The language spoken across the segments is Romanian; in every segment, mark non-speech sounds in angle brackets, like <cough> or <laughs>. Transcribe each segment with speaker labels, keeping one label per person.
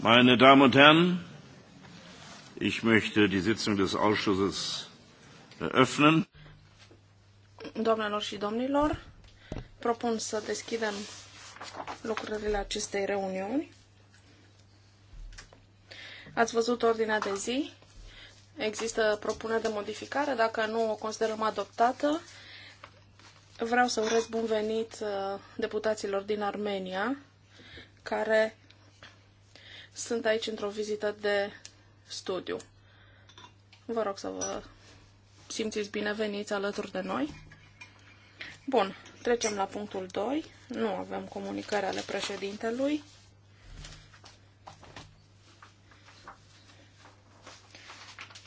Speaker 1: Meine Damen und Herren, ich möchte die Sitzung des Ausschusses eröffnen. Doamnelor și domnilor, propun să deschidem lucrările acestei reuniuni. Ați văzut ordinea de zi? Există propuneri de modificare, dacă nu o considerăm adoptată. Vreau să urez bun venit uh, deputaților din Armenia, care sunt aici într-o vizită de studiu. Vă rog să vă simțiți bineveniți alături de noi. Bun, trecem la punctul 2. Nu avem comunicare ale președintelui.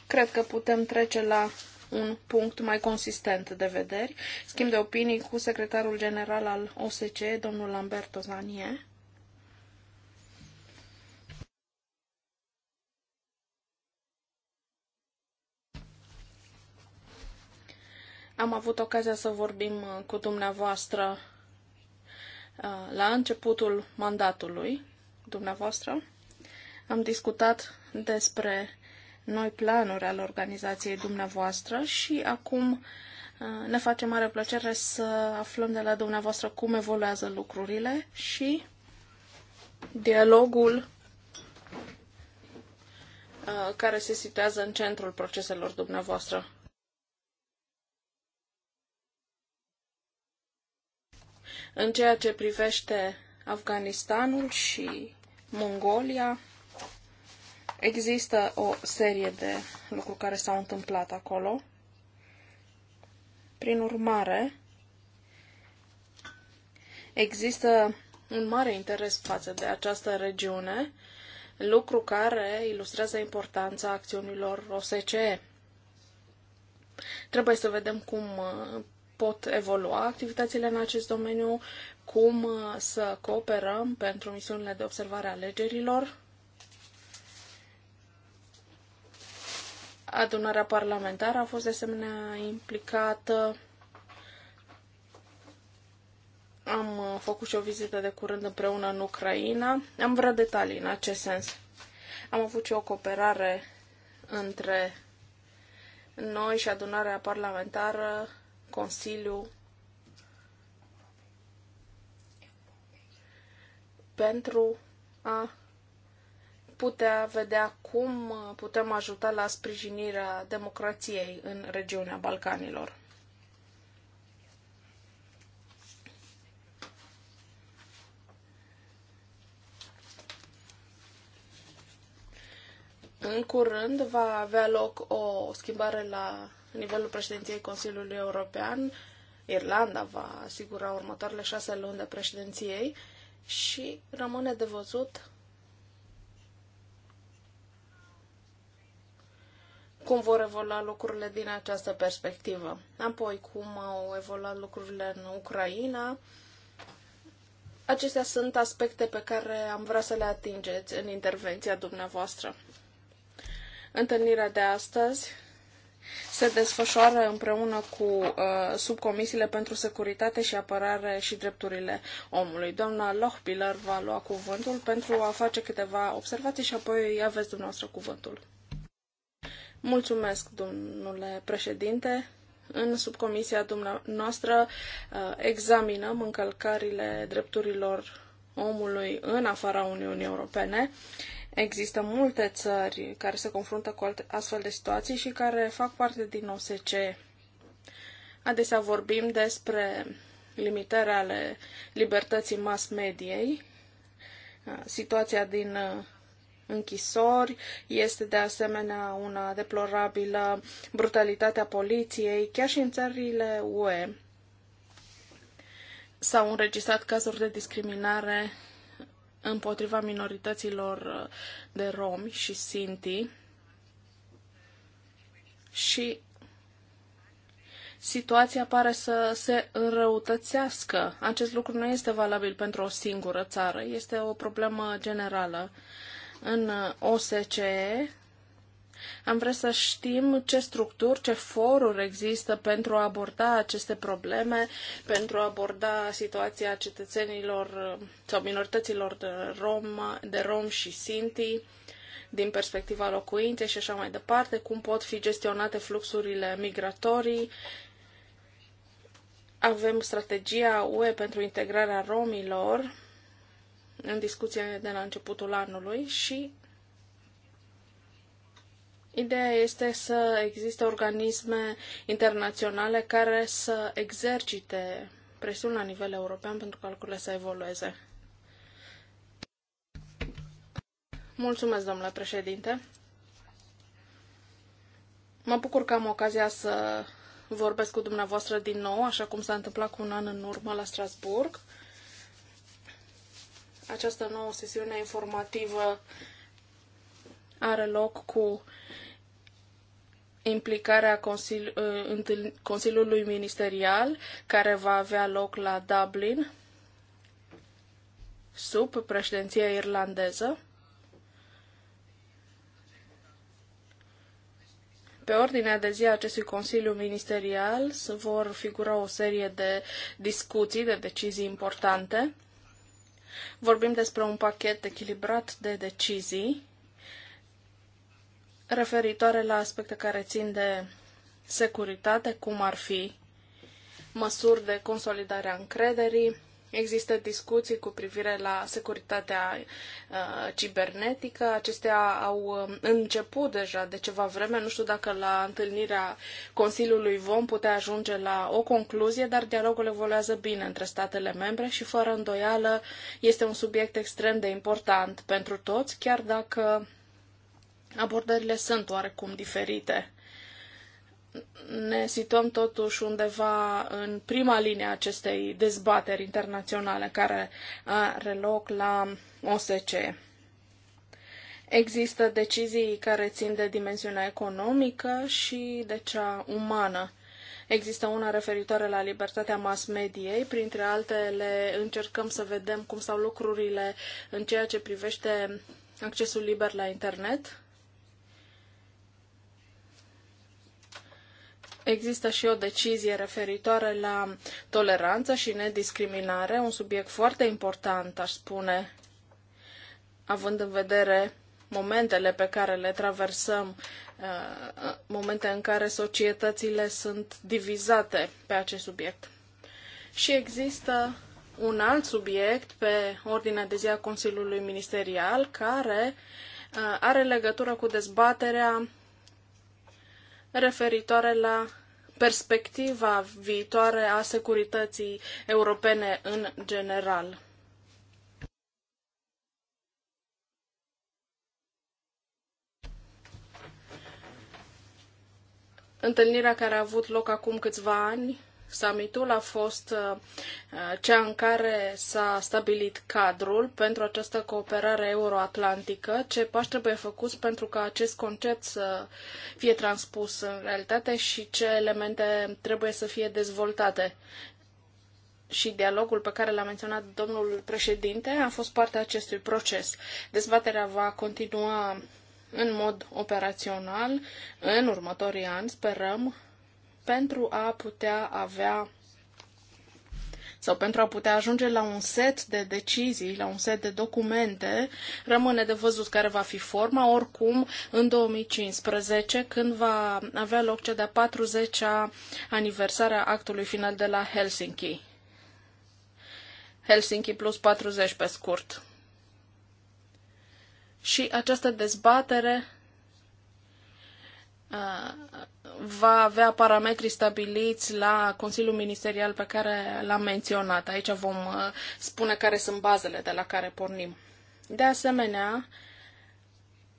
Speaker 1: Cred că putem trece la un punct mai consistent de vederi. Schimb de opinii cu secretarul general al OSCE, domnul Lamberto Zanie. Am avut ocazia să vorbim uh, cu dumneavoastră uh, la începutul mandatului dumneavoastră. Am discutat despre noi planuri ale organizației dumneavoastră și acum uh, ne face mare plăcere să aflăm de la dumneavoastră cum evoluează lucrurile și dialogul care se situează în centrul proceselor dumneavoastră. În ceea ce privește Afganistanul și Mongolia, există o serie de lucruri care s-au întâmplat acolo. Prin urmare, există un mare interes față de această regiune, lucru care ilustrează importanța acțiunilor OSCE. Trebuie să vedem cum pot evolua activitățile în acest domeniu, cum uh, să cooperăm pentru misiunile de observare a alegerilor. Adunarea parlamentară a fost de asemenea implicată. Am uh, făcut și o vizită de curând împreună în Ucraina. Am vrea detalii în acest sens. Am avut și o cooperare între noi și adunarea parlamentară Consiliu pentru a putea vedea cum putem ajuta la sprijinirea democrației în regiunea Balcanilor. În curând va avea loc o schimbare la la nivelul președinției Consiliului European. Irlanda va asigura următoarele șase luni de președinției și rămâne de văzut cum vor evolua lucrurile din această perspectivă. Apoi, cum au evoluat lucrurile în Ucraina. Acestea sunt aspecte pe care am vrea să le atingeți în intervenția dumneavoastră. Întâlnirea de astăzi se desfășoară împreună cu uh, subcomisiile pentru securitate și apărare și drepturile omului. Doamna Lochbiller va lua cuvântul pentru a face câteva observații și apoi aveți dumneavoastră cuvântul. Mulțumesc, domnule președinte. În subcomisia dumneavoastră uh, examinăm încălcările drepturilor omului în afara Uniunii Europene. Există multe țări care se confruntă cu astfel de situații și care fac parte din OSCE. Adesea vorbim despre limitări ale libertății mass mediei. Situația din uh, închisori este de asemenea una deplorabilă, brutalitatea poliției, chiar și în țările UE. S-au înregistrat cazuri de discriminare împotriva minorităților uh, de romi și sinti și situația pare să se înrăutățească. Acest lucru nu este valabil pentru o singură țară, este o problemă generală. În OSCE am vrea să știm ce structuri, ce foruri există pentru a aborda aceste probleme, pentru a aborda situația cetățenilor uh, sau minorităților de rom, de rom și sinti din perspectiva locuinței și așa mai departe, cum pot fi gestionate fluxurile migratorii. Avem strategia UE pentru integrarea romilor, în discuție de la începutul anului și Ideea este să existe organisme internaționale care să exercite presiuni la nivel european pentru ca lucrurile să evolueze. Mulțumesc, domnule președinte. Mă bucur că am ocazia să vorbesc cu dumneavoastră din nou, așa cum s-a întâmplat cu un an în urmă la Strasburg. Această nouă sesiune informativă are loc cu implicarea ă, Consiliului Ministerial, care va avea loc la Dublin, sub președinția irlandeză. Pe ordinea de zi a acestui Consiliu Ministerial se vor figura o serie de discuții, de decizii importante. Vorbim despre un pachet echilibrat de decizii referitoare la aspecte care țin de securitate, cum ar fi măsuri de consolidare a încrederii, Există discuții cu privire la securitatea uh, cibernetică. Acestea au um, început deja de ceva vreme. Nu știu dacă la întâlnirea Consiliului vom putea ajunge la o concluzie, dar dialogul evoluează bine între statele membre și, fără îndoială, este un subiect extrem de important pentru toți, chiar dacă abordările sunt oarecum diferite. Ne situăm totuși undeva în prima linie a acestei dezbateri internaționale care are loc la OSCE. Există decizii care țin de dimensiunea economică și de cea umană. Există una referitoare la libertatea mass mediei, printre altele încercăm să vedem cum stau lucrurile în ceea ce privește accesul liber la internet, Există și o decizie referitoare la toleranță și nediscriminare, un subiect foarte important, aș spune, având în vedere momentele pe care le traversăm, uh, momente în care societățile sunt divizate pe acest subiect. Și există un alt subiect pe ordinea de zi a Consiliului Ministerial care uh, are legătură cu dezbaterea referitoare la perspectiva viitoare a securității europene în general. Întâlnirea care a avut loc acum câțiva ani Summitul a fost uh, cea în care s-a stabilit cadrul pentru această cooperare euroatlantică, ce pași trebuie făcuți pentru ca acest concept să fie transpus în realitate și ce elemente trebuie să fie dezvoltate și dialogul pe care l-a menționat domnul președinte a fost partea acestui proces. Dezbaterea va continua în mod operațional în următorii ani, sperăm, pentru a putea avea sau pentru a putea ajunge la un set de decizii, la un set de documente, rămâne de văzut care va fi forma. Oricum, în 2015, când va avea loc cea de-a 40-a aniversare a actului final de la Helsinki. Helsinki plus 40 pe scurt. Și această dezbatere uh, va avea parametri stabiliți la Consiliul Ministerial pe care l-am menționat. Aici vom uh, spune care sunt bazele de la care pornim. De asemenea,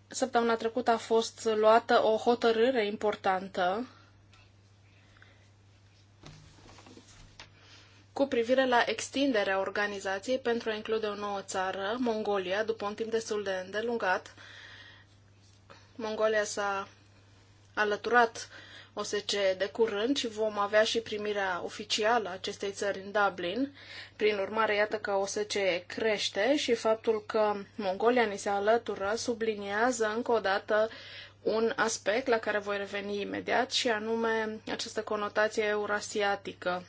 Speaker 1: săptămâna trecută a fost luată o hotărâre importantă cu privire la extinderea organizației pentru a include o nouă țară, Mongolia, după un timp destul de îndelungat. Mongolia s-a alăturat OSCE de curând și vom avea și primirea oficială a acestei țări în Dublin. Prin urmare, iată că OSCE crește și faptul că Mongolia ni se alătură subliniază încă o dată un aspect la care voi reveni imediat și anume această conotație eurasiatică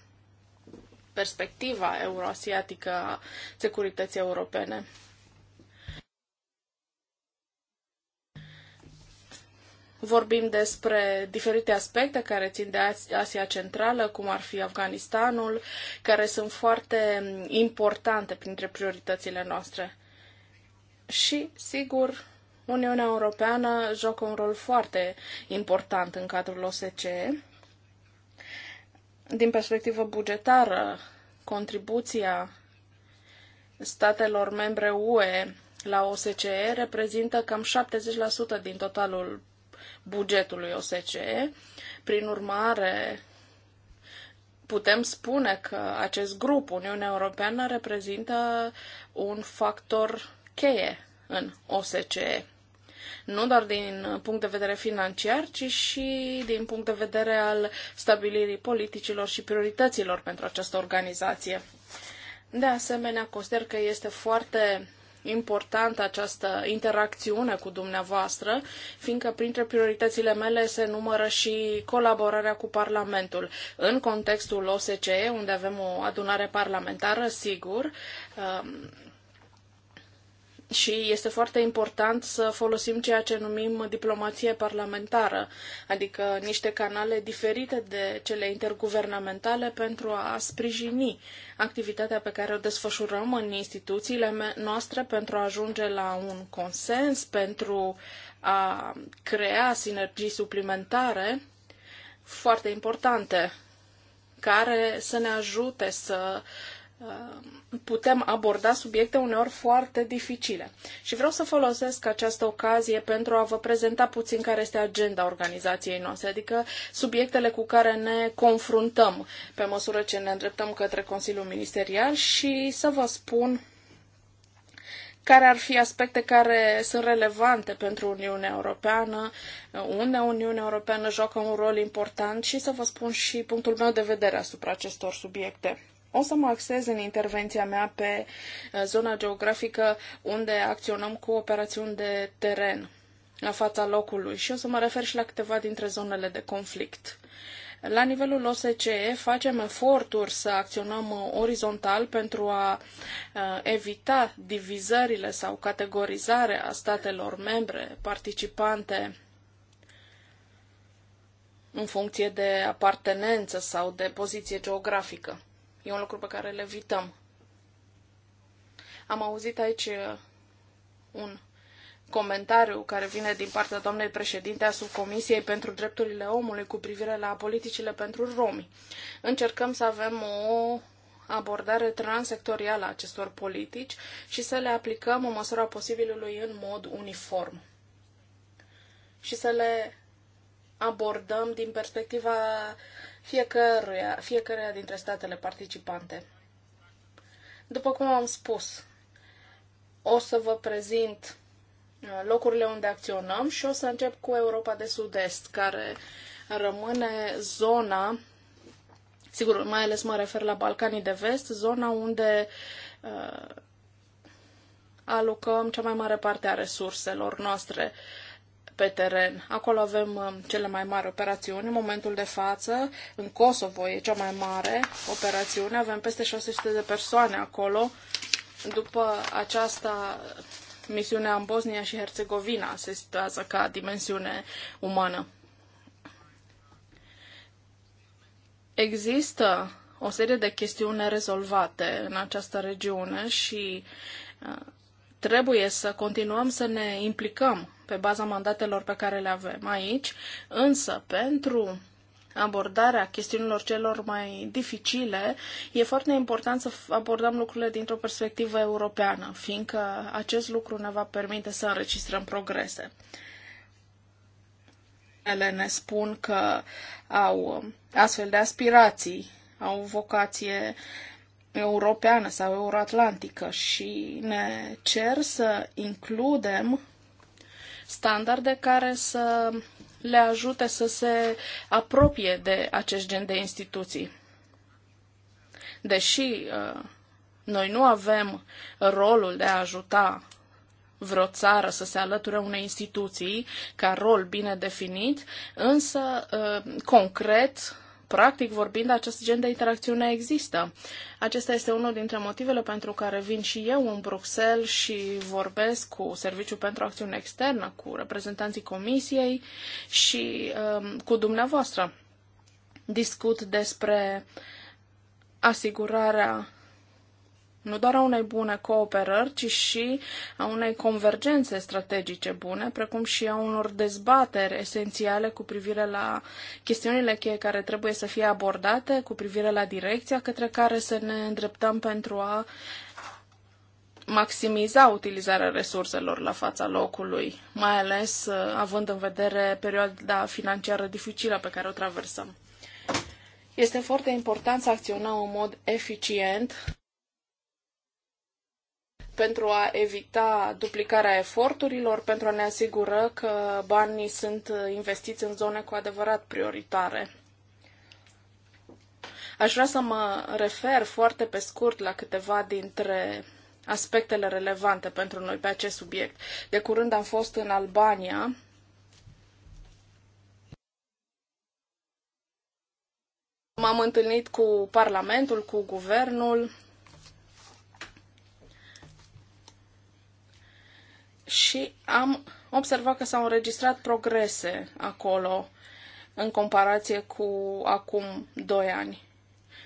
Speaker 1: perspectiva euroasiatică a securității europene. Vorbim despre diferite aspecte care țin de Asia Centrală, cum ar fi Afganistanul, care sunt foarte importante printre prioritățile noastre. Și, sigur, Uniunea Europeană joacă un rol foarte important în cadrul OSCE. Din perspectivă bugetară, contribuția statelor membre UE la OSCE reprezintă cam 70% din totalul bugetului OSCE. Prin urmare, putem spune că acest grup, Uniunea Europeană, reprezintă un factor cheie în OSCE. Nu doar din punct de vedere financiar, ci și din punct de vedere al stabilirii politicilor și priorităților pentru această organizație. De asemenea, consider că este foarte importantă această interacțiune cu dumneavoastră, fiindcă printre prioritățile mele se numără și colaborarea cu Parlamentul. În contextul OSCE, unde avem o adunare parlamentară, sigur, um, și este foarte important să folosim ceea ce numim diplomație parlamentară, adică niște canale diferite de cele interguvernamentale pentru a sprijini activitatea pe care o desfășurăm în instituțiile noastre pentru a ajunge la un consens, pentru a crea sinergii suplimentare foarte importante care să ne ajute să uh, Uh, putem aborda subiecte uneori foarte dificile. Și vreau să folosesc această ocazie pentru a vă prezenta puțin care este agenda organizației noastre, adică subiectele cu care ne confruntăm pe măsură ce ne îndreptăm către Consiliul Ministerial și să vă spun care ar fi aspecte care sunt relevante pentru Uniunea Europeană, unde Uniunea Europeană joacă un rol important și să vă spun și punctul meu de vedere asupra acestor subiecte. O să mă axez în intervenția mea pe uh, zona geografică unde acționăm cu operațiuni de teren la fața locului și o să mă refer și la câteva dintre zonele de conflict. La nivelul OSCE facem eforturi să acționăm uh, orizontal pentru a uh, evita divizările sau categorizarea statelor membre participante în funcție de apartenență sau de poziție geografică. E un lucru pe care îl evităm. Am auzit aici uh, un comentariu care vine din partea doamnei președinte a Subcomisiei pentru Drepturile Omului cu privire la politicile pentru romi. Încercăm să avem o abordare transectorială a acestor politici și să le aplicăm în măsura posibilului în mod uniform și să le abordăm din perspectiva fiecăruia, fiecăruia dintre statele participante. După cum am spus, o să vă prezint uh, locurile unde acționăm și o să încep cu Europa de Sud-Est, care rămâne zona, sigur, mai ales mă refer la Balcanii de Vest, zona unde uh, alocăm cea mai mare parte a resurselor noastre. Uh, pe teren. Acolo avem um, cele mai mari operațiuni. În momentul de față, în Kosovo e cea mai mare operațiune. Avem peste 600 de persoane acolo. După aceasta, misiunea în Bosnia și Herțegovina se situează ca dimensiune umană. Există o serie de chestiuni rezolvate în această regiune și uh, trebuie să continuăm să ne implicăm pe baza mandatelor pe care le avem aici, însă pentru abordarea chestiunilor celor mai dificile, e foarte important să abordăm lucrurile dintr-o perspectivă europeană, fiindcă acest lucru ne va permite să înregistrăm progrese. Ele ne spun că au astfel de aspirații, au vocație europeană sau euroatlantică și ne cer să includem standarde care să le ajute să se apropie de acest gen de instituții. Deși uh, noi nu avem rolul de a ajuta vreo țară să se alăture unei instituții ca rol bine definit, însă uh, concret practic vorbind, acest gen de interacțiune există. Acesta este unul dintre motivele pentru care vin și eu în Bruxelles și vorbesc cu Serviciul pentru Acțiune Externă, cu reprezentanții Comisiei și um, cu dumneavoastră. Discut despre asigurarea nu doar a unei bune cooperări, ci și a unei convergențe strategice bune, precum și a unor dezbateri esențiale cu privire la chestiunile cheie care trebuie să fie abordate, cu privire la direcția către care să ne îndreptăm pentru a maximiza utilizarea resurselor la fața locului, mai ales uh, având în vedere perioada financiară dificilă pe care o traversăm. Este foarte important să acționăm în mod eficient pentru a evita duplicarea eforturilor, pentru a ne asigura că banii sunt investiți în zone cu adevărat prioritare. Aș vrea să mă refer foarte pe scurt la câteva dintre aspectele relevante pentru noi pe acest subiect. De curând am fost în Albania, M-am întâlnit cu Parlamentul, cu Guvernul, și am observat că s-au înregistrat progrese acolo în comparație cu acum 2 ani.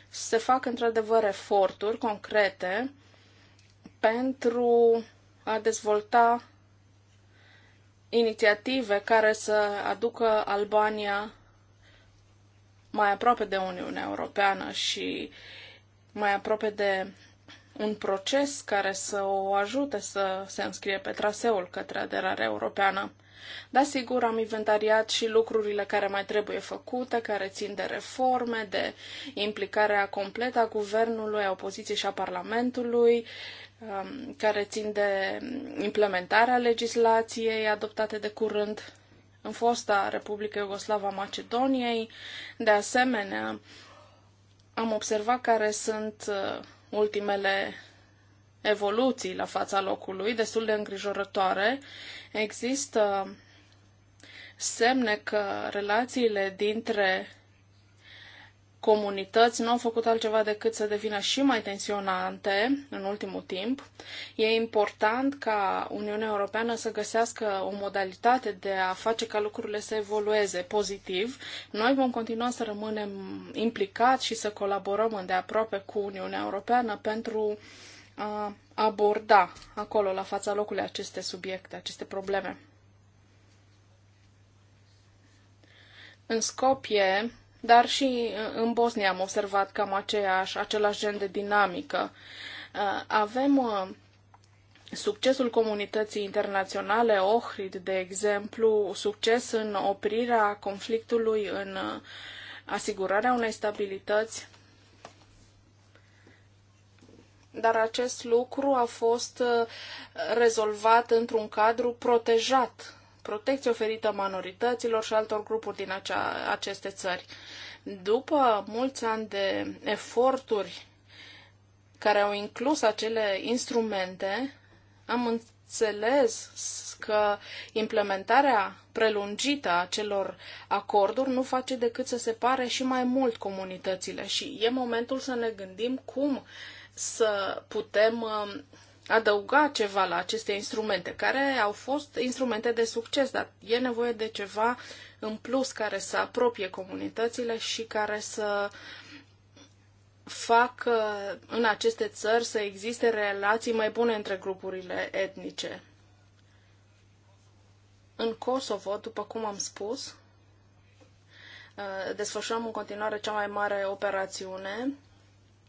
Speaker 1: Se fac într-adevăr eforturi concrete pentru a dezvolta inițiative care să aducă Albania mai aproape de Uniunea Europeană și mai aproape de un proces care să o ajute să se înscrie pe traseul către aderarea europeană. Da, sigur, am inventariat și lucrurile care mai trebuie făcute, care țin de reforme, de implicarea completă a guvernului, a opoziției și a Parlamentului, um, care țin de implementarea legislației adoptate de curând în fosta Republică Iugoslava Macedoniei. De asemenea, am observat care sunt uh, ultimele evoluții la fața locului, destul de îngrijorătoare. Există semne că relațiile dintre comunități nu au făcut altceva decât să devină și mai tensionante în ultimul timp. E important ca Uniunea Europeană să găsească o modalitate de a face ca lucrurile să evolueze pozitiv. Noi vom continua să rămânem implicați și să colaborăm îndeaproape cu Uniunea Europeană pentru a aborda acolo, la fața locului, aceste subiecte, aceste probleme. În Scopie, dar și uh, în Bosnia am observat cam aceeași, același gen de dinamică. Uh, avem uh, succesul comunității internaționale, OHRID, de exemplu, succes în oprirea conflictului, în asigurarea unei stabilități, dar acest lucru a fost rezolvat într-un cadru protejat protecție oferită minorităților și altor grupuri din acea, aceste țări. După mulți ani de eforturi care au inclus acele instrumente, am înțeles că implementarea prelungită a celor acorduri nu face decât să separe și mai mult comunitățile și e momentul să ne gândim cum să putem um, adăuga ceva la aceste instrumente, care au fost instrumente de succes, dar e nevoie de ceva în plus care să apropie comunitățile și care să fac în aceste țări să existe relații mai bune între grupurile etnice. În Kosovo, după cum am spus, uh, desfășurăm în continuare cea mai mare operațiune.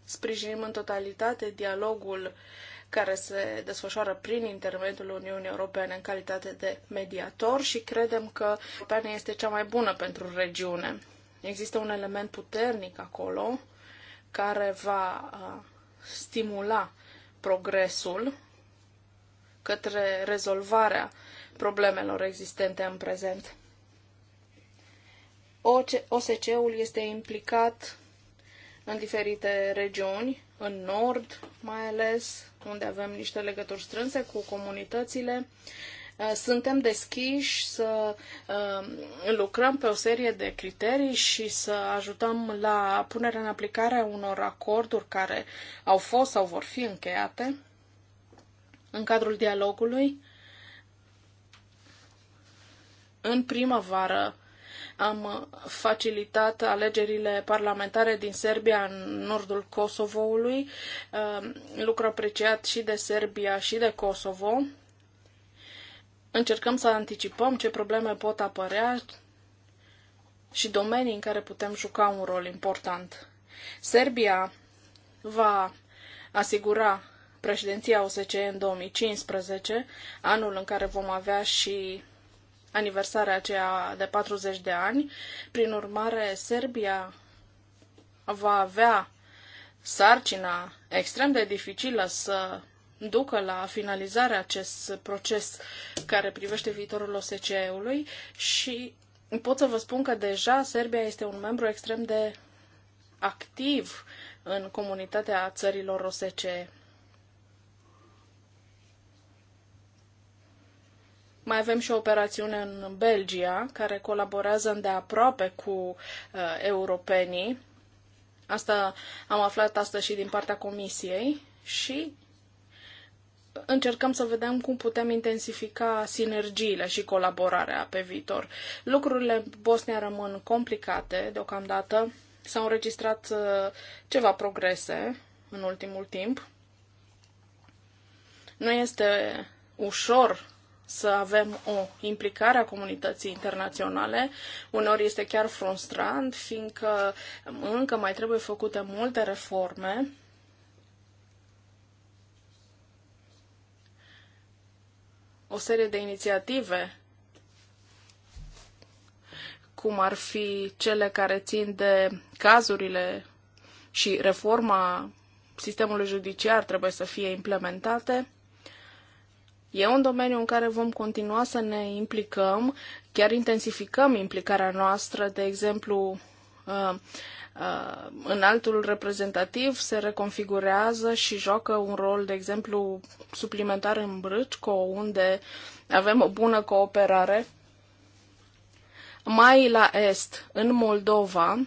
Speaker 1: Sprijinim în totalitate dialogul care se desfășoară prin intermediul Uniunii Europene în calitate de mediator și credem că Europeană este cea mai bună pentru regiune. Există un element puternic acolo care va stimula progresul către rezolvarea problemelor existente în prezent. OSCE-ul este implicat în diferite regiuni, în nord mai ales, unde avem niște legături strânse cu comunitățile. Uh, suntem deschiși să uh, lucrăm pe o serie de criterii și să ajutăm la punerea în aplicare a unor acorduri care au fost sau vor fi încheiate în cadrul dialogului. În primăvară am facilitat alegerile parlamentare din Serbia în nordul Kosovoului, um, lucru apreciat și de Serbia și de Kosovo. Încercăm să anticipăm ce probleme pot apărea și domenii în care putem juca un rol important. Serbia va asigura președinția OSCE în 2015, anul în care vom avea și aniversarea aceea de 40 de ani. Prin urmare, Serbia va avea sarcina extrem de dificilă să ducă la finalizarea acest proces care privește viitorul OSCE-ului și pot să vă spun că deja Serbia este un membru extrem de activ în comunitatea țărilor OSCE. Mai avem și o operațiune în Belgia, care colaborează îndeaproape cu uh, europenii. Asta am aflat asta și din partea Comisiei și încercăm să vedem cum putem intensifica sinergiile și colaborarea pe viitor. Lucrurile în Bosnia rămân complicate deocamdată. S-au înregistrat uh, ceva progrese în ultimul timp. Nu este ușor să avem o implicare a comunității internaționale. Uneori este chiar frustrant, fiindcă încă mai trebuie făcute multe reforme. O serie de inițiative cum ar fi cele care țin de cazurile și reforma sistemului judiciar trebuie să fie implementate. E un domeniu în care vom continua să ne implicăm, chiar intensificăm implicarea noastră, de exemplu, uh, uh, în altul reprezentativ se reconfigurează și joacă un rol, de exemplu, suplimentar în Brâcco, unde avem o bună cooperare. Mai la est, în Moldova,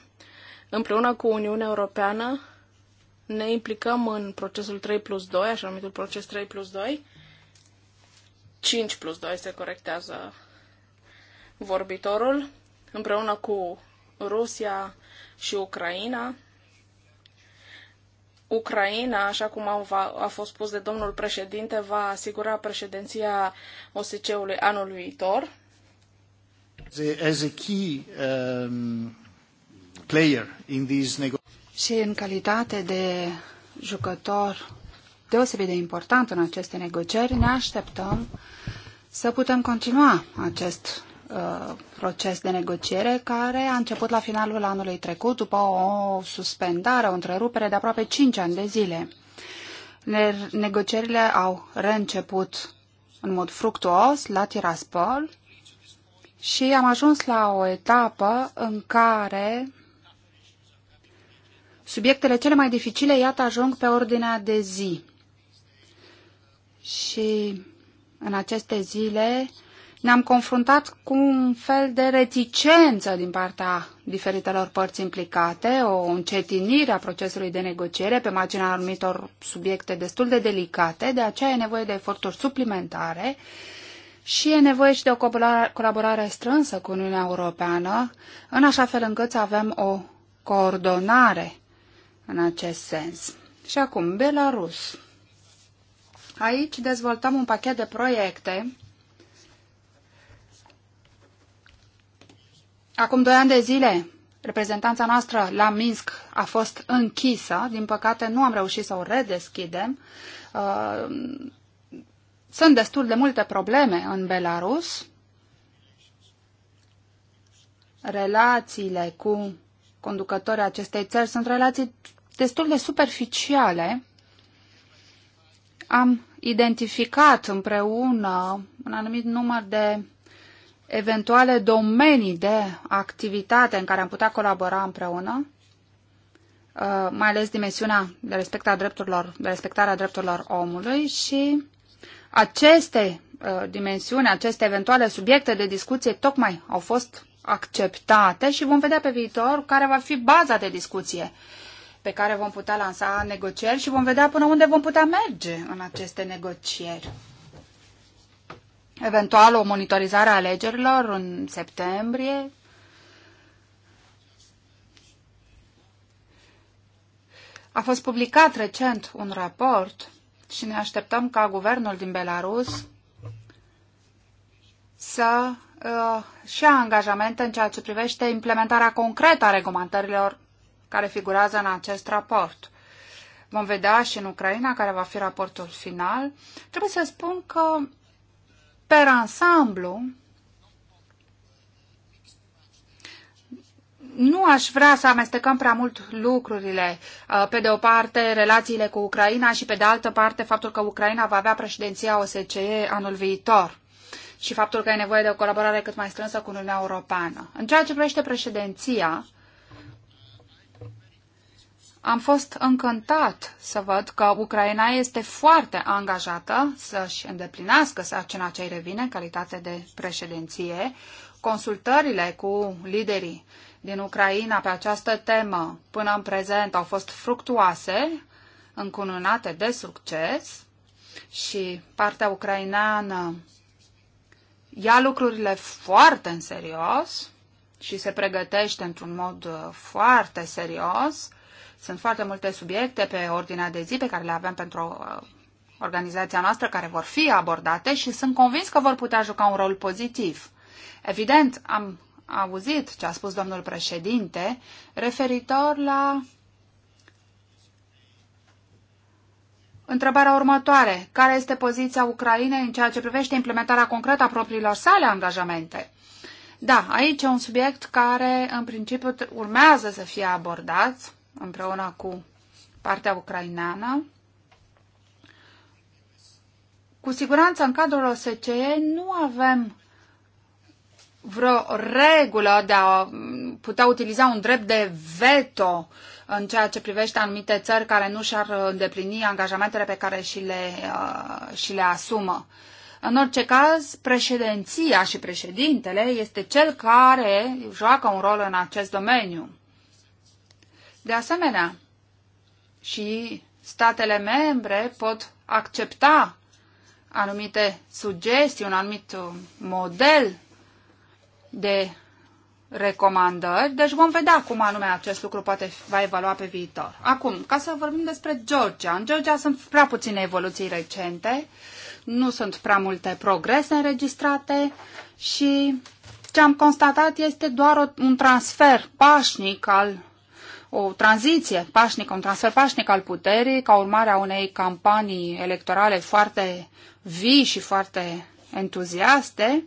Speaker 1: împreună cu Uniunea Europeană, ne implicăm în procesul 3 plus 2, așa numitul proces 3 plus 2, 5 plus 2 se corectează vorbitorul, împreună cu Rusia și Ucraina. Ucraina, așa cum a fost spus de domnul președinte, va asigura președinția OSCE-ului anul viitor.
Speaker 2: Um, și în calitate de jucător deosebit de important în aceste negocieri, ne așteptăm să putem continua acest uh, proces de negociere care a început la finalul anului trecut după o suspendare, o întrerupere de aproape 5 ani de zile. Ne negocierile au reînceput în mod fructuos la Tiraspol și am ajuns la o etapă în care subiectele cele mai dificile, iată, ajung pe ordinea de zi și în aceste zile ne-am confruntat cu un fel de reticență din partea diferitelor părți implicate, o încetinire a procesului de negociere pe marginea anumitor subiecte destul de delicate, de aceea e nevoie de eforturi suplimentare și e nevoie și de o colaborare strânsă cu Uniunea Europeană, în așa fel încât să avem o coordonare în acest sens. Și acum, Belarus. Aici dezvoltăm un pachet de proiecte. Acum doi ani de zile, reprezentanța noastră la Minsk a fost închisă. Din păcate, nu am reușit să o redeschidem. Uh, sunt destul de multe probleme în Belarus. Relațiile cu conducătorii acestei țări sunt relații destul de superficiale am identificat împreună un anumit număr de eventuale domenii de activitate în care am putea colabora împreună, uh, mai ales dimensiunea de, respect a drepturilor, de respectarea drepturilor omului și aceste uh, dimensiuni, aceste eventuale subiecte de discuție tocmai au fost acceptate și vom vedea pe viitor care va fi baza de discuție pe care vom putea lansa negocieri și vom vedea până unde vom putea merge în aceste negocieri. Eventual o monitorizare a alegerilor în septembrie. A fost publicat recent un raport și ne așteptăm ca guvernul din Belarus să uh, și angajamente în ceea ce privește implementarea concretă a recomandărilor care figurează în acest raport. Vom vedea și în Ucraina, care va fi raportul final. Trebuie să spun că, pe ansamblu, nu aș vrea să amestecăm prea mult lucrurile. Uh, pe de o parte, relațiile cu Ucraina și pe de altă parte, faptul că Ucraina va avea președinția OSCE anul viitor și faptul că e nevoie de o colaborare cât mai strânsă cu Uniunea Europeană. În ceea ce privește președinția, am fost încântat să văd că Ucraina este foarte angajată să-și îndeplinească sarcina ce revine în calitate de președinție. Consultările cu liderii din Ucraina pe această temă până în prezent au fost fructuoase, încununate de succes și partea ucraineană ia lucrurile foarte în serios și se pregătește într-un mod uh, foarte serios sunt foarte multe subiecte pe ordinea de zi pe care le avem pentru uh, organizația noastră care vor fi abordate și sunt convins că vor putea juca un rol pozitiv. Evident, am auzit ce a spus domnul președinte referitor la Întrebarea următoare. Care este poziția Ucrainei în ceea ce privește implementarea concretă a propriilor sale angajamente? Da, aici e un subiect care în principiu urmează să fie abordat împreună cu partea ucraineană. Cu siguranță, în cadrul OSCE nu avem vreo regulă de a putea utiliza un drept de veto în ceea ce privește anumite țări care nu și-ar îndeplini angajamentele pe care și le, uh, și le asumă. În orice caz, președinția și președintele este cel care joacă un rol în acest domeniu. De asemenea, și statele membre pot accepta anumite sugestii, un anumit uh, model de recomandări, deci vom vedea cum anume acest lucru poate va evalua pe viitor. Acum, ca să vorbim despre Georgia. În Georgia sunt prea puține evoluții recente, nu sunt prea multe progrese înregistrate și ce am constatat este doar un transfer pașnic al o tranziție pașnică, un transfer pașnic al puterii ca urmare a unei campanii electorale foarte vii și foarte entuziaste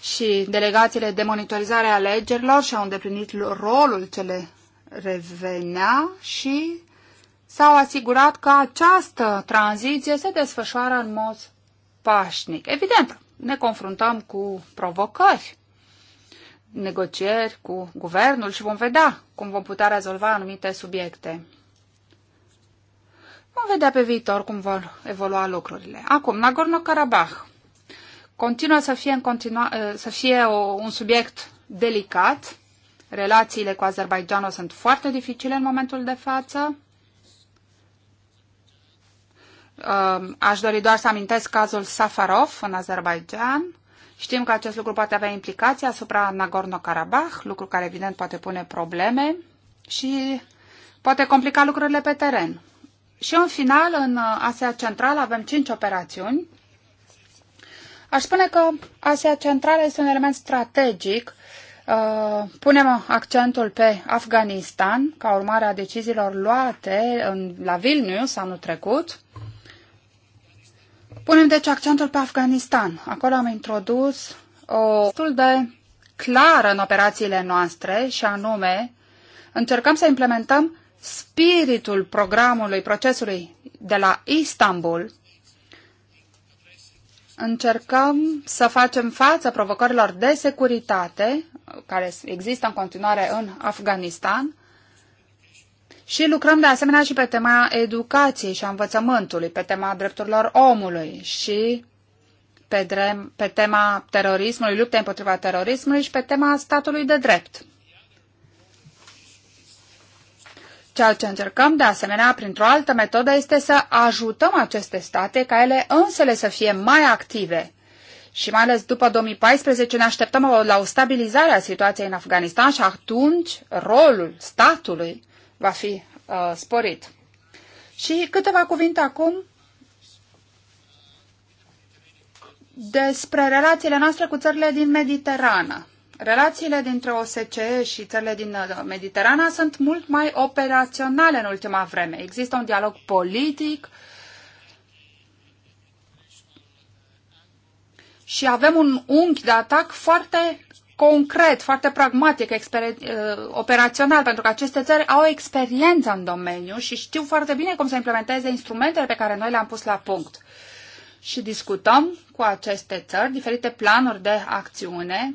Speaker 2: și delegațiile de monitorizare a alegerilor și-au îndeplinit rolul ce le revenea și s-au asigurat că această tranziție se desfășoară în mod pașnic. Evident, ne confruntăm cu provocări negocieri cu guvernul și vom vedea cum vom putea rezolva anumite subiecte. Vom vedea pe viitor cum vor evolua lucrurile. Acum, Nagorno-Karabakh continuă să fie, în continua, eh, să fie o, un subiect delicat. Relațiile cu Azerbaijanul sunt foarte dificile în momentul de față. Ehm, aș dori doar să amintesc cazul Safarov în Azerbaijan. Știm că acest lucru poate avea implicații asupra Nagorno-Karabakh, lucru care evident poate pune probleme și poate complica lucrurile pe teren. Și în final, în Asia Centrală avem cinci operațiuni. Aș spune că Asia Centrală este un element strategic. Uh, punem accentul pe Afganistan ca urmare a deciziilor luate la Vilnius anul trecut Punem deci accentul pe Afganistan. Acolo am introdus o destul de clară în operațiile noastre și anume încercăm să implementăm spiritul programului, procesului de la Istanbul, încercăm să facem față provocărilor de securitate care există în continuare în Afganistan și lucrăm de asemenea și pe tema educației și a învățământului, pe tema drepturilor omului și pe, drem, pe tema terorismului, lupte împotriva terorismului și pe tema statului de drept. Ceea ce încercăm, de asemenea, printr-o altă metodă, este să ajutăm aceste state ca ele însele să fie mai active. Și mai ales după 2014 ne așteptăm la o stabilizare a situației în Afganistan și atunci rolul statului va fi uh, sporit. Și câteva cuvinte acum despre relațiile noastre cu țările din Mediterană. Relațiile dintre OSCE și țările din uh, Mediterana sunt mult mai operaționale în ultima vreme. Există un dialog politic și avem un unghi de atac foarte concret, foarte pragmatic, uh, operațional, pentru că aceste țări au experiență în domeniu și știu foarte bine cum să implementeze instrumentele pe care noi le-am pus la punct. Și discutăm cu aceste țări diferite planuri de acțiune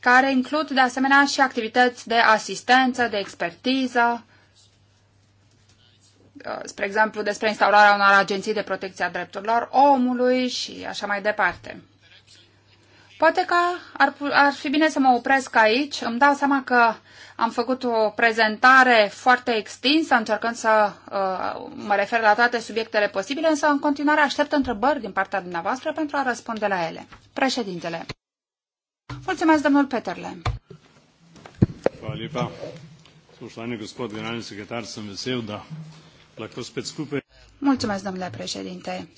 Speaker 2: care includ de asemenea și activități de asistență, de expertiză, uh, spre exemplu despre instaurarea unor agenții de protecție a drepturilor omului și așa mai departe. Poate că ar, ar fi bine să mă opresc aici. Îmi dau seama că am făcut o prezentare foarte extinsă, încercând să uh, mă refer la toate subiectele posibile, însă în continuare aștept întrebări din partea dumneavoastră pentru a răspunde la ele. Președintele. Mulțumesc, domnul Peterle. da Mulțumesc, domnule președinte.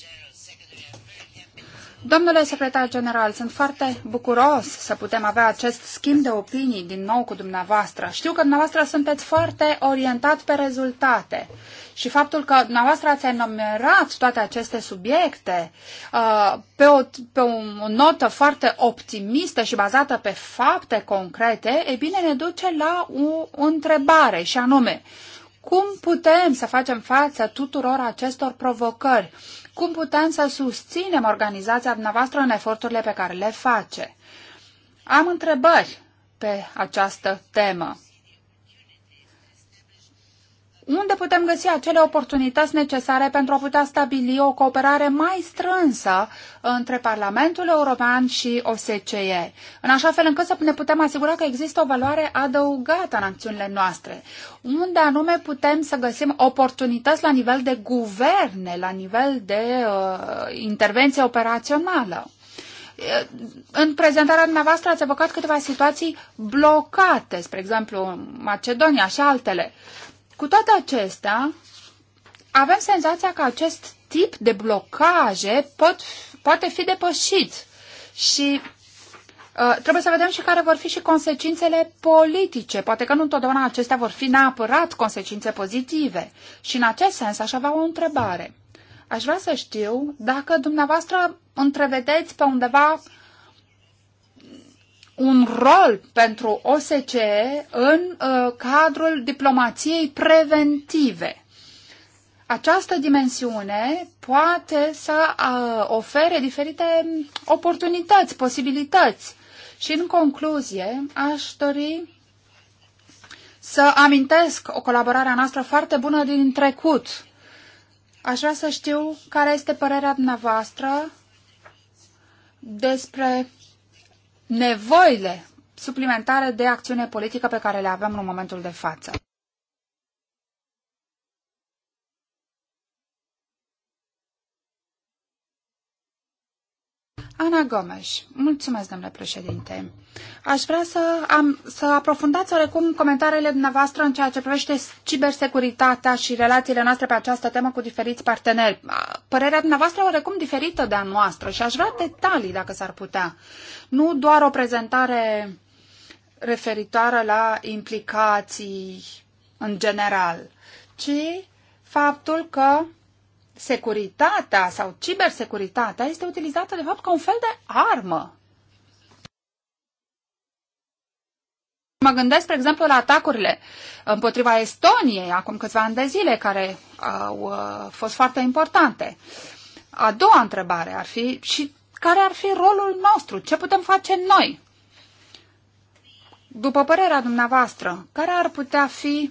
Speaker 2: Domnule secretar general, sunt foarte bucuros să putem avea acest schimb de opinii din nou cu dumneavoastră. Știu că dumneavoastră sunteți foarte orientat pe rezultate și faptul că dumneavoastră ați enumerat toate aceste subiecte uh, pe, o, pe o notă foarte optimistă și bazată pe fapte concrete, e bine, ne duce la o întrebare și anume, cum putem să facem față tuturor acestor provocări? cum putem să susținem organizația dumneavoastră în eforturile pe care le face. Am întrebări pe această temă unde putem găsi acele oportunități necesare pentru a putea stabili o cooperare mai strânsă între Parlamentul European și OSCE, în așa fel încât să ne putem asigura că există o valoare adăugată în acțiunile noastre, unde anume putem să găsim oportunități la nivel de guverne, la nivel de uh, intervenție operațională uh, în prezentarea dumneavoastră ați evocat câteva situații blocate, spre exemplu Macedonia și altele. Cu toate acestea, avem senzația că acest tip de blocaje pot, poate fi depășit și uh, trebuie să vedem și care vor fi și consecințele politice. Poate că nu întotdeauna acestea vor fi neapărat consecințe pozitive. Și în acest sens aș avea o întrebare. Aș vrea să știu dacă dumneavoastră întrevedeți pe undeva un rol pentru OSCE în uh, cadrul diplomației preventive. Această dimensiune poate să uh, ofere diferite oportunități, posibilități. Și în concluzie, aș dori să amintesc o colaborare a noastră foarte bună din trecut. Aș vrea să știu care este părerea dumneavoastră despre nevoile suplimentare de acțiune politică pe care le avem în momentul de față. Ana Gomes. Mulțumesc, domnule președinte. Aș vrea să, am, să aprofundați oarecum comentariile dumneavoastră în ceea ce privește cibersecuritatea și relațiile noastre pe această temă cu diferiți parteneri. Părerea dumneavoastră oarecum diferită de a noastră și aș vrea detalii, dacă s-ar putea. Nu doar o prezentare referitoare la implicații în general, ci faptul că securitatea sau cibersecuritatea este utilizată de fapt ca un fel de armă. Mă gândesc, spre exemplu, la atacurile împotriva Estoniei acum câțiva ani de zile, care au uh, fost foarte importante. A doua întrebare ar fi și care ar fi rolul nostru? Ce putem face noi? După părerea dumneavoastră, care ar putea fi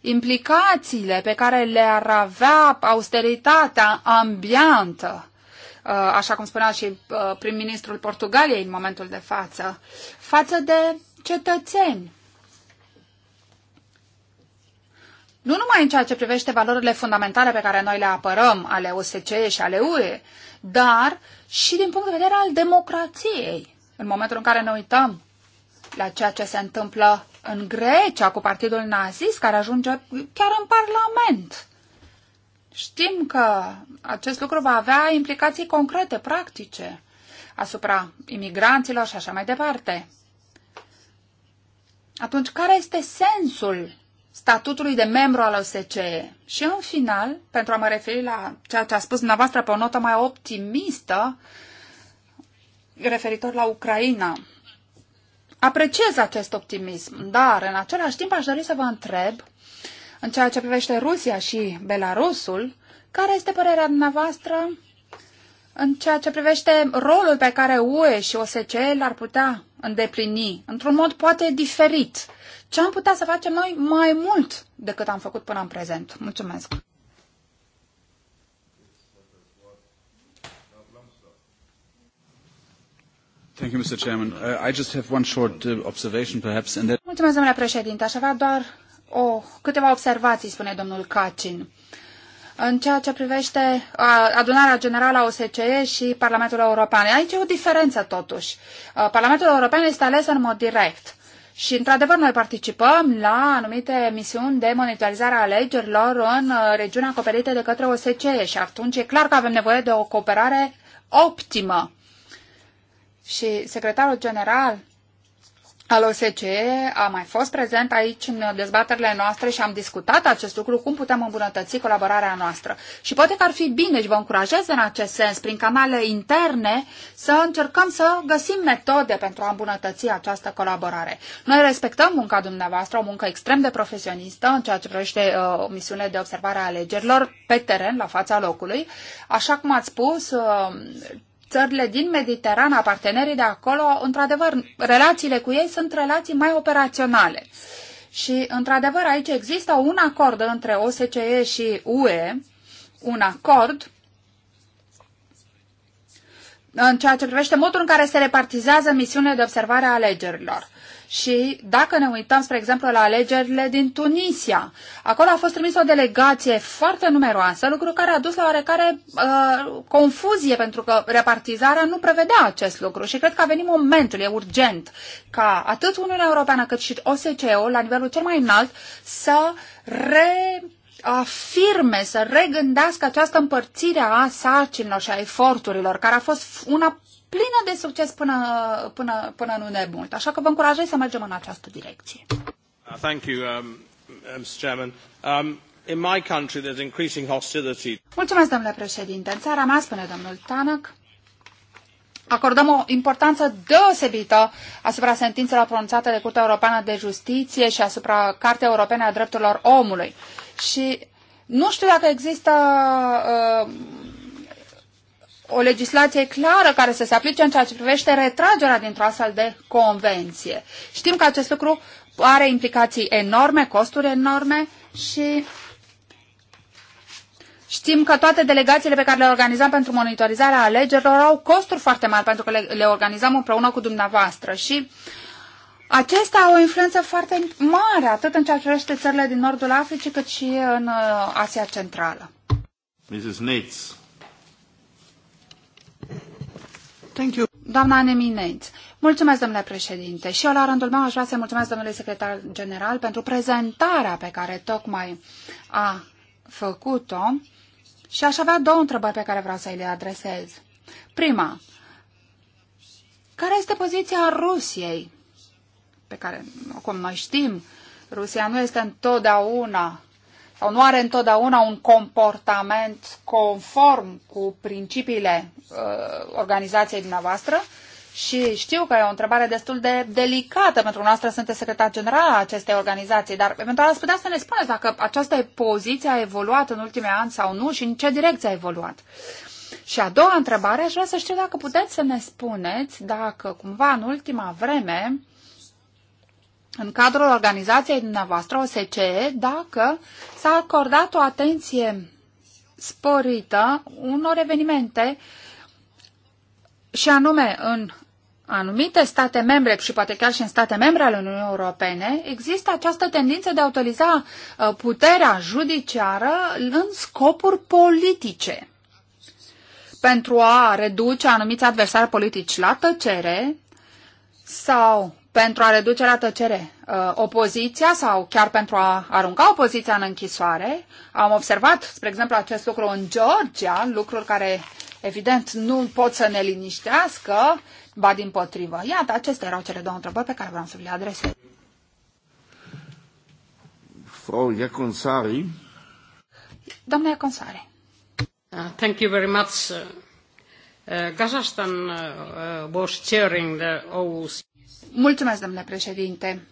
Speaker 2: implicațiile pe care le-ar avea austeritatea ambiantă, uh, așa cum spunea și uh, prim-ministrul Portugaliei în momentul de față, față de cetățeni. Nu numai în ceea ce privește valorile fundamentale pe care noi le apărăm, ale OSCE și ale UE, dar și din punct de vedere al democrației, în momentul în care ne uităm la ceea ce se întâmplă în Grecia cu partidul nazist care ajunge chiar în Parlament. Știm că acest lucru va avea implicații concrete, practice, asupra imigranților și așa mai departe. Atunci, care este sensul statutului de membru al OSCE? Și în final, pentru a mă referi la ceea ce a spus dumneavoastră pe o notă mai optimistă, referitor la Ucraina, Apreciez acest optimism, dar în același timp aș dori să vă întreb, în ceea ce privește Rusia și Belarusul, care este părerea dumneavoastră în ceea ce privește rolul pe care UE și OSCE l-ar putea îndeplini, într-un mod poate diferit. Ce am putea să facem noi mai mult decât am făcut până în prezent? Mulțumesc! Thank you, Mr. Chairman. Uh, I just have one short uh, observation, perhaps, and that... Mulțumesc, domnule președinte. Aș avea doar o, câteva observații, spune domnul Cacin. În ceea ce privește uh, adunarea generală a OSCE și Parlamentul European. Aici e o diferență, totuși. Parlamentul European este ales în mod direct. Și, într-adevăr, noi participăm la anumite misiuni de monitorizare a alegerilor în regiunea acoperită de către OSCE și atunci e clar că avem nevoie de o cooperare optimă și secretarul general al OSCE a mai fost prezent aici în dezbaterile noastre și am discutat acest lucru, cum putem îmbunătăți colaborarea noastră. Și poate că ar fi bine și vă încurajez în acest sens, prin canale interne, să încercăm să găsim metode pentru a îmbunătăți această colaborare. Noi respectăm munca dumneavoastră, o muncă extrem de profesionistă în ceea ce privește uh, misiunile de observare a alegerilor pe teren, la fața locului. Așa cum ați spus, uh, țările din Mediterana, partenerii de acolo, într-adevăr, relațiile cu ei sunt relații mai operaționale. Și, într-adevăr, aici există un acord între OSCE și UE, un acord în ceea ce privește modul în care se repartizează misiunile de observare a alegerilor. Și dacă ne uităm, spre exemplu, la alegerile din Tunisia, acolo a fost trimisă o delegație foarte numeroasă, lucru care a dus la oarecare uh, confuzie, pentru că repartizarea nu prevedea acest lucru. Și cred că a venit momentul, e urgent, ca atât Uniunea Europeană cât și OSCE-ul, la nivelul cel mai înalt, să re afirme, să regândească această împărțire a sarcinilor și a eforturilor, care a fost una plină de succes până, până, până nu ne mult. Așa că vă încurajez să mergem în această direcție. Uh, thank you, um, uh, Mr. Chairman. Um, in my country there's increasing hostility. Mulțumesc, domnule președinte. În țara mea, spune domnul Tanăc, acordăm o importanță deosebită asupra sentințelor pronunțate de Curtea Europeană de Justiție și asupra Cartei Europene a Drepturilor Omului. Și nu știu dacă există uh, o legislație clară care să se aplice în ceea ce privește retragerea dintr-o astfel de convenție. Știm că acest lucru are implicații enorme, costuri enorme și știm că toate delegațiile pe care le organizăm pentru monitorizarea alegerilor au costuri foarte mari pentru că le, le organizăm împreună cu dumneavoastră și acesta au o influență foarte mare atât în ceea ce privește țările din nordul Africii cât și în uh, Asia Centrală. Mrs. Nates. Thank you. Doamna Nemineț, mulțumesc, domnule președinte, și eu la rândul meu aș vrea să mulțumesc domnului secretar general pentru prezentarea pe care tocmai a făcut-o și aș avea două întrebări pe care vreau să le adresez. Prima, care este poziția Rusiei? Pe care, cum noi știm, Rusia nu este întotdeauna sau nu are întotdeauna un comportament conform cu principiile uh, organizației dumneavoastră. Și știu că e o întrebare destul de delicată pentru noastră, sunteți secretar general a acestei organizații, dar eventual ați putea să ne spuneți dacă această poziție a evoluat în ultimii ani sau nu și în ce direcție a evoluat. Și a doua întrebare, aș vrea să știu dacă puteți să ne spuneți dacă cumva în ultima vreme uh, în cadrul organizației dumneavoastră OSCE dacă s-a acordat o atenție sporită unor evenimente și anume în anumite state membre și poate chiar și în state membre ale Uniunii Europene, există această tendință de a utiliza uh, puterea judiciară în scopuri politice pentru a reduce anumiți adversari politici la tăcere sau pentru a reduce la tăcere uh, opoziția sau chiar pentru a arunca opoziția în închisoare. Am observat, spre exemplu, acest lucru în Georgia, lucruri care evident nu pot să ne liniștească, ba din potrivă. Iată, acestea erau cele două întrebări pe care vreau să vi le adresez.
Speaker 1: Frau Iaconsari.
Speaker 2: Domnule Iaconsari. Uh, thank you very much. Uh, Kazakhstan uh, uh, was chairing the OUC. Mulțumesc, domnule președinte.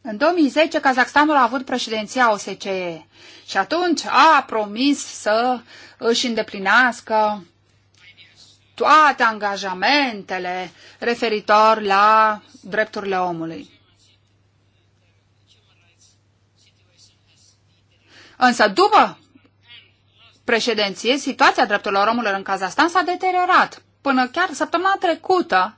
Speaker 2: În 2010, Kazakhstanul a avut președinția OSCE și atunci a promis să își îndeplinească toate angajamentele referitor la drepturile omului. Însă, după președinție, situația drepturilor omului în Kazahstan s-a deteriorat. Până chiar săptămâna trecută,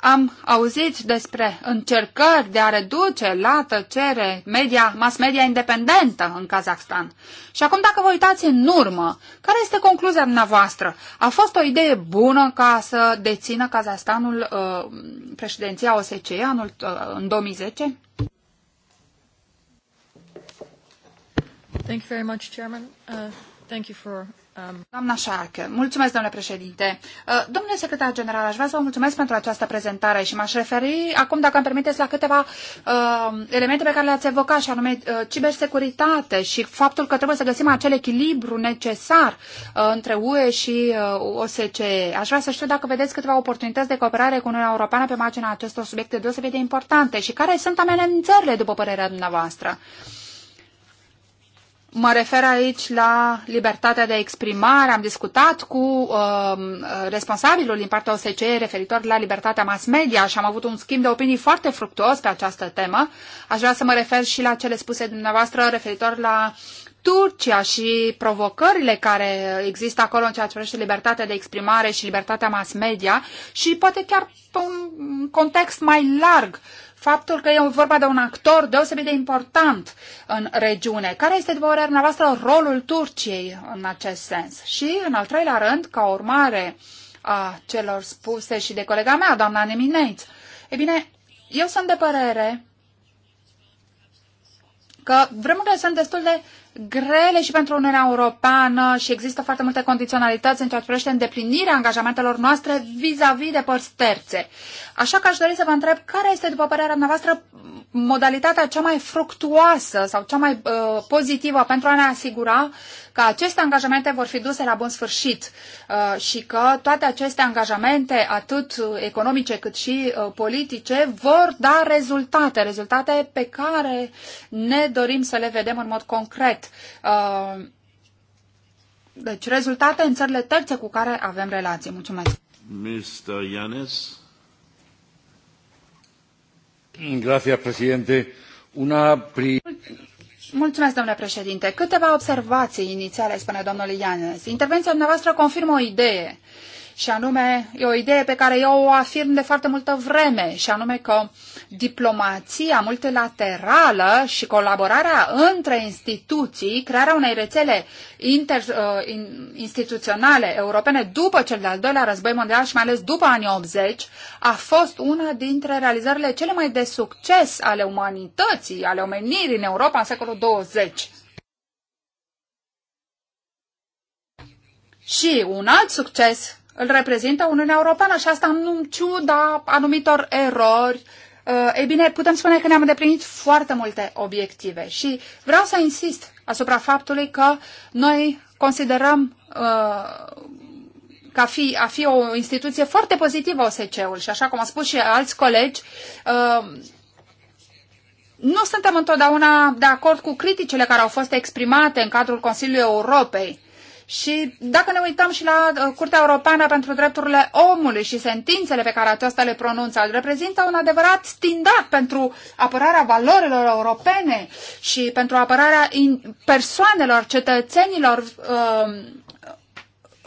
Speaker 2: am auzit despre încercări de a reduce la tăcere media, mass media independentă în Kazakhstan. Și acum dacă vă uitați în urmă, care este concluzia dumneavoastră? A fost o idee bună ca să dețină Kazahstanul uh, președinția OSCE anul, uh, în 2010? Thank you very much, Chairman. Uh, thank you for Um, Doamna Șarcă, mulțumesc, domnule președinte. Uh, domnule secretar general, aș vrea să vă mulțumesc pentru această prezentare și m-aș referi acum, dacă îmi permiteți, la câteva uh, elemente pe care le-ați evocat, și anume uh, cibersecuritate și faptul că trebuie să găsim acel echilibru necesar uh, între UE și uh, OSCE. Aș vrea să știu dacă vedeți câteva oportunități de cooperare cu Uniunea Europeană pe marginea acestor subiecte deosebit de importante și care sunt amenințările, după părerea dumneavoastră. Uh, Mă refer aici la libertatea de exprimare. Am discutat cu uh, responsabilul din partea OSCE referitor la libertatea mass media și am avut un schimb de opinii foarte fructuos pe această temă. Aș vrea să mă refer și la cele spuse dumneavoastră referitor la Turcia și provocările care există acolo în ceea ce privește libertatea de exprimare și libertatea mass media și poate chiar pe un context mai larg uh, faptul că e vorba de un actor deosebit de important în regiune. Care este, după părerea noastră, rolul Turciei în acest sens? Și, în al treilea rând, ca urmare a celor spuse și de colega mea, doamna Neminenț, e bine, eu sunt de părere că vremurile sunt destul de grele și pentru Uniunea Europeană și există foarte multe condiționalități în ceea ce privește îndeplinirea angajamentelor noastre vis-a-vis -vis de părți terțe. Așa că aș dori să vă întreb care este, după părerea noastră, modalitatea cea mai fructuoasă sau cea mai uh, pozitivă pentru a ne asigura că aceste angajamente vor fi duse la bun sfârșit uh, și că toate aceste angajamente, atât uh, economice cât și uh, politice, vor da rezultate, rezultate pe care ne dorim să le vedem în mod concret. Uh, deci rezultate în țările terțe cu care avem relații. Mulțumesc.
Speaker 3: Mr. Yanis. Gracias, presidente. Una pri...
Speaker 2: Mulțumesc, domnule președinte. Câteva observații inițiale, spune domnul Ianes. Intervenția dumneavoastră confirmă o idee. Uh, și anume e o idee pe care eu o afirm de foarte multă vreme, și anume că diplomația multilaterală și colaborarea între instituții, crearea unei rețele inter, uh, instituționale europene după cel de-al doilea război mondial și mai ales după anii 80, a fost una dintre realizările cele mai de succes ale umanității, ale omenirii în Europa în secolul 20. Și un alt succes îl reprezintă Uniunea Europeană și asta în ciuda anumitor erori. Eh, ei bine, putem spune că ne-am îndeplinit foarte multe obiective și vreau să insist asupra faptului că noi considerăm eh, ca fi, a fi o instituție foarte pozitivă OSCE-ul și așa cum a spus și alți colegi, eh, nu suntem întotdeauna de acord cu criticile care au fost exprimate în cadrul Consiliului Europei și dacă ne uităm și la uh, Curtea Europeană pentru Drepturile Omului și sentințele pe care aceasta le pronunță, reprezintă un adevărat standard pentru apărarea valorilor europene și pentru apărarea persoanelor, cetățenilor um,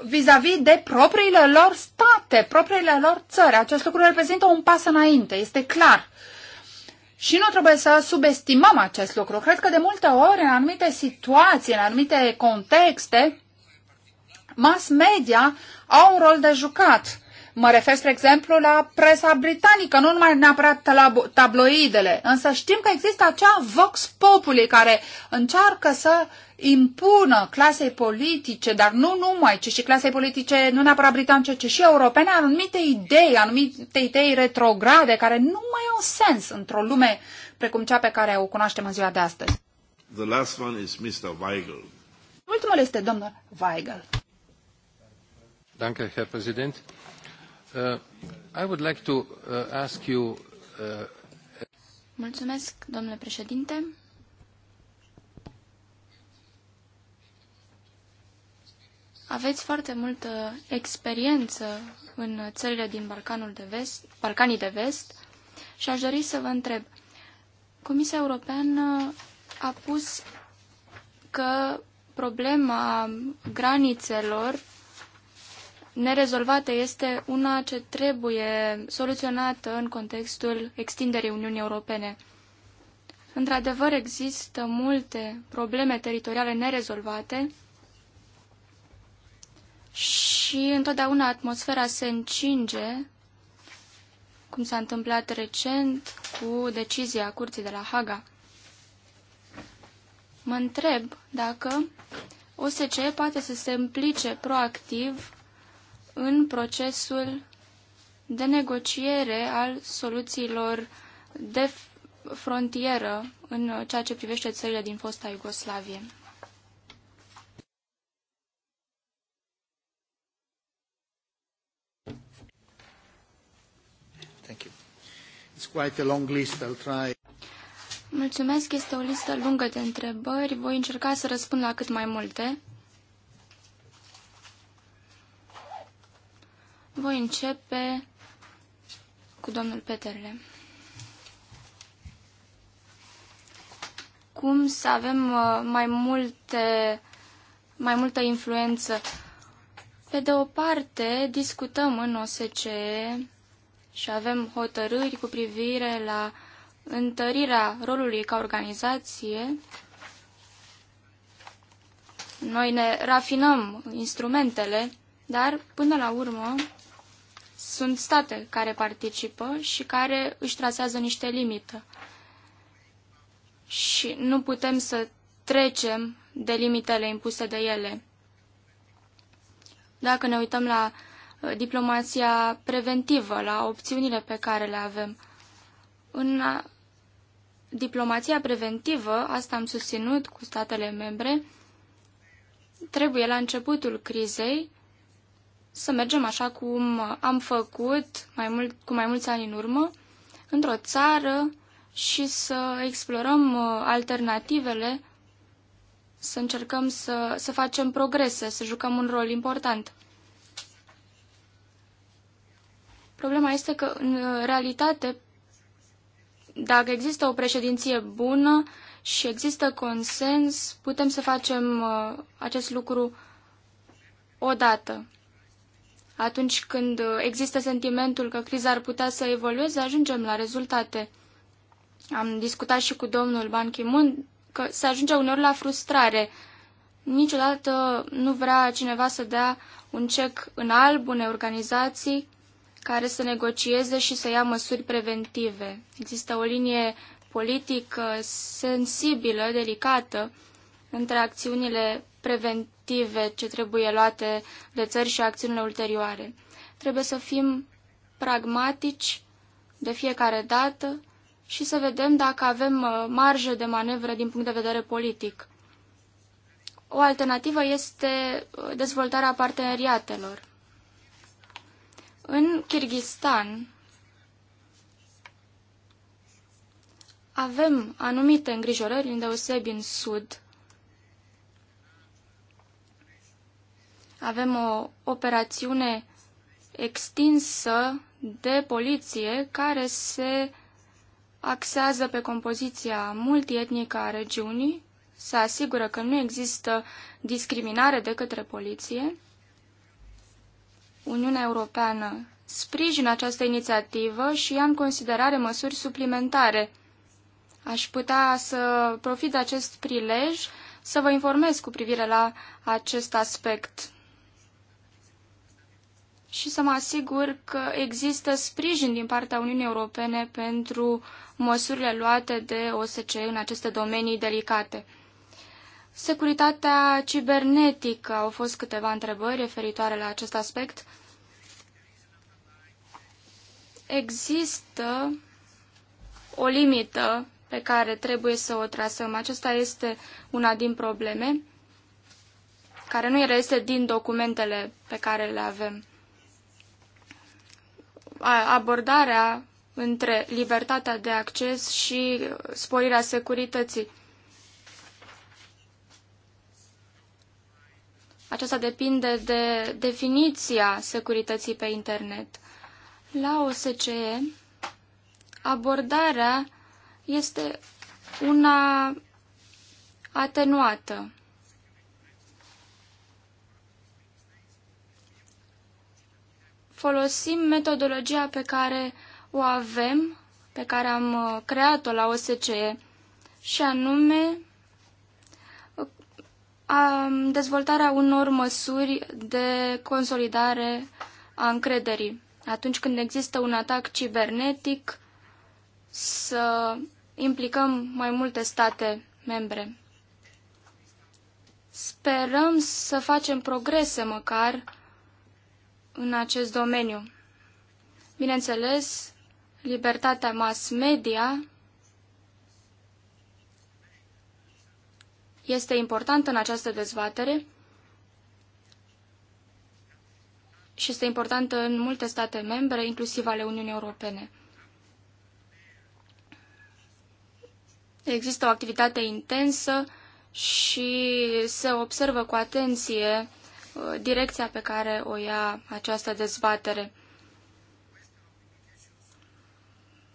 Speaker 2: vis-a-vis -vis de propriile lor state, propriile lor țări. Acest lucru reprezintă un pas înainte, este clar. Și nu trebuie să subestimăm acest lucru. Cred că de multe ori, în anumite situații, în anumite contexte, mass media au un rol de jucat. Mă refer, spre exemplu, la presa britanică, nu numai neapărat tabloidele, însă știm că există acea vox populi care încearcă să impună clasei politice, dar nu numai, ci și clasei politice, nu neapărat britanice, ci și europene, anumite idei, anumite idei retrograde care nu mai au sens într-o lume precum cea pe care o cunoaștem în ziua de astăzi.
Speaker 1: The last one is Mr. Weigel.
Speaker 2: Ultimul este domnul Weigel.
Speaker 1: Danke, Herr Präsident. Uh, I would like to äh, ask
Speaker 3: you, uh... Mulțumesc, domnule președinte. Aveți foarte multă experiență în țările din Balcanul de Vest, Balcanii de Vest și aș dori să vă întreb. Comisia Europeană a pus că problema granițelor nerezolvată este una ce trebuie soluționată în contextul extinderii Uniunii Europene. Într-adevăr, există multe probleme teritoriale nerezolvate și întotdeauna atmosfera se încinge, cum s-a întâmplat recent cu decizia Curții de la Haga. Mă întreb dacă OSCE poate să se implice proactiv în procesul de negociere al soluțiilor de frontieră în ceea ce privește țările din fosta Iugoslavie. Thank you. It's quite a long list. I'll try. Mulțumesc, este o listă lungă de întrebări. Voi încerca să răspund la cât mai multe. Voi începe cu domnul Peterle. Cum să avem uh, mai multe, mai multă influență? Pe de o parte, discutăm în OSCE și avem hotărâri cu privire la întărirea rolului ca organizație. Noi ne rafinăm instrumentele, dar până la urmă sunt state care participă și care își trasează niște limită. Și nu putem să trecem de limitele impuse de ele. Dacă ne uităm la uh, diplomația preventivă, la opțiunile pe care le avem. În uh, diplomația preventivă, asta am susținut cu statele membre, trebuie la începutul crizei să mergem așa cum am făcut mai mult, cu mai mulți ani în urmă, într-o țară și să explorăm uh, alternativele, să încercăm să, să facem progrese, să jucăm un rol important. Problema este că, în uh, realitate, dacă există o președinție bună și există consens, putem să facem uh, acest lucru odată atunci când uh, există sentimentul că criza ar putea să evolueze, ajungem la rezultate. Am discutat și cu domnul Ban Ki-moon că se ajunge uneori la frustrare. Niciodată nu vrea cineva să dea un cec în alb unei organizații care să negocieze și să ia măsuri preventive. Există o linie politică sensibilă, delicată, între acțiunile preventive ce trebuie luate de țări și acțiunile ulterioare. Trebuie să fim pragmatici de fiecare dată și să vedem dacă avem uh, marjă de manevră din punct de vedere politic. O alternativă este uh, dezvoltarea parteneriatelor. În Kirghistan avem anumite îngrijorări, îndeosebi în sud, Avem o operațiune extinsă de poliție care se axează pe compoziția multietnică a regiunii, se asigură că nu există discriminare de către poliție. Uniunea Europeană sprijină această inițiativă și ia în considerare măsuri suplimentare. Aș putea să profit de acest prilej să vă informez cu privire la acest aspect și să mă asigur că există sprijin din partea Uniunii Europene pentru măsurile luate de OSCE în aceste domenii delicate. Securitatea cibernetică au fost câteva întrebări referitoare la acest aspect. Există o limită pe care trebuie să o trasăm. Acesta este una din probleme care nu este din documentele pe care le avem abordarea între libertatea de acces și sporirea securității. Aceasta depinde de definiția securității pe internet. La OSCE, abordarea este una atenuată. folosim metodologia pe care o avem, pe care am uh, creat-o la OSCE, și anume uh, dezvoltarea unor măsuri de consolidare a încrederii. Atunci când există un atac cibernetic, să implicăm mai multe state membre. Sperăm să facem progrese măcar în acest domeniu. Bineînțeles, libertatea mass media este importantă în această dezbatere și este importantă în multe state membre, inclusiv ale Uniunii Europene. Există o activitate intensă și se observă cu atenție direcția pe care o ia această dezbatere.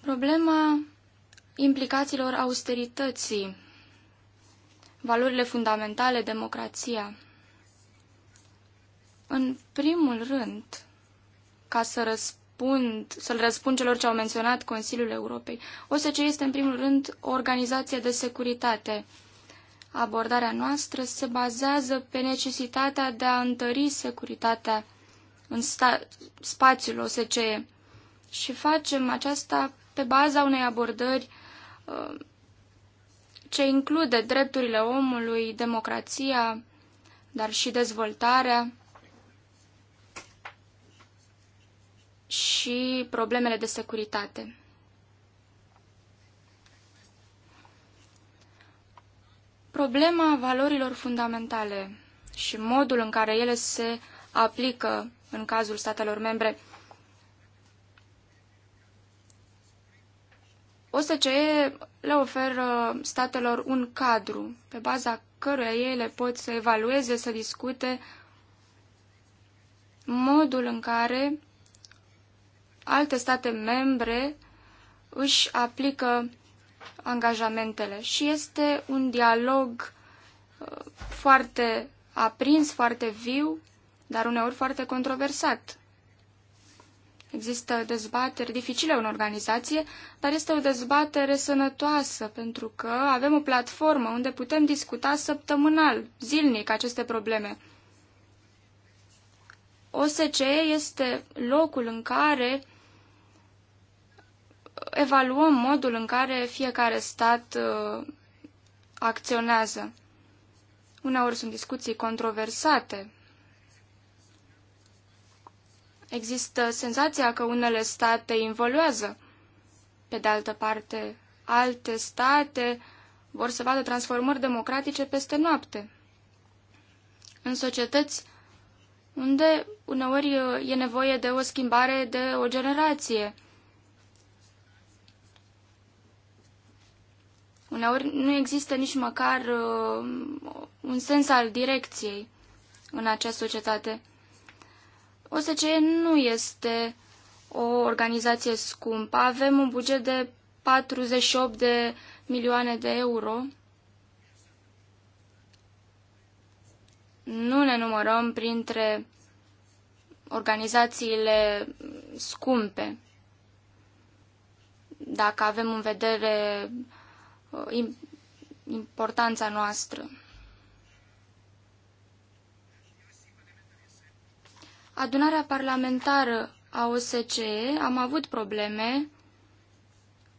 Speaker 3: Problema implicațiilor austerității, valorile fundamentale, democrația. În primul rând, ca să răspund, să-l răspund celor ce au menționat Consiliul Europei, OSCE este în primul rând o organizație de securitate Abordarea noastră se bazează pe necesitatea de a întări securitatea în sta- spațiul OSCE și facem aceasta pe baza unei abordări uh, ce include drepturile omului, democrația, dar și dezvoltarea și problemele de securitate. Problema valorilor fundamentale și modul în care ele se aplică în cazul statelor membre. OSCE le oferă statelor un cadru pe baza căruia ele pot să evalueze, să discute modul în care alte state membre își aplică angajamentele și este un dialog uh, foarte aprins, foarte viu, dar uneori foarte controversat. Există dezbateri dificile în organizație, dar este o dezbatere sănătoasă, pentru că avem o platformă unde putem discuta săptămânal, zilnic, aceste probleme. OSCE este locul în care evaluăm modul în care fiecare stat uh, acționează. Uneori sunt discuții controversate. Există senzația că unele state involuează. Pe de altă parte, alte state vor să vadă transformări democratice peste noapte. În societăți unde uneori uh, e nevoie de o schimbare de o generație. Uneori nu există nici măcar uh, un sens al direcției în această societate. OSCE nu este o organizație scumpă. Avem un buget de 48 de milioane de euro. Nu ne numărăm printre organizațiile scumpe. Dacă avem în vedere Uh, importanța noastră. Adunarea parlamentară a OSCE am avut probleme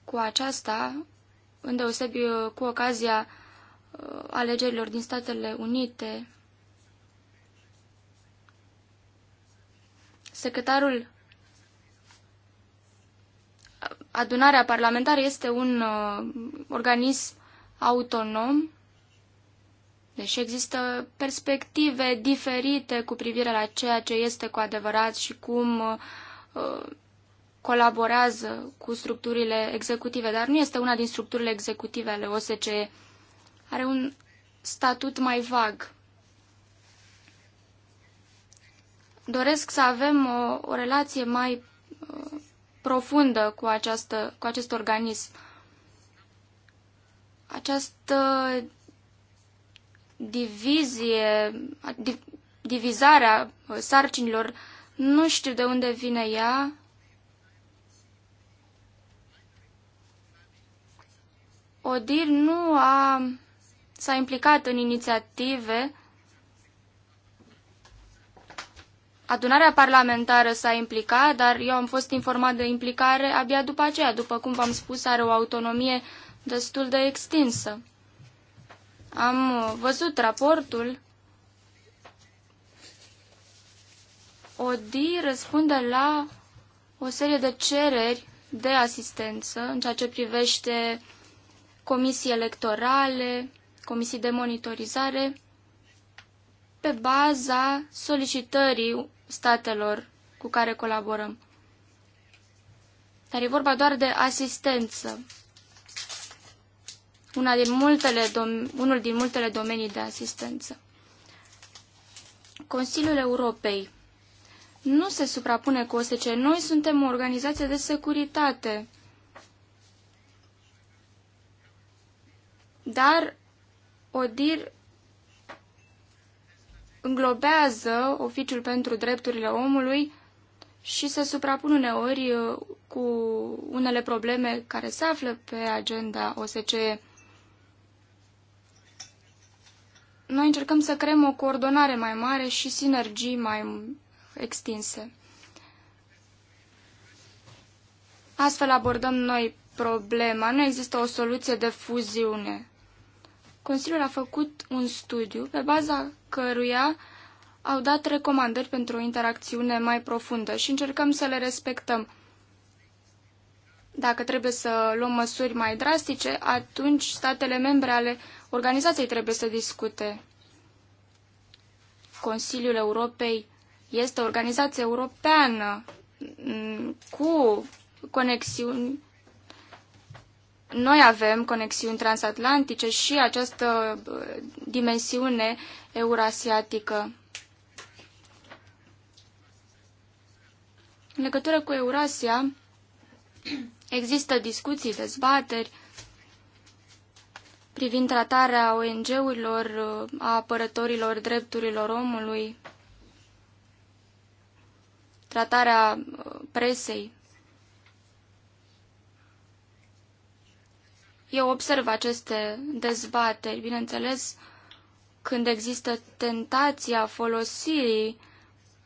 Speaker 3: cu aceasta, îndeosebi uh, cu ocazia uh, alegerilor din Statele Unite. Secretarul adunarea parlamentară este un uh, organism autonom, deși există perspective diferite cu privire la ceea ce este cu adevărat și cum uh, colaborează cu structurile executive, dar nu este una din structurile executive ale OSCE. Are un statut mai vag. Doresc să avem o, uh, o relație mai uh, profundă cu, această, cu acest organism. Această divizie, divizarea sarcinilor, nu știu de unde vine ea. Odir nu a, s-a implicat în inițiative Adunarea parlamentară s-a implicat, dar eu am fost informat de implicare abia după aceea. După cum v-am spus, are o autonomie destul de extinsă. Am uh, văzut raportul. ODI răspunde la o serie de cereri de asistență în ceea ce privește comisii electorale, comisii de monitorizare, pe baza solicitării statelor cu care colaborăm. Dar e vorba doar de asistență. Una din multele unul din multele domenii de asistență. Consiliul Europei nu se suprapune cu OSCE. Noi suntem o organizație de securitate. Dar ODIR înglobează Oficiul pentru Drepturile Omului și se suprapun uneori uh, cu unele probleme care se află pe agenda OSCE. Noi încercăm să creăm o coordonare mai mare și sinergii mai extinse. Astfel abordăm noi problema. Nu există o soluție de fuziune. Consiliul a făcut un studiu pe baza căruia au dat recomandări pentru o interacțiune mai profundă și încercăm să le respectăm. Dacă trebuie să luăm măsuri mai drastice, atunci statele membre ale organizației trebuie să discute. Consiliul Europei este o organizație europeană mm, cu conexiuni noi avem conexiuni transatlantice și această uh, dimensiune eurasiatică. În legătură cu Eurasia, există discuții, dezbateri privind tratarea ONG-urilor, uh, a apărătorilor drepturilor omului, tratarea uh, presei. Eu observ aceste dezbateri, bineînțeles, când există tentația folosirii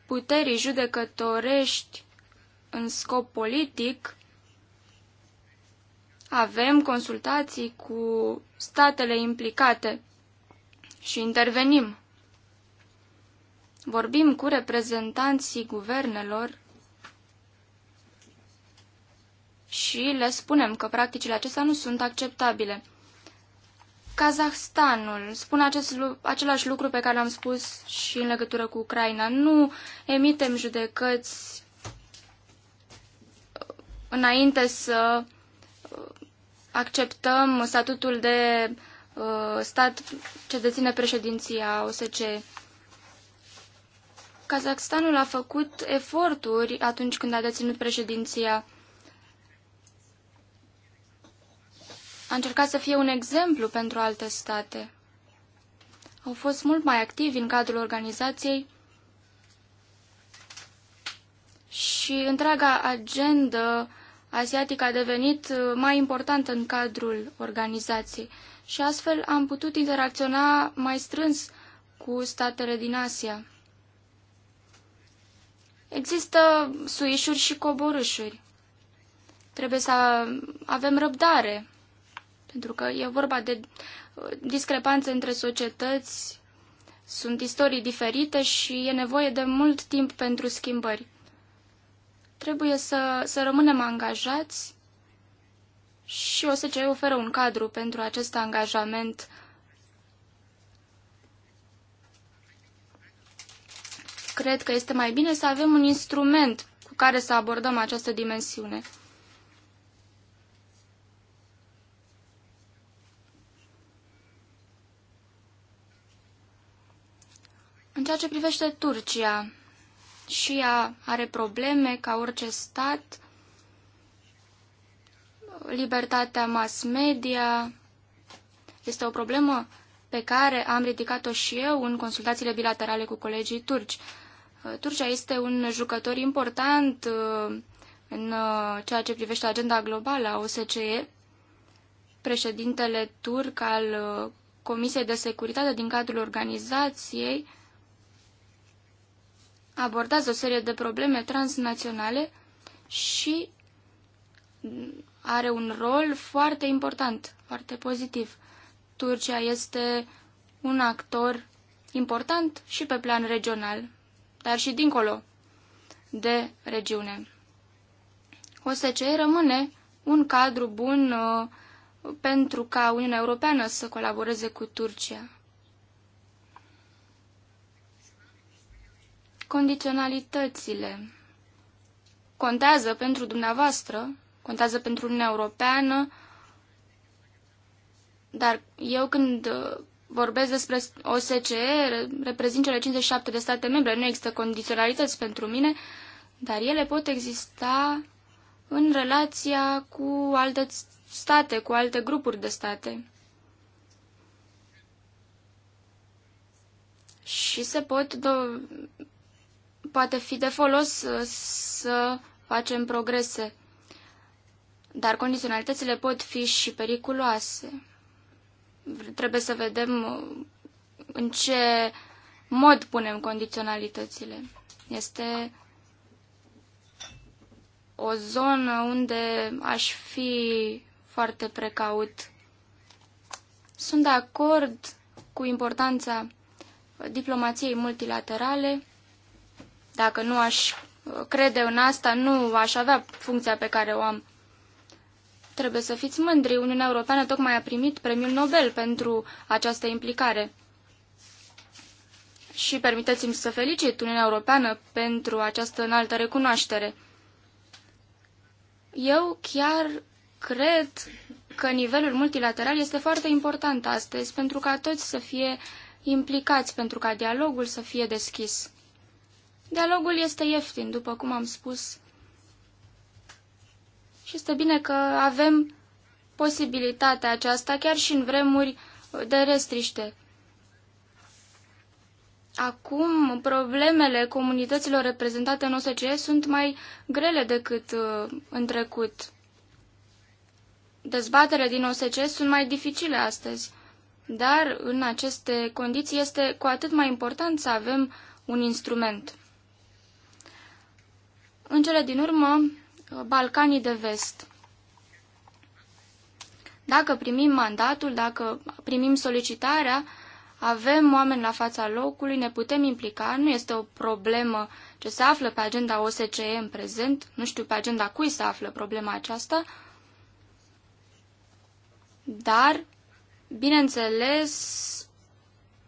Speaker 3: puterii judecătorești în scop politic, avem consultații cu statele implicate și intervenim. Vorbim cu reprezentanții guvernelor și le spunem că practicile acestea nu sunt acceptabile. Kazahstanul spune acest, același lucru pe care l-am spus și în legătură cu Ucraina. Nu emitem judecăți uh, înainte să uh, acceptăm statutul de uh, stat ce deține președinția OSCE. Kazakhstanul a făcut eforturi atunci când a deținut președinția a încercat să fie un exemplu pentru alte state. Au fost mult mai activi în cadrul organizației și întreaga agendă asiatică a devenit mai importantă în cadrul organizației și astfel am putut interacționa mai strâns cu statele din Asia. Există suișuri și coborâșuri. Trebuie să avem răbdare pentru că e vorba de uh, discrepanțe între societăți, sunt istorii diferite și e nevoie de mult timp pentru schimbări. Trebuie să, să rămânem angajați și o să ce oferă un cadru pentru acest angajament cred că este mai bine să avem un instrument cu care să abordăm această dimensiune. ceea ce privește Turcia, și ea are probleme ca orice stat, libertatea mass media este o problemă pe care am ridicat-o și eu în consultațiile bilaterale cu colegii turci. Turcia este un jucător important uh, în uh, ceea ce privește agenda globală a OSCE. Președintele turc al uh, Comisiei de Securitate din cadrul organizației abordează o serie de probleme transnaționale și are un rol foarte important, foarte pozitiv. Turcia este un actor important și pe plan regional, dar și dincolo de regiune. OSCE rămâne un cadru bun uh, pentru ca Uniunea Europeană să colaboreze cu Turcia. Condiționalitățile contează pentru dumneavoastră, contează pentru Uniunea Europeană, dar eu când uh, vorbesc despre OSCE, reprezint cele 57 de state membre, nu există condiționalități pentru mine, dar ele pot exista în relația cu alte state, cu alte grupuri de state. Și se pot do- poate fi de folos uh, să facem progrese, dar condiționalitățile pot fi și periculoase. Trebuie să vedem uh, în ce mod punem condiționalitățile. Este o zonă unde aș fi foarte precaut. Sunt de acord cu importanța diplomației multilaterale dacă nu aș uh, crede în asta, nu aș avea funcția pe care o am. Trebuie să fiți mândri, Uniunea Europeană tocmai a primit premiul Nobel pentru această implicare. Și permiteți-mi să felicit Uniunea Europeană pentru această înaltă recunoaștere. Eu chiar cred că nivelul multilateral este foarte important astăzi pentru ca toți să fie implicați, pentru ca dialogul să fie deschis. Dialogul este ieftin, după cum am spus. Și este bine că avem posibilitatea aceasta chiar și în vremuri de restriște. Acum, problemele comunităților reprezentate în OSCE sunt mai grele decât uh, în trecut. Dezbaterile din OSCE sunt mai dificile astăzi, dar în aceste condiții este cu atât mai important să avem un instrument. În cele din urmă, Balcanii de Vest. Dacă primim mandatul, dacă primim solicitarea, avem oameni la fața locului, ne putem implica, nu este o problemă ce se află pe agenda OSCE în prezent, nu știu pe agenda cui se află problema aceasta, dar, bineînțeles,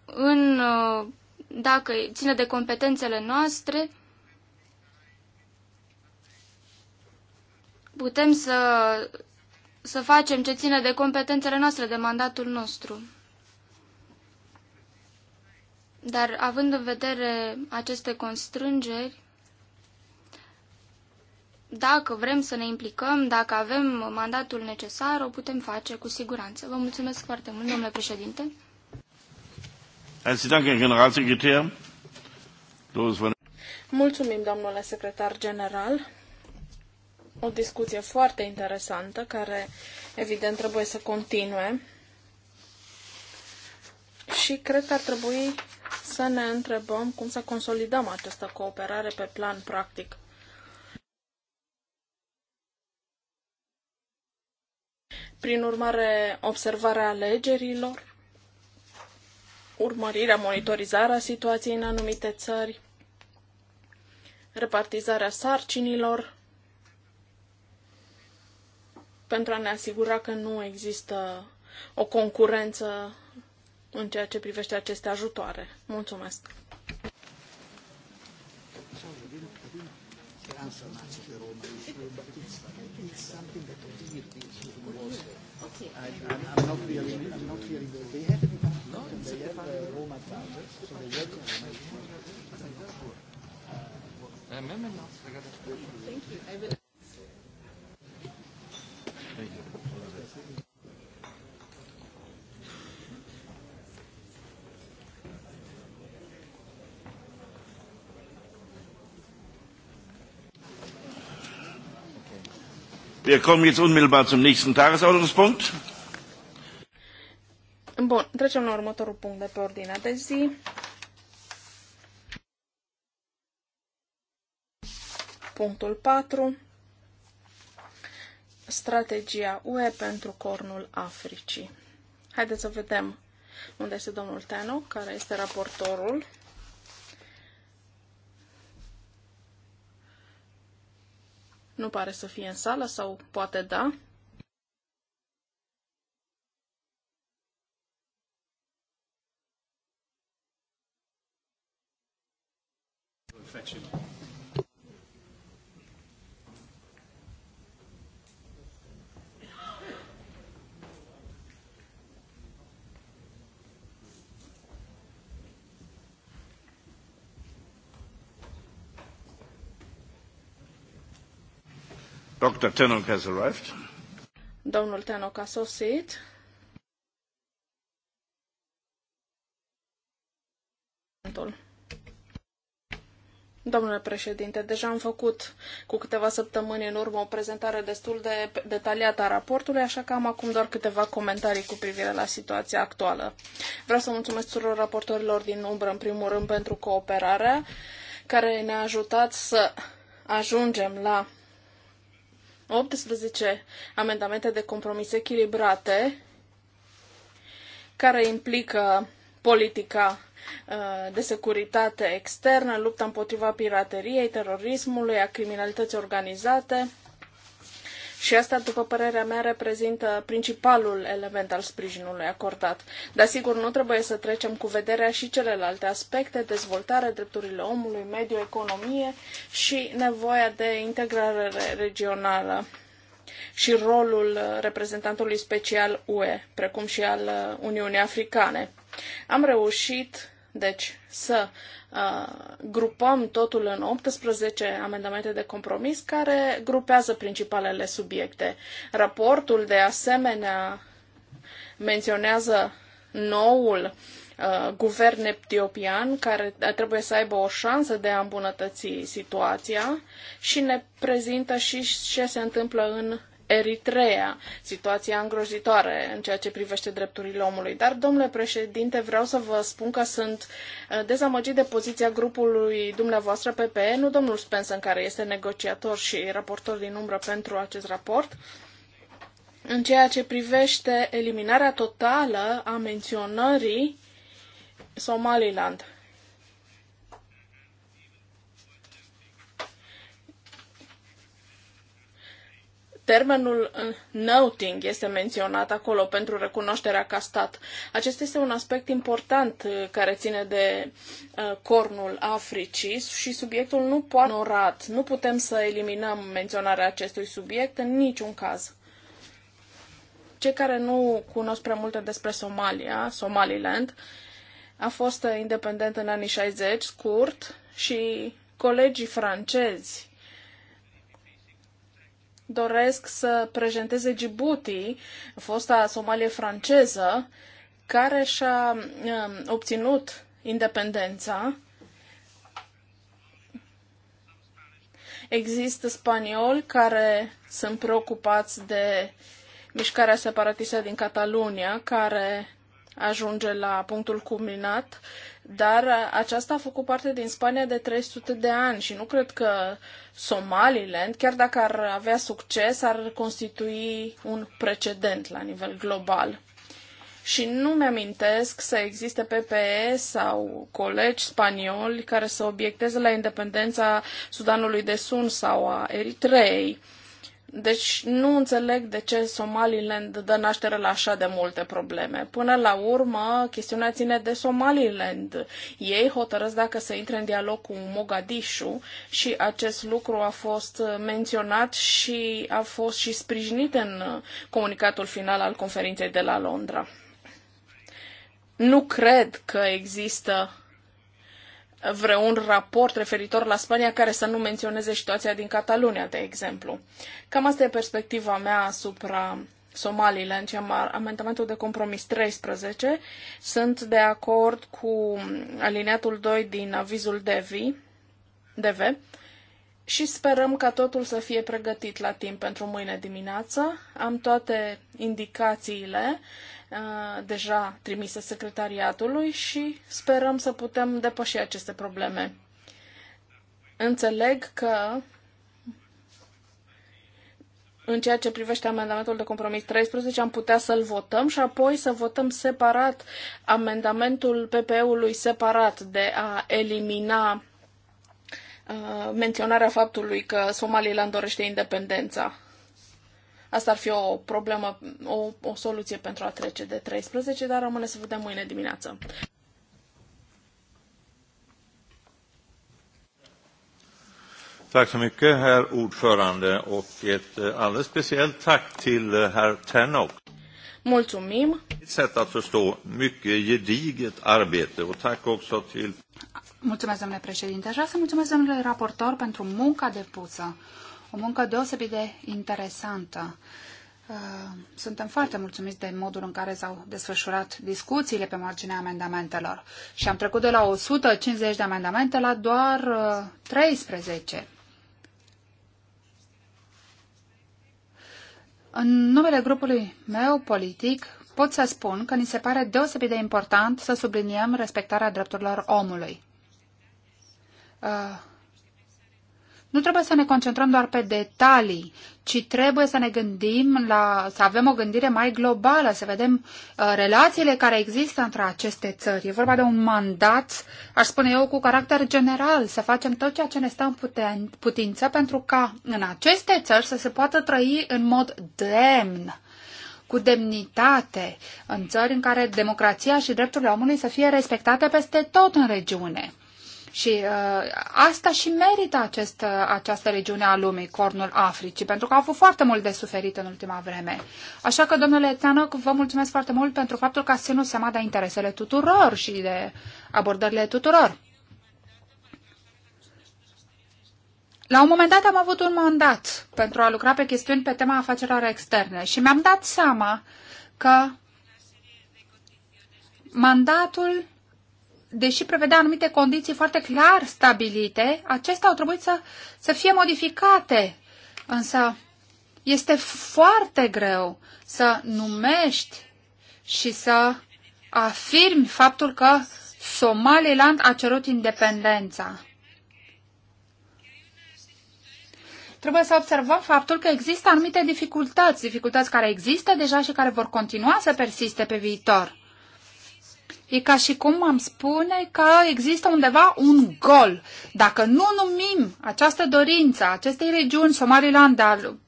Speaker 3: în, uh, dacă ține de competențele noastre, putem să, să facem ce ține de competențele noastre, de mandatul nostru. Dar având în vedere aceste constrângeri, dacă vrem să ne implicăm, dacă avem mandatul necesar, o putem face cu siguranță. Vă mulțumesc foarte mult, domnule președinte. Mulțumim, domnule
Speaker 1: secretar general o discuție foarte interesantă, care evident trebuie să continue. Și cred că ar trebui să ne întrebăm cum să consolidăm această cooperare pe plan practic. Prin urmare, observarea alegerilor, urmărirea, monitorizarea situației în anumite țări, repartizarea sarcinilor, pentru a ne asigura că nu există o concurență în ceea ce privește aceste ajutoare. Mulțumesc!
Speaker 3: Thank
Speaker 1: you. I will
Speaker 2: Wir kommen jetzt unmittelbar zum nächsten
Speaker 3: Tagesordnungspunkt.
Speaker 1: Bun, trecem la următorul punct de pe ordinea de zi. Punctul 4. Strategia UE pentru cornul Africii. Haideți să vedem unde este domnul Teno, care este raportorul Nu pare să fie în sală sau poate da.
Speaker 3: Dr. Tenok has arrived.
Speaker 1: Domnul Tenok a sosit. Domnule președinte, deja am făcut cu câteva săptămâni în urmă o prezentare destul de detaliată a raportului, așa că am acum doar câteva comentarii cu privire la situația actuală. Vreau să mulțumesc tuturor raportorilor din umbră, în primul rând, pentru cooperarea care ne-a ajutat să ajungem la 18 amendamente de compromis echilibrate care implică politica uh, de securitate externă, lupta împotriva pirateriei, terorismului, a criminalității organizate, și asta, după părerea mea, reprezintă principalul element al sprijinului acordat. Dar sigur, nu trebuie să trecem cu vederea și celelalte aspecte, dezvoltare, drepturile omului, mediu, economie și nevoia de integrare regională și rolul reprezentantului special UE, precum și al Uniunii Africane. Am reușit, deci, să Uh, grupăm totul în 18 amendamente de compromis care grupează principalele subiecte. Raportul, de asemenea, menționează noul uh, guvern etiopian care trebuie să aibă o șansă de a îmbunătăți situația și ne prezintă și ce se întâmplă în Eritrea, situația îngrozitoare în ceea ce privește drepturile omului. Dar, domnule președinte, vreau să vă spun că sunt uh, dezamăgit de poziția grupului dumneavoastră PPE, nu domnul Spencer, care este negociator și raportor din umbră pentru acest raport, în ceea ce privește eliminarea totală a menționării Somaliland termenul noting este menționat acolo pentru recunoașterea ca stat. Acest este un aspect important uh, care ține de uh, cornul Africii și subiectul nu poate ignorat. Nu putem să eliminăm menționarea acestui subiect în niciun caz. Cei care nu cunosc prea multe despre Somalia, Somaliland, a fost independent în anii 60, scurt, și colegii francezi doresc să prezenteze Djibouti, fosta Somalie franceză, care și-a um, obținut independența. Există spanioli care sunt preocupați de mișcarea separatistă din Catalunia, care ajunge la punctul culminat, dar aceasta a făcut parte din Spania de 300 de ani și nu cred că Somaliland, chiar dacă ar avea succes, ar constitui un precedent la nivel global. Și nu mi-amintesc să existe PPE sau colegi spanioli care să obiecteze la independența Sudanului de Sud sau a Eritreei. Deci nu înțeleg de ce Somaliland dă naștere la așa de multe probleme. Până la urmă, chestiunea ține de Somaliland. Ei hotărăsc dacă să intre în dialog cu Mogadishu și acest lucru a fost menționat și a fost și sprijinit în comunicatul final al conferinței de la Londra. Nu cred că există vreun raport referitor la Spania care să nu menționeze situația din Catalunia, de exemplu. Cam asta e perspectiva mea asupra Somaliland și amendamentul de compromis 13. Sunt de acord cu aliniatul 2 din avizul Devi, DV și sperăm ca totul să fie pregătit la timp pentru mâine dimineață. Am toate indicațiile deja trimise secretariatului și sperăm să putem depăși aceste probleme. Înțeleg că în ceea ce privește amendamentul de compromis 13, am putea să-l votăm și apoi să votăm separat amendamentul PPE-ului separat de a elimina uh, menționarea faptului că Somaliland dorește independența. Asta ar fi o problemă, o, o soluție pentru a trece de 13, dar rămâne să vedem mâine dimineață.
Speaker 2: Tack så mycket, herr ordförande, och ett eh, alldeles speciellt tack till eh, herr Tenok.
Speaker 1: Mulțumim.
Speaker 2: Ett sätt att förstå mycket gediget arbete och tack också till... Mulțumesc, domnule președinte. Aș vrea să mulțumesc, domnule raportor, pentru munca depusă o muncă deosebit de interesantă. Uh, suntem foarte mulțumiți de modul în care s-au desfășurat discuțiile pe marginea amendamentelor și am trecut de la 150 de amendamente la doar 13. Uh, în numele grupului meu politic pot să spun că ni se pare deosebit de important să subliniem respectarea drepturilor omului. Uh, nu trebuie să ne concentrăm doar pe detalii, ci trebuie să ne gândim la, să avem o gândire mai globală, să vedem uh, relațiile care există între aceste țări. E vorba de un mandat, aș spune eu, cu caracter general, să facem tot ceea ce ne stă în puten, putință pentru ca în aceste țări să se poată trăi în mod demn cu demnitate, în țări în care democrația și drepturile omului să fie respectate peste tot în regiune. Și uh, asta și merită acest, uh, această regiune a lumii, cornul Africii, pentru că a avut foarte mult de suferit în ultima vreme. Așa că, domnule Tanoc, vă mulțumesc foarte mult pentru faptul că ați ținut seama de interesele tuturor și de abordările tuturor. La un moment dat am avut un mandat pentru a lucra pe chestiuni pe tema afacerilor externe și mi-am dat seama că mandatul deși prevedea anumite condiții foarte clar stabilite, acestea au trebuit să, să fie modificate. Însă este foarte greu să numești și să afirmi faptul că Somaliland a cerut independența. Trebuie să observăm faptul că există anumite dificultăți, dificultăți care există deja și care vor continua să persiste pe viitor. E ca și cum am spune că există undeva un gol. Dacă nu numim această dorință acestei regiuni, Somaliland, de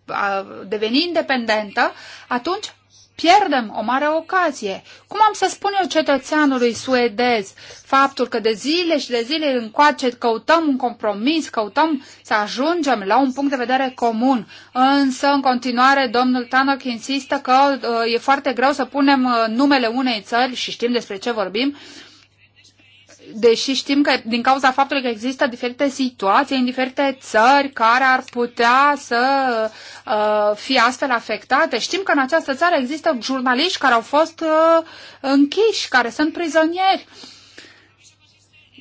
Speaker 2: a deveni independentă, atunci pierdem o mare ocazie. Cum am să spun eu cetățeanului suedez faptul că de zile și de zile încoace căutăm un compromis, căutăm să ajungem la un punct de vedere comun, însă în continuare domnul Tanoc insistă că uh, e foarte greu să punem uh, numele unei țări și știm despre ce vorbim, uh, deși știm că din cauza faptului că există diferite situații în diferite țări care ar putea să uh, fie astfel afectate, știm că în această țară există jurnaliști care au fost uh, închiși, care sunt prizonieri.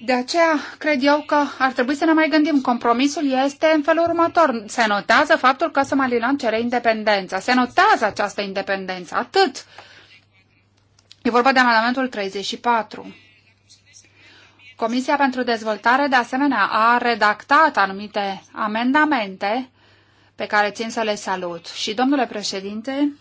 Speaker 2: De aceea cred eu că ar trebui să ne mai gândim. Compromisul este în felul următor. Se notează faptul că Somaliland cere independența. Se notează această independență. Atât. E vorba de amendamentul 34. Comisia pentru Dezvoltare, de asemenea, a redactat anumite amendamente pe care țin să le salut. Și, domnule președinte,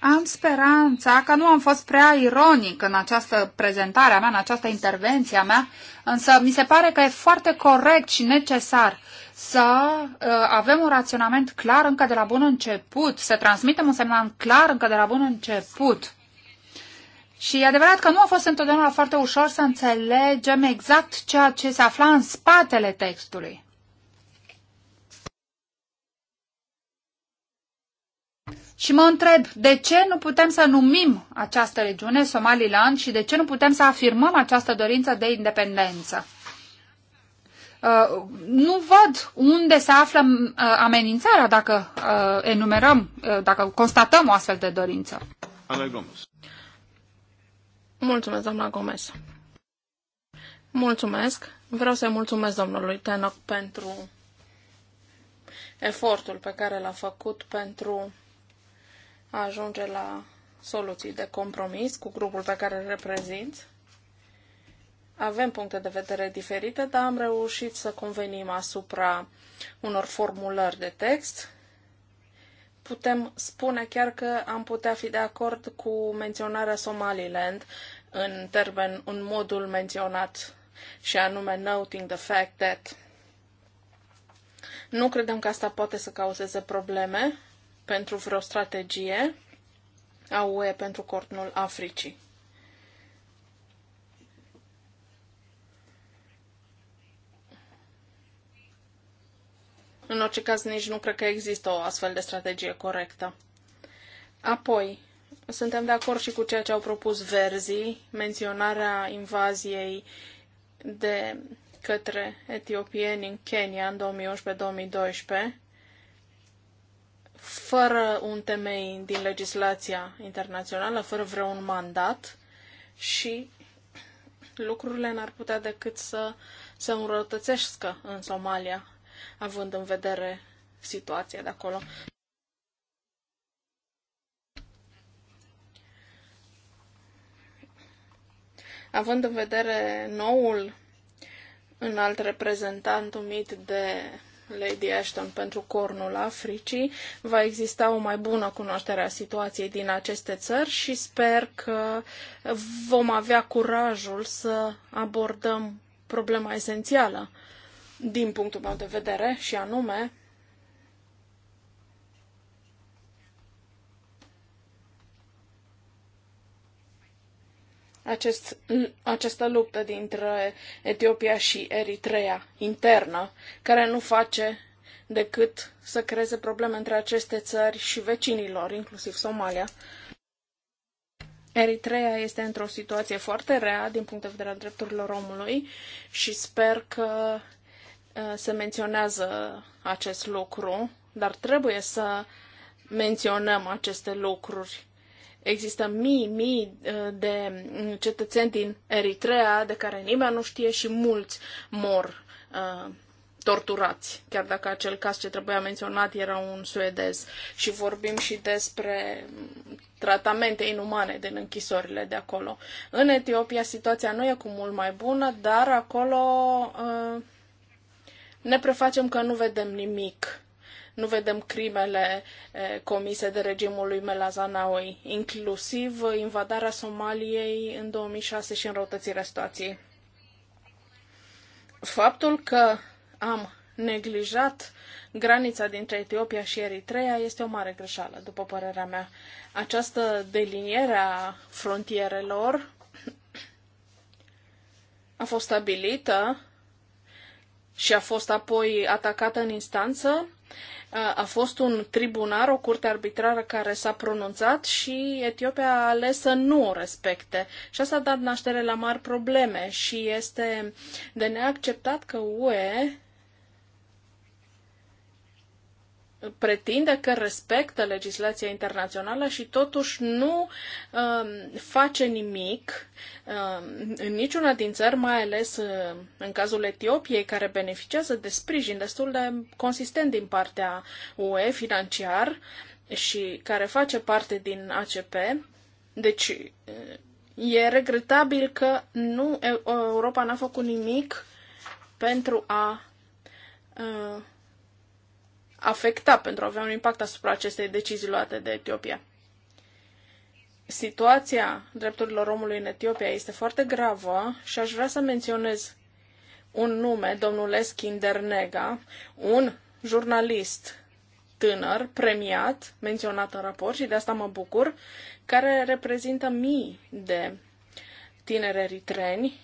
Speaker 2: am speranța că nu am fost prea ironic în această prezentare a mea, în această intervenție a mea, însă mi se pare că e foarte corect și necesar să uh, avem un raționament clar încă de la bun început, să transmitem un semnal clar încă de la bun început și e adevărat că nu a fost întotdeauna foarte ușor să înțelegem exact ceea ce se afla în spatele textului. Și mă întreb, de ce nu putem să numim această regiune Somaliland și de ce nu putem să afirmăm această dorință de independență? Uh, nu văd unde se află uh, amenințarea dacă uh, enumerăm, uh, dacă constatăm
Speaker 1: o astfel de dorință. Ana Gomes. Mulțumesc, doamna Gomez. Mulțumesc. Vreau să-i mulțumesc domnului Tenoc pentru efortul pe care l-a făcut pentru a ajunge la soluții de compromis cu grupul pe care îl reprezint. Avem puncte de vedere diferite, dar am reușit să convenim asupra unor formulări de text. Putem spune chiar că am putea fi de acord cu menționarea Somaliland în termen, în modul menționat și anume noting the fact that nu credem că asta poate să cauzeze probleme pentru vreo strategie a UE pentru cornul Africii. În orice caz, nici nu cred că există o astfel de strategie corectă. Apoi, suntem de acord și cu ceea ce au propus verzii, menționarea invaziei de către etiopieni în Kenya în 2011-2012, fără un temei din legislația internațională, fără vreun mandat și lucrurile n-ar putea decât să se înrăutățească în Somalia, având în vedere situația de acolo. Având în vedere noul înalt reprezentant umit de Lady Ashton pentru cornul Africii, va exista o mai bună cunoaștere a situației din aceste țări și sper că vom avea curajul să abordăm problema esențială din punctul meu de vedere și anume acest, această luptă dintre Etiopia și Eritrea internă, care nu face decât să creeze probleme între aceste țări și vecinilor, inclusiv Somalia. Eritrea este într-o situație foarte rea din punct de vedere al drepturilor omului și sper că uh, se menționează acest lucru, dar trebuie să menționăm aceste lucruri Există mii, mii uh, de mm, cetățeni din Eritrea de care nimeni nu știe și mulți mor uh, torturați, chiar dacă acel caz ce trebuia menționat era un suedez. Și vorbim și despre mm, tratamente inumane din închisorile de acolo. În Etiopia situația nu e cu mult mai bună, dar acolo uh, ne prefacem că nu vedem nimic nu vedem crimele comise de regimul lui Melazanaui, inclusiv invadarea Somaliei în 2006 și înrăutățirea situației. Faptul că am neglijat granița dintre Etiopia și Eritrea este o mare greșeală, după părerea mea. Această deliniere a frontierelor a fost stabilită și a fost apoi atacată în instanță a fost un tribunal, o curte arbitrară care s-a pronunțat și Etiopia a ales să nu o respecte. Și asta a dat naștere la mari probleme și este de neacceptat că UE pretinde că respectă legislația internațională și totuși nu um, face nimic um, în niciuna din țări, mai ales um, în cazul Etiopiei, care beneficiază de sprijin destul de consistent din partea UE financiar și care face parte din ACP. Deci e regretabil că nu Europa n-a făcut nimic pentru a uh, afecta pentru a avea un impact asupra acestei decizii luate de Etiopia. Situația drepturilor omului în Etiopia este foarte gravă și aș vrea să menționez un nume, domnul Nega, un jurnalist tânăr, premiat, menționat în raport și de asta mă bucur, care reprezintă mii de tineri eritreni,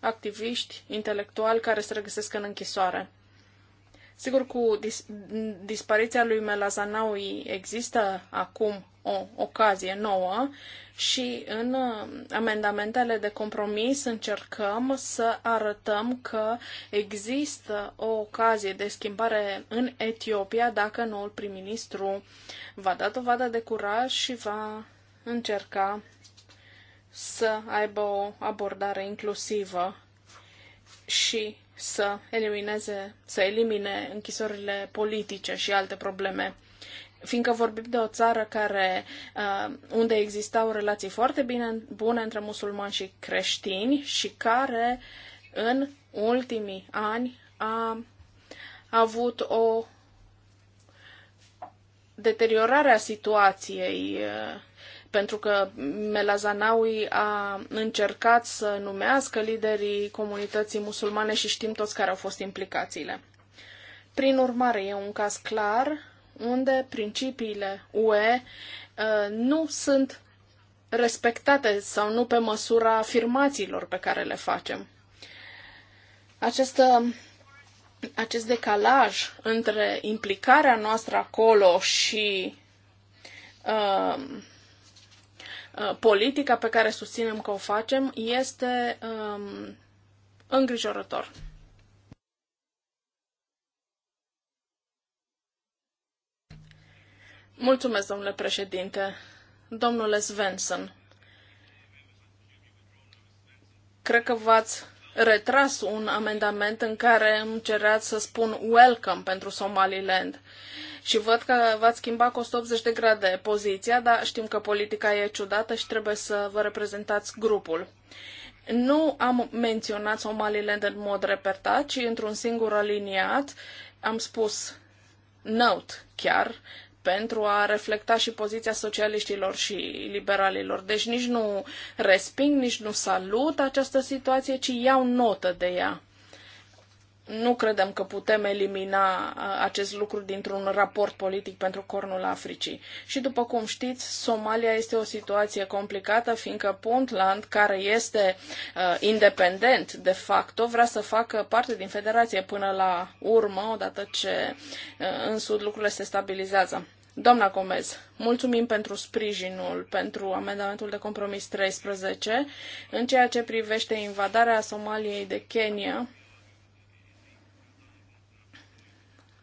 Speaker 1: activiști, intelectuali care se regăsesc în închisoare. Sigur, cu dis- dispariția lui Melazanaui există acum o ocazie nouă și în uh, amendamentele de compromis încercăm să arătăm că există o ocazie de schimbare în Etiopia dacă noul prim-ministru va da dovadă de curaj și va încerca să aibă o abordare inclusivă și să elimineze, să elimine închisorile politice și alte probleme fiindcă vorbim de o țară care, uh, unde existau relații foarte bine, bune între musulmani și creștini și care în ultimii ani a, a avut o deteriorare a situației uh, pentru că Melazanaui a încercat să numească liderii comunității musulmane și știm toți care au fost implicațiile. Prin urmare, e un caz clar unde principiile UE uh, nu sunt respectate sau nu pe măsura afirmațiilor pe care le facem. Această, acest decalaj între implicarea noastră acolo și uh, Uh, politica pe care susținem că o facem este um, îngrijorător. Mulțumesc, domnule președinte. Domnule Svensson, cred că v-ați retras un amendament în care îmi cerea să spun welcome pentru Somaliland. Și văd că v-ați schimbat cu 180 de grade poziția, dar știm că politica e ciudată și trebuie să vă reprezentați grupul. Nu am menționat Somaliland în mod repetat, ci într-un singur aliniat am spus note chiar pentru a reflecta și poziția socialiștilor și liberalilor. Deci nici nu resping, nici nu salut această situație, ci iau notă de ea. Nu credem că putem elimina uh, acest lucru dintr-un raport politic pentru cornul Africii. Și după cum știți, Somalia este o situație complicată, fiindcă Puntland, care este uh, independent de facto, vrea să facă parte din federație până la urmă, odată ce uh, în sud lucrurile se stabilizează. Doamna Gomez, mulțumim pentru sprijinul pentru amendamentul de compromis 13 în ceea ce privește invadarea Somaliei de Kenya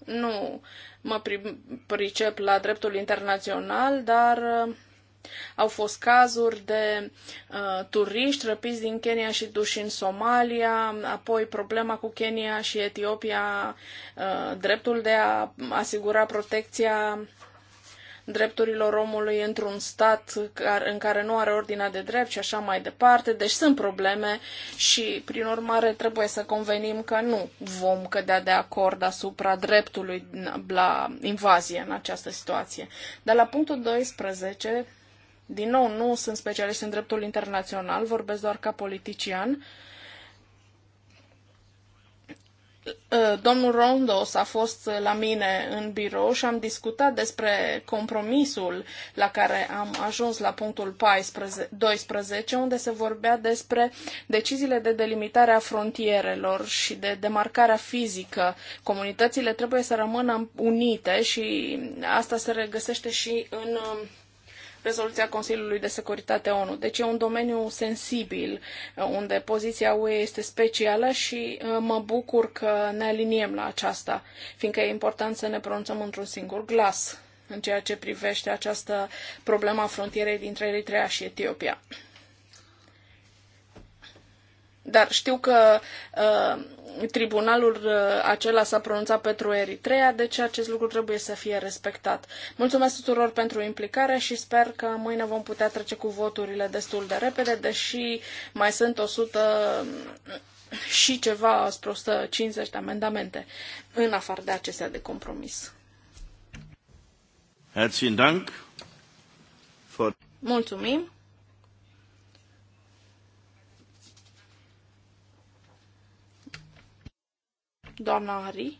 Speaker 1: Nu mă pricep la dreptul internațional, dar uh, au fost cazuri de uh, turiști răpiți din Kenya și duși în Somalia, apoi problema cu Kenya și Etiopia, uh, dreptul de a asigura protecția drepturilor omului într-un stat în care nu are ordinea de drept și așa mai departe. Deci sunt probleme și, prin urmare, trebuie să convenim că nu vom cădea de acord asupra dreptului la invazie în această situație. Dar la punctul 12, din nou, nu sunt specialist în dreptul internațional, vorbesc doar ca politician, uh, Uh, domnul Rondos a fost uh, la mine în birou și am discutat despre compromisul la care am ajuns la punctul 14, 12, unde se vorbea despre deciziile de delimitare a frontierelor și de demarcarea fizică. Comunitățile trebuie să rămână unite și asta se regăsește și în um, rezoluția Consiliului de Securitate ONU. Deci e un domeniu sensibil uh, unde poziția UE este specială și uh, mă bucur că ne aliniem la aceasta, fiindcă e important să ne pronunțăm într-un singur glas în ceea ce privește această problemă a frontierei dintre Eritrea și Etiopia. Dar știu că uh, tribunalul uh, acela s-a pronunțat pentru Eritrea, deci acest lucru trebuie să fie respectat. Mulțumesc tuturor pentru implicare și sper că mâine vom putea trece cu voturile destul de repede, deși mai sunt 100 și ceva, spre 150 de amendamente, în afară de acestea de compromis. Dank. Mulțumim. doamna Ari.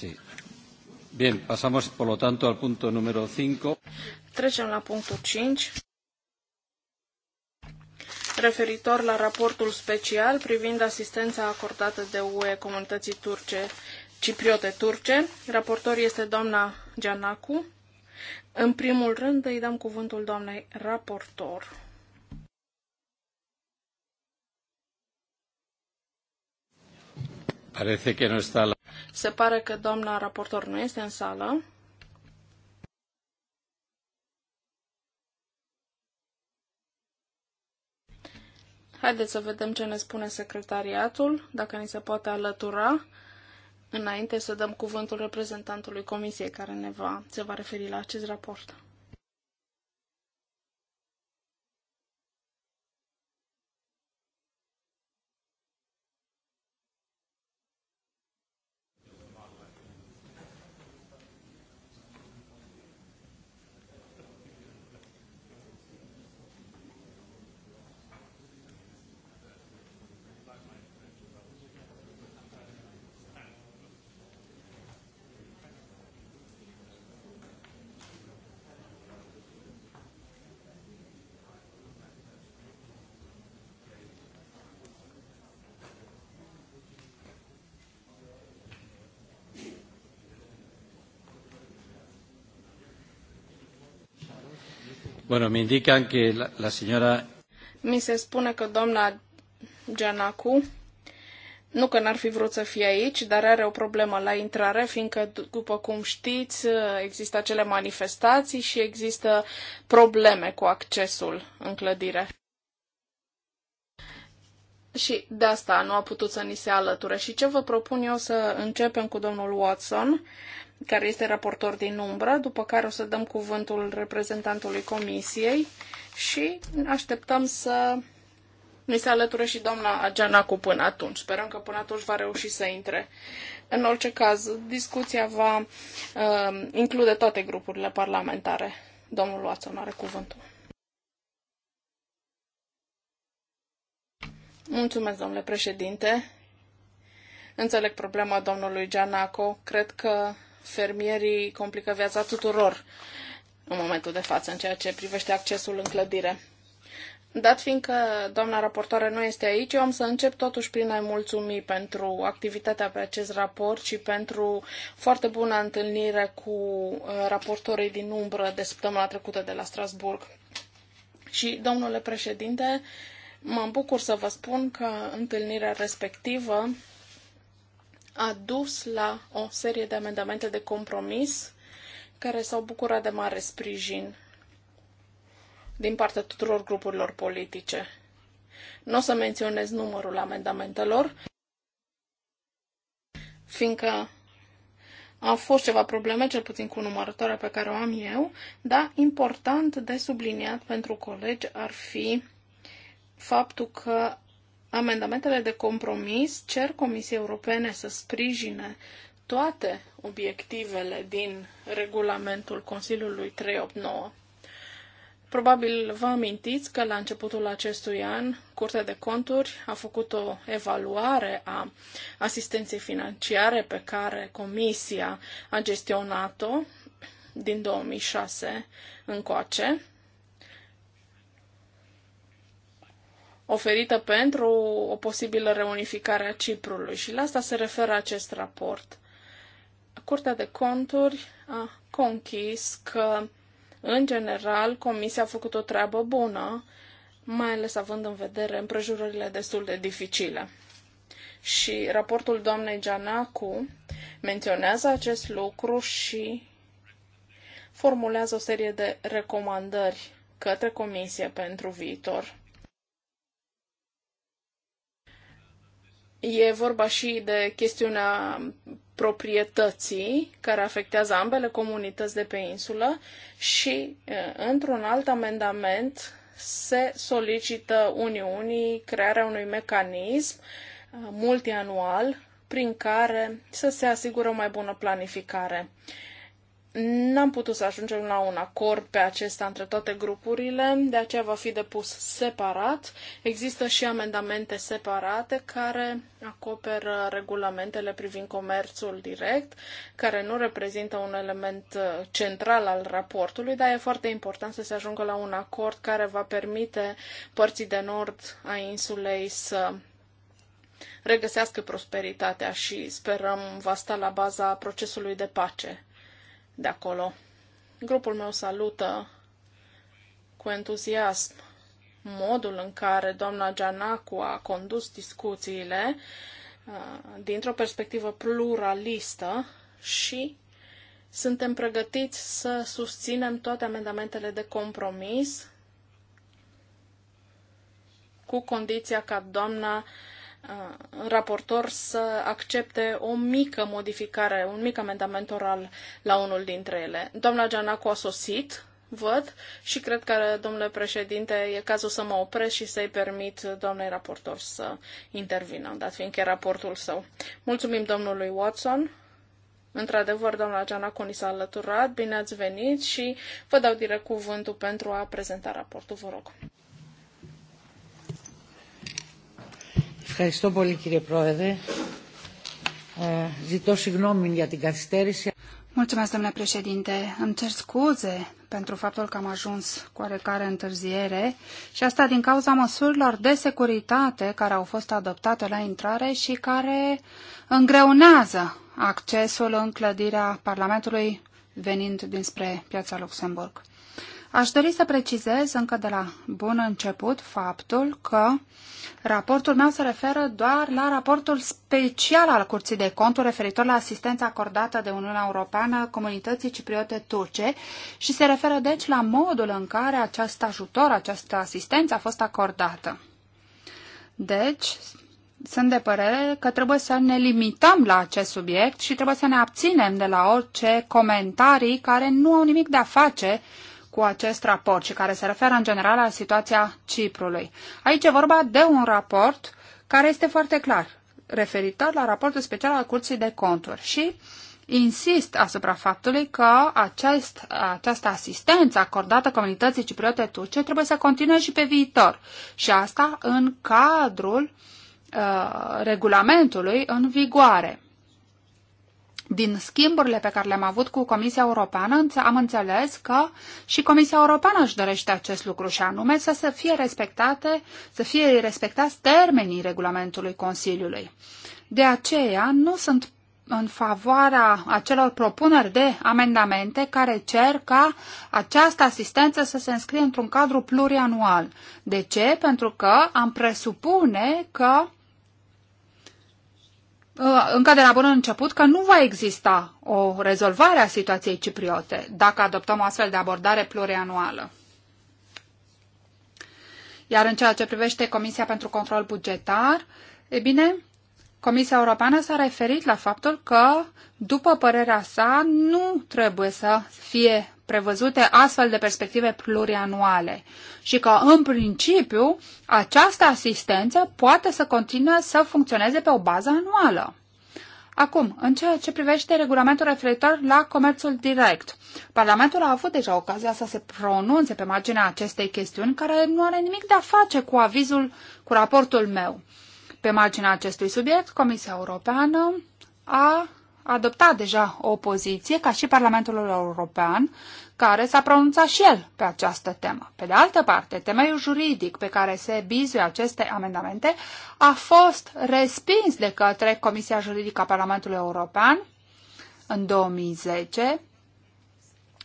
Speaker 3: Sí. Bien, pasamos por lo tanto al punto número 5.
Speaker 1: Trecem la punctul 5 referitor la raportul special privind asistența acordată de UE comunității turce, cipriote turce. Raportor este doamna Gianacu. În primul rând îi dăm cuvântul doamnei raportor. Parece está la... Se pare că doamna raportor nu este în sală. Haideți să vedem ce ne spune secretariatul, dacă ni se poate alătura, înainte să dăm cuvântul reprezentantului comisiei care ne va, se va referi la acest raport.
Speaker 3: Bueno, me indican que la, la señora...
Speaker 1: Mi se spune că doamna Gianacu, nu că n-ar fi vrut să fie aici, dar are o problemă la intrare, fiindcă, după cum știți, ă, există acele manifestații și există probleme cu accesul în clădire. Și de asta nu a putut să ni se alăture. Și ce vă propun eu să începem cu domnul Watson, care este raportor din umbră, după care o să dăm cuvântul reprezentantului comisiei și așteptăm să ni se alăture și doamna Agianacu până atunci. Sperăm că până atunci va reuși să intre. În orice caz, discuția va uh, include toate grupurile parlamentare. Domnul Watson are cuvântul. Mulțumesc, domnule președinte. Înțeleg problema domnului Gianaco. Cred că fermierii complică viața tuturor în momentul de față în ceea ce privește accesul în clădire. Dat fiindcă doamna raportoare nu este aici, eu am să încep totuși prin a-i mulțumi pentru activitatea pe acest raport și pentru foarte bună întâlnire cu uh, raportorii din umbră de săptămâna trecută de la Strasburg. Și, domnule președinte, mă bucur să vă spun că întâlnirea respectivă a dus la o serie de amendamente de compromis care s-au bucurat de mare sprijin din partea tuturor grupurilor politice. Nu o să menționez numărul amendamentelor, fiindcă au fost ceva probleme, cel puțin cu numărătoarea pe care o am eu, dar important de subliniat pentru colegi ar fi faptul că Amendamentele de compromis cer Comisiei Europene să sprijine toate obiectivele din regulamentul Consiliului 389. Probabil vă amintiți că la începutul acestui an, Curtea de Conturi a făcut o evaluare a asistenței financiare pe care Comisia a gestionat-o din 2006 încoace oferită pentru o posibilă reunificare a Ciprului și la asta se referă acest raport. Curtea de conturi a conchis că, în general, Comisia a făcut o treabă bună, mai ales având în vedere împrejurările destul de dificile. Și raportul doamnei Gianacu menționează acest lucru și formulează o serie de recomandări către Comisie pentru viitor. E vorba și de chestiunea proprietății, care afectează ambele comunități de pe insulă și, într-un alt amendament, se solicită Uniunii crearea unui mecanism multianual prin care să se asigură o mai bună planificare. N-am putut să ajungem la un acord pe acesta între toate grupurile, de aceea va fi depus separat. Există și amendamente separate care acoperă regulamentele privind comerțul direct, care nu reprezintă un element uh, central al raportului, dar e foarte important să se ajungă la un acord care va permite părții de nord a insulei să regăsească prosperitatea și sperăm va sta la baza procesului de pace de acolo. Grupul meu salută cu entuziasm modul în care doamna Gianacu a condus discuțiile uh, dintr-o perspectivă pluralistă și suntem pregătiți să susținem toate amendamentele de compromis cu condiția ca doamna Uh, raportor să accepte o mică modificare, un mic amendament oral la unul dintre ele. Doamna Gianacu a sosit, văd, și cred că, domnule președinte, e cazul să mă opresc și să-i permit doamnei raportor să intervină, dat fiindcă e raportul său. Mulțumim domnului Watson. Într-adevăr, doamna Gianacu ni s-a alăturat, bine ați venit și vă dau direct cuvântul pentru a prezenta raportul, vă rog.
Speaker 2: Ευχαριστώ πολύ κύριε Πρόεδρε. Ζητώ συγγνώμη για την καθυστέρηση. Mulțumesc, domnule președinte. Îmi cer scuze pentru faptul că am ajuns cu oarecare întârziere și asta din cauza măsurilor de securitate care au fost adoptate la intrare și care îngreunează accesul în clădirea Parlamentului venind dinspre piața Luxemburg. Aș dori să precizez încă de la bun început faptul că raportul meu se referă doar la raportul special al Curții de Conturi referitor la asistența acordată de Uniunea Europeană comunității cipriote turce și se referă deci la modul în care acest ajutor, această asistență a fost acordată. Deci, sunt de părere că trebuie să ne limităm la acest subiect și trebuie să ne abținem de la orice comentarii care nu au nimic de a face cu acest raport și care se referă în general la situația Ciprului. Aici e vorba de un raport care este foarte clar, referitor la raportul special al Curții de Conturi și insist asupra faptului că acest, această asistență acordată comunității cipriote turce trebuie să continue și pe viitor și asta în cadrul uh, regulamentului în vigoare din schimburile pe care le-am avut cu Comisia Europeană, am înțeles că și Comisia Europeană își dorește acest lucru și anume să, să fie respectate, să fie respectați termenii regulamentului Consiliului. De aceea nu sunt în favoarea acelor propuneri de amendamente care cer ca această asistență să se înscrie într-un cadru plurianual. De ce? Pentru că am presupune că Uh, încă de la bun început că nu va exista o rezolvare a situației cipriote dacă adoptăm o astfel de abordare plurianuală. Iar în ceea ce privește Comisia pentru Control Bugetar, e bine, Comisia Europeană s-a referit la faptul că, după părerea sa, nu trebuie să fie prevăzute astfel de perspective plurianuale și că, în principiu, această asistență poate să continue să funcționeze pe o bază anuală. Acum, în ceea ce privește regulamentul referitor la comerțul direct, Parlamentul a avut deja ocazia să se pronunțe pe marginea acestei chestiuni, care nu are nimic de a face cu avizul, cu raportul meu. Pe marginea acestui subiect, Comisia Europeană a adoptat deja o poziție ca și Parlamentul European, care s-a pronunțat și el pe această temă. Pe de altă parte, temeiul juridic pe care se bizuie aceste amendamente a fost respins de către Comisia Juridică a Parlamentului European în 2010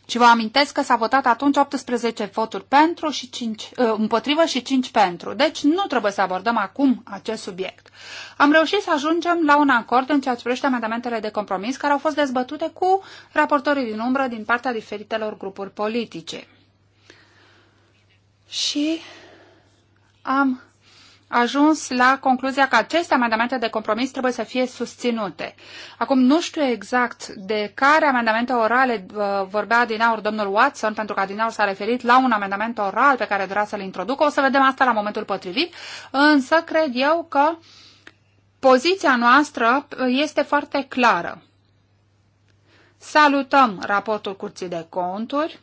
Speaker 2: și vă amintesc că s-a votat atunci 18 voturi pentru și 5, ă, împotrivă și 5 pentru. Deci nu trebuie să abordăm acum acest subiect. Am reușit să ajungem la un acord în ceea ce privește amendamentele de compromis care au fost dezbătute cu raportorii din umbră din partea diferitelor grupuri politice. Și am ajuns la concluzia că aceste amendamente de compromis trebuie să fie susținute. Acum nu știu exact de care amendamente orale uh, vorbea din aur domnul Watson, pentru că din aur s-a referit la un amendament oral pe care dorea să-l introducă. O să vedem asta la momentul potrivit, însă cred eu că poziția noastră este foarte clară. Salutăm raportul Curții de Conturi,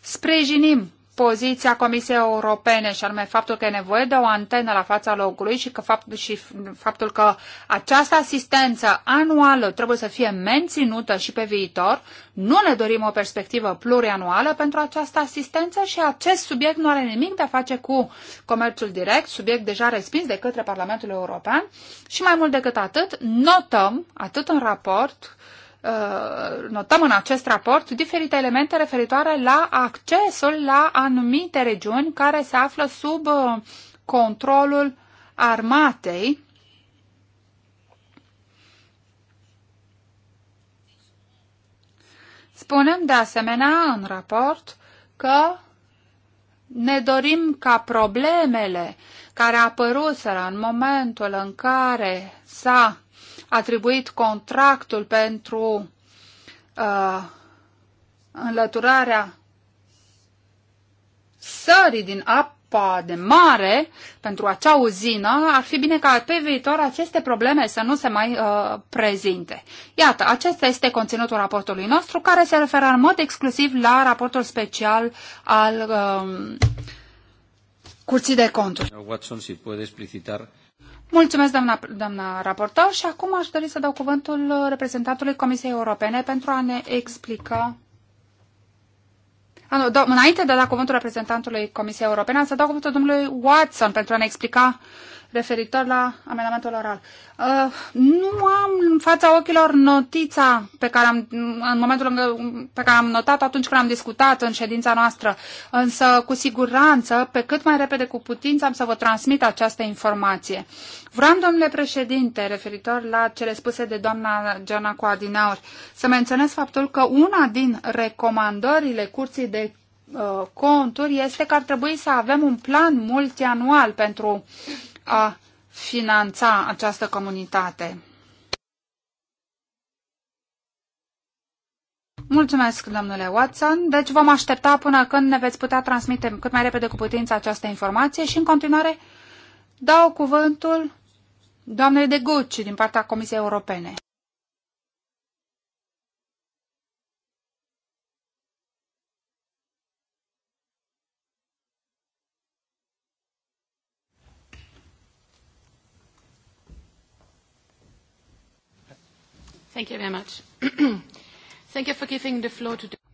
Speaker 2: sprijinim poziția Comisiei Europene și anume faptul că e nevoie de o antenă la fața locului și, că fapt, și faptul că această asistență anuală trebuie să fie menținută și pe viitor. Nu ne dorim o perspectivă plurianuală pentru această asistență și acest subiect nu are nimic de a face cu comerțul direct, subiect deja respins de către Parlamentul European și mai mult decât atât, notăm atât în raport Uh, notăm în acest raport diferite elemente referitoare la accesul la anumite regiuni care se află sub uh, controlul armatei. Spunem de asemenea în raport că ne dorim ca problemele care apăruseră în momentul în care s-a atribuit contractul pentru uh, înlăturarea sării din apa de mare pentru acea uzină, ar fi bine ca pe viitor aceste probleme să nu se mai uh, prezinte. Iată, acesta este conținutul raportului nostru, care se referă în mod exclusiv la raportul special al uh, Curții de Conturi.
Speaker 3: Watson, si puede explicitar
Speaker 2: Mulțumesc, doamna, doamna raportor, și acum aș dori să dau cuvântul reprezentantului Comisiei Europene pentru a ne explica. A, nu, do, înainte de a da cuvântul reprezentantului Comisiei Europene, să dau cuvântul domnului Watson pentru a ne explica referitor la amendamentul oral. Uh, nu am în fața ochilor notița pe care am, în momentul în, pe care am notat atunci când am discutat în ședința noastră, însă cu siguranță, pe cât mai repede cu putință, am să vă transmit această informație. Vreau, domnule președinte, referitor la cele spuse de doamna Gianna Coadinaur, să menționez faptul că una din recomandările Curții de uh, conturi este că ar trebui să avem un plan multianual pentru a finanța această comunitate. Mulțumesc, domnule Watson. Deci vom aștepta până când ne veți putea transmite cât mai repede cu putință această informație și în continuare dau cuvântul doamnei de Gucci din partea Comisiei Europene.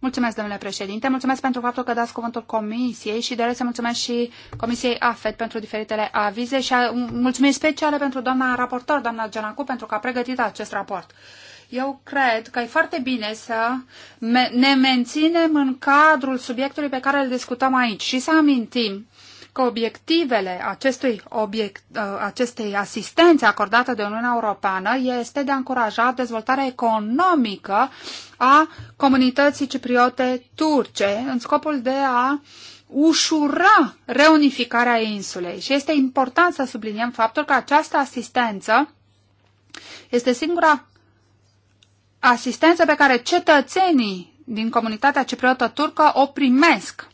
Speaker 2: Mulțumesc, domnule președinte. Mulțumesc pentru faptul că dați cuvântul comisiei și doresc să mulțumesc și comisiei AFET pentru diferitele avize și mulțumesc speciale pentru doamna raportor, doamna Gianacu, pentru că a pregătit acest raport. Eu cred că e foarte bine să ne menținem în cadrul subiectului pe care îl discutăm aici și să amintim că obiectivele acestui obiect, uh, acestei asistențe acordate de Uniunea Europeană este de a încuraja dezvoltarea economică a comunității cipriote turce în scopul de a ușura reunificarea insulei. Și este important să subliniem faptul că această asistență este singura asistență pe care cetățenii din comunitatea cipriotă turcă o primesc.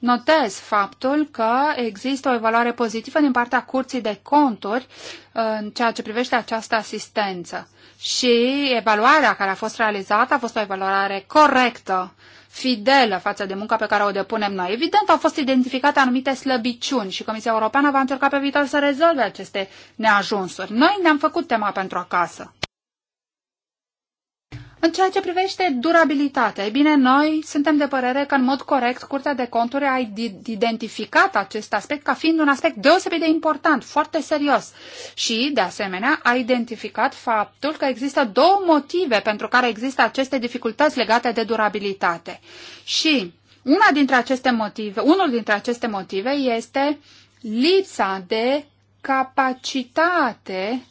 Speaker 2: Notez faptul că există o evaluare pozitivă din partea Curții de Conturi uh, în ceea ce privește această asistență. Și evaluarea care a fost realizată a fost o evaluare corectă, fidelă față de munca pe care o depunem noi. Evident, au fost identificate anumite slăbiciuni și Comisia Europeană va încerca pe viitor să rezolve aceste neajunsuri. Noi ne-am făcut tema pentru acasă. În ceea ce privește durabilitatea, e bine, noi suntem de părere că în mod corect Curtea de Conturi a identificat acest aspect ca fiind un aspect deosebit de important, foarte serios și, de asemenea, a identificat faptul că există două motive pentru care există aceste dificultăți legate de durabilitate. Și una dintre aceste motive, unul dintre aceste motive este lipsa de capacitate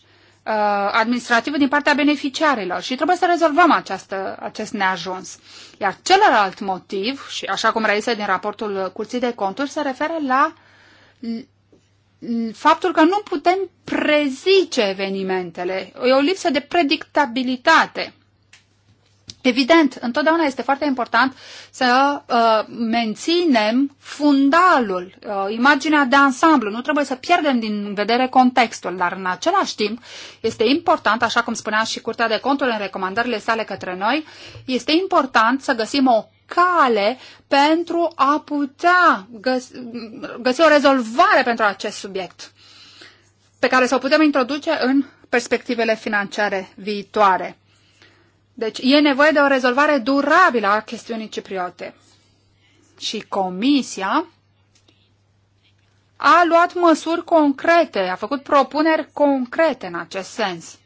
Speaker 2: Uh, administrative din partea beneficiarilor și trebuie să rezolvăm această, acest neajuns. Iar celălalt motiv, și așa cum reiese din raportul Curții de Conturi, se referă la faptul că nu putem prezice evenimentele. E o lipsă de predictabilitate. Evident, întotdeauna este foarte important să uh, menținem fundalul, uh, imaginea de ansamblu. Nu trebuie să pierdem din vedere contextul, dar în același timp este important, așa cum spunea și Curtea de Conturi în recomandările sale către noi, este important să găsim o cale pentru a putea găsi, găsi o rezolvare pentru acest subiect pe care să o putem introduce în perspectivele financiare viitoare. Deci e nevoie de o rezolvare durabilă a chestiunii cipriote. Și Comisia a luat măsuri concrete, a făcut propuneri concrete în acest sens.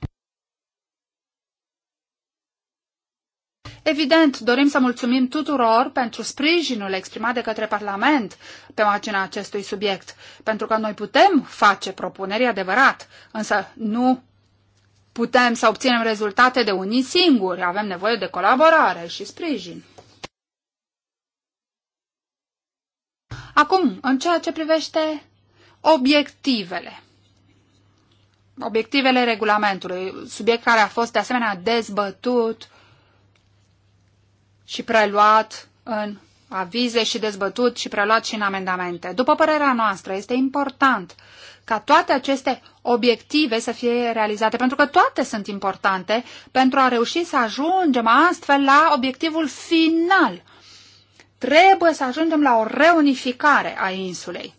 Speaker 2: Evident, dorim să mulțumim tuturor pentru sprijinul exprimat de către Parlament pe marginea acestui subiect, pentru că noi putem face propuneri adevărat, însă nu putem să obținem rezultate de unii singuri. Avem nevoie de colaborare și sprijin. Acum, în ceea ce privește obiectivele. Obiectivele regulamentului, subiect care a fost de asemenea dezbătut și preluat în avize și dezbătut și preluat și în amendamente. După părerea noastră, este important ca toate aceste obiective să fie realizate, pentru că toate sunt importante pentru a reuși să ajungem astfel la obiectivul final. Trebuie să ajungem la o reunificare a insulei.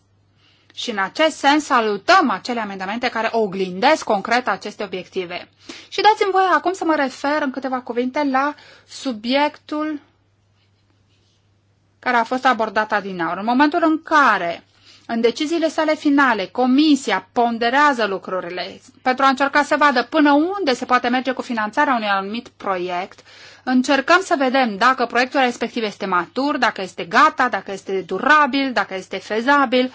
Speaker 2: Și în acest sens salutăm acele amendamente care oglindesc concret aceste obiective. Și dați-mi voie acum să mă refer în câteva cuvinte la subiectul care a fost abordat adinaur. În momentul în care în deciziile sale finale, comisia ponderează lucrurile pentru a încerca să vadă până unde se poate merge cu finanțarea unui anumit proiect. Încercăm să vedem dacă proiectul respectiv este matur, dacă este gata, dacă este durabil, dacă este fezabil.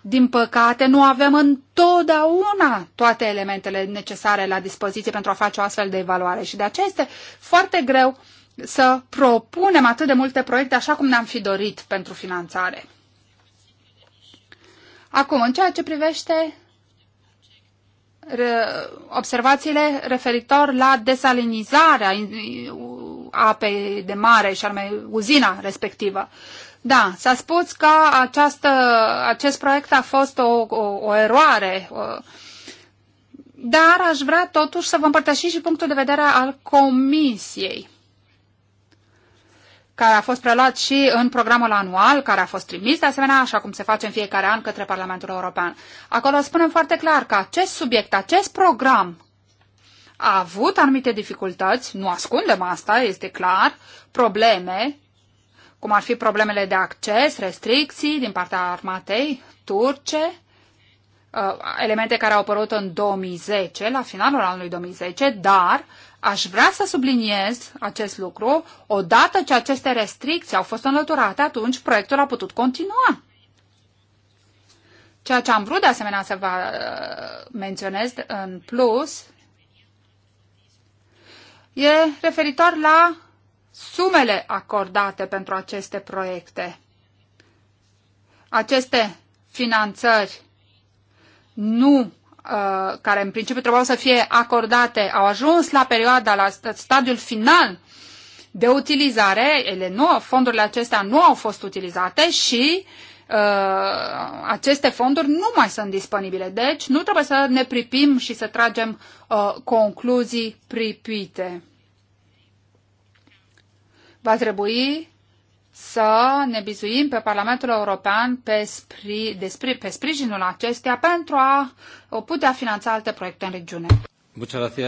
Speaker 2: Din păcate, nu avem întotdeauna toate elementele necesare la dispoziție pentru a face o astfel de evaluare și de aceea este foarte greu să propunem atât de multe proiecte așa cum ne-am fi dorit pentru finanțare. Acum, în ceea ce privește observațiile referitor la desalinizarea apei de mare și anume uzina respectivă. Da, s-a spus că această, acest proiect a fost o, o, o eroare, dar aș vrea totuși să vă împărtășim și punctul de vedere al Comisiei care a fost preluat și în programul anual, care a fost trimis, de asemenea, așa cum se face în fiecare an către Parlamentul European. Acolo spunem foarte clar că acest subiect, acest program a avut anumite dificultăți, nu ascundem asta, este clar, probleme, cum ar fi problemele de acces, restricții din partea armatei turce, uh, elemente care au apărut în 2010, la finalul anului 2010, dar Aș vrea să subliniez acest lucru. Odată ce aceste restricții au fost înlăturate, atunci proiectul a putut continua. Ceea ce am vrut de asemenea să vă uh, menționez în plus e referitor la sumele acordate pentru aceste proiecte. Aceste finanțări nu Uh, care în principiu trebuiau să fie acordate au ajuns la perioada, la stadiul final de utilizare, ele nu, fondurile acestea nu au fost utilizate și uh, aceste fonduri nu mai sunt disponibile. Deci nu trebuie să ne pripim și să tragem uh, concluzii pripite. Va trebui să ne bizuim pe Parlamentul European pe, spri, despri, pe sprijinul acestea pentru a o putea finanța alte proiecte în regiune. Mulțumesc.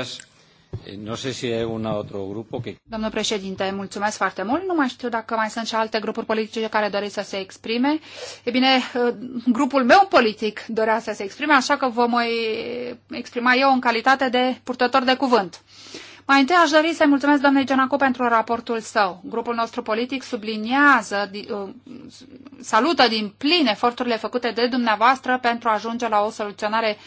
Speaker 2: Eh, no sé si un grupo que... Domnul președinte, mulțumesc foarte mult. Nu mai știu dacă mai sunt și alte grupuri politice care doresc să se exprime. E bine, eh, grupul meu politic dorea să se exprime, așa că vă mai exprima eu în calitate de purtător de cuvânt. Mai întâi aș dori să-i mulțumesc doamnei Gianacu pentru raportul său. Grupul nostru politic subliniază, uh, salută din plin eforturile făcute de dumneavoastră pentru a ajunge la o soluționare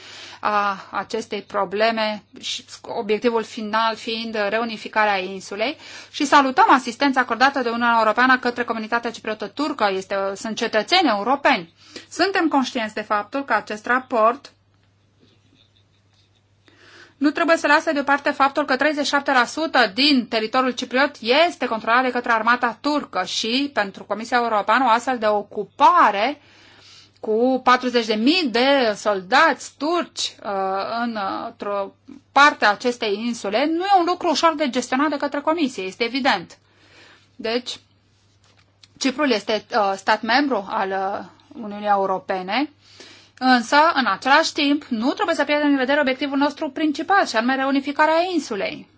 Speaker 2: a acestei probleme și obiectivul final fiind reunificarea insulei și salutăm asistența acordată de Uniunea Europeană către comunitatea cipriotă turcă. Este, sunt cetățeni europeni. Suntem conștienți de faptul că acest raport nu trebuie să lase deoparte faptul că 37% din teritoriul cipriot este controlat de către armata turcă și pentru Comisia Europeană o astfel de ocupare cu 40.000 de soldați turci uh, uh, într-o parte a acestei insule, nu e un lucru ușor de gestionat de către Comisie, este evident. Deci, Ciprul este uh, stat membru al uh, Uniunii Europene Însă, în același timp, nu trebuie să pierdem în vedere obiectivul nostru principal, și anume reunificarea insulei.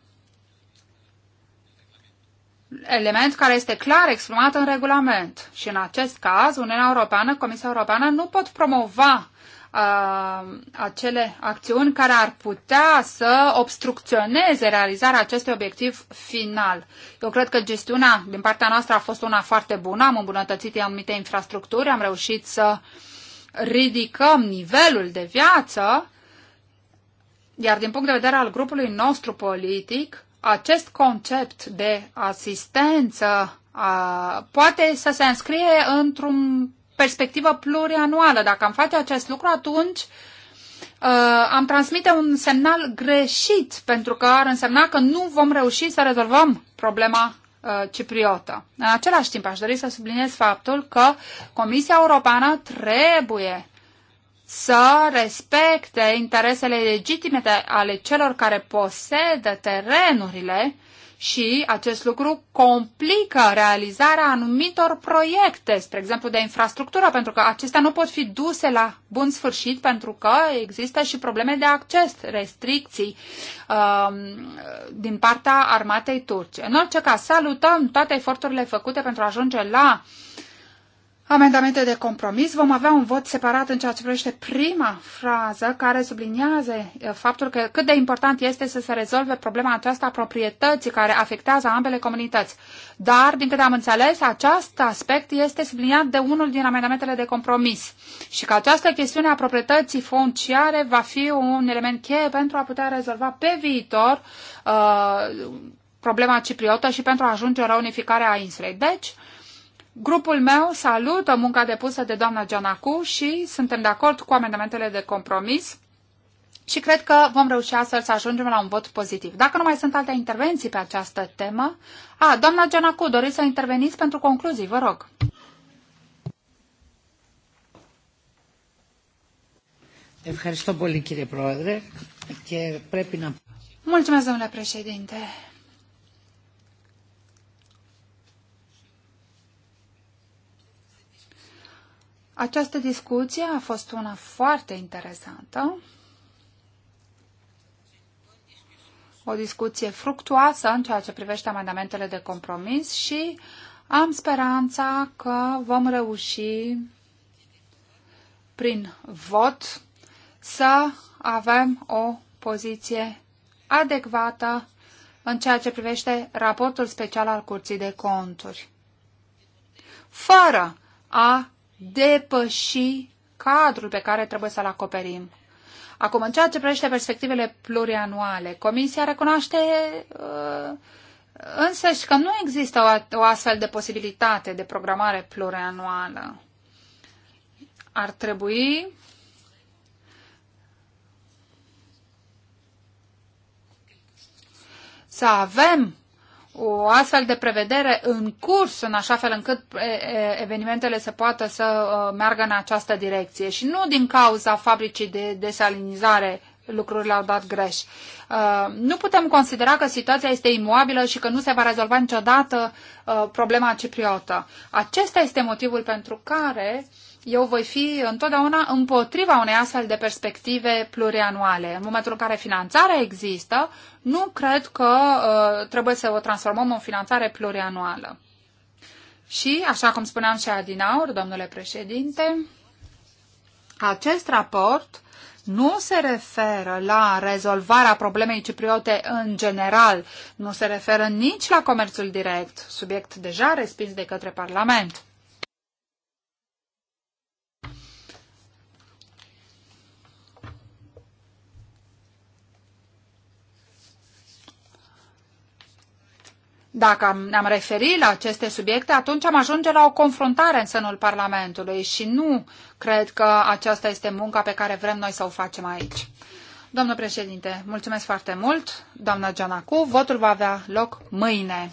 Speaker 2: Element care este clar exprimat în regulament. Și în acest caz, Uniunea Europeană, Comisia Europeană nu pot promova uh, acele acțiuni care ar putea să obstrucționeze realizarea acestui obiectiv final. Eu cred că gestiunea din partea noastră a fost una foarte bună, am îmbunătățit anumite infrastructuri, am reușit să uh, ridicăm nivelul de viață, iar din punct de vedere al grupului nostru politic, acest concept de asistență a, poate să se înscrie într-un perspectivă plurianuală. Dacă am face acest lucru, atunci a, uh, am transmite un semnal greșit, pentru că ar însemna că nu vom reuși să rezolvăm problema Uh, cipriotă. În același timp, aș dori să subliniez faptul că Comisia Europeană trebuie să respecte interesele legitime ale celor care posedă terenurile și acest lucru complică realizarea anumitor proiecte, spre exemplu de infrastructură, pentru că acestea nu pot fi duse la bun sfârșit pentru că există și probleme de acces, restricții uh, din partea armatei turce. În orice caz, salutăm toate eforturile făcute pentru a ajunge la uh, amendamente de compromis. Vom avea un vot separat în ceea ce privește prima frază care subliniază eh, faptul că cât de important este să se rezolve problema aceasta a proprietății care afectează ambele comunități. Dar, din câte am înțeles, acest aspect este subliniat de unul din amendamentele de compromis și că această chestiune a proprietății funciare va fi un element cheie pentru a putea rezolva pe viitor uh, problema cipriotă și pentru a ajunge la unificarea insulei. Deci, uh, Grupul meu salută munca depusă de doamna Gianacu și suntem de acord cu amendamentele de compromis și cred că vom reuși astfel să ajungem la un vot pozitiv. Dacă nu mai sunt alte intervenții pe această temă... A, doamna Gianacu, doriți să interveniți pentru concluzii, vă rog. Mulțumesc, domnule președinte. Această discuție a fost una foarte interesantă. O discuție fructuoasă în ceea ce privește amendamentele de compromis și am speranța că vom reuși prin vot să avem o poziție adecvată în ceea ce privește raportul special al Curții de Conturi, fără a depăși cadrul pe care trebuie să-l acoperim. Acum, în ceea ce privește perspectivele plurianuale, Comisia recunoaște uh, însă și că nu există o, o astfel de posibilitate de programare plurianuală. Ar trebui să avem o astfel de prevedere în curs, în așa fel încât evenimentele se poată să uh, meargă în această direcție și nu din cauza fabricii de desalinizare lucrurile au dat greș. Uh, nu putem considera că situația este imobilă și că nu se va rezolva niciodată uh, problema cipriotă. Acesta este motivul pentru care uh, eu voi fi întotdeauna împotriva unei astfel de perspective plurianuale. În momentul în care finanțarea există, nu cred că uh, trebuie să o transformăm în finanțare plurianuală. Și, așa cum spuneam și adinaur, domnule președinte, acest raport nu se referă la rezolvarea problemei cipriote în general, nu se referă nici la comerțul direct, subiect deja respins de către Parlament. Dacă ne am referit la aceste subiecte, atunci am ajunge la o confruntare în sânul Parlamentului și nu cred că aceasta este munca pe care vrem noi să o facem aici. Domnul președinte, mulțumesc foarte mult, doamna Gianacu. Votul va avea loc mâine.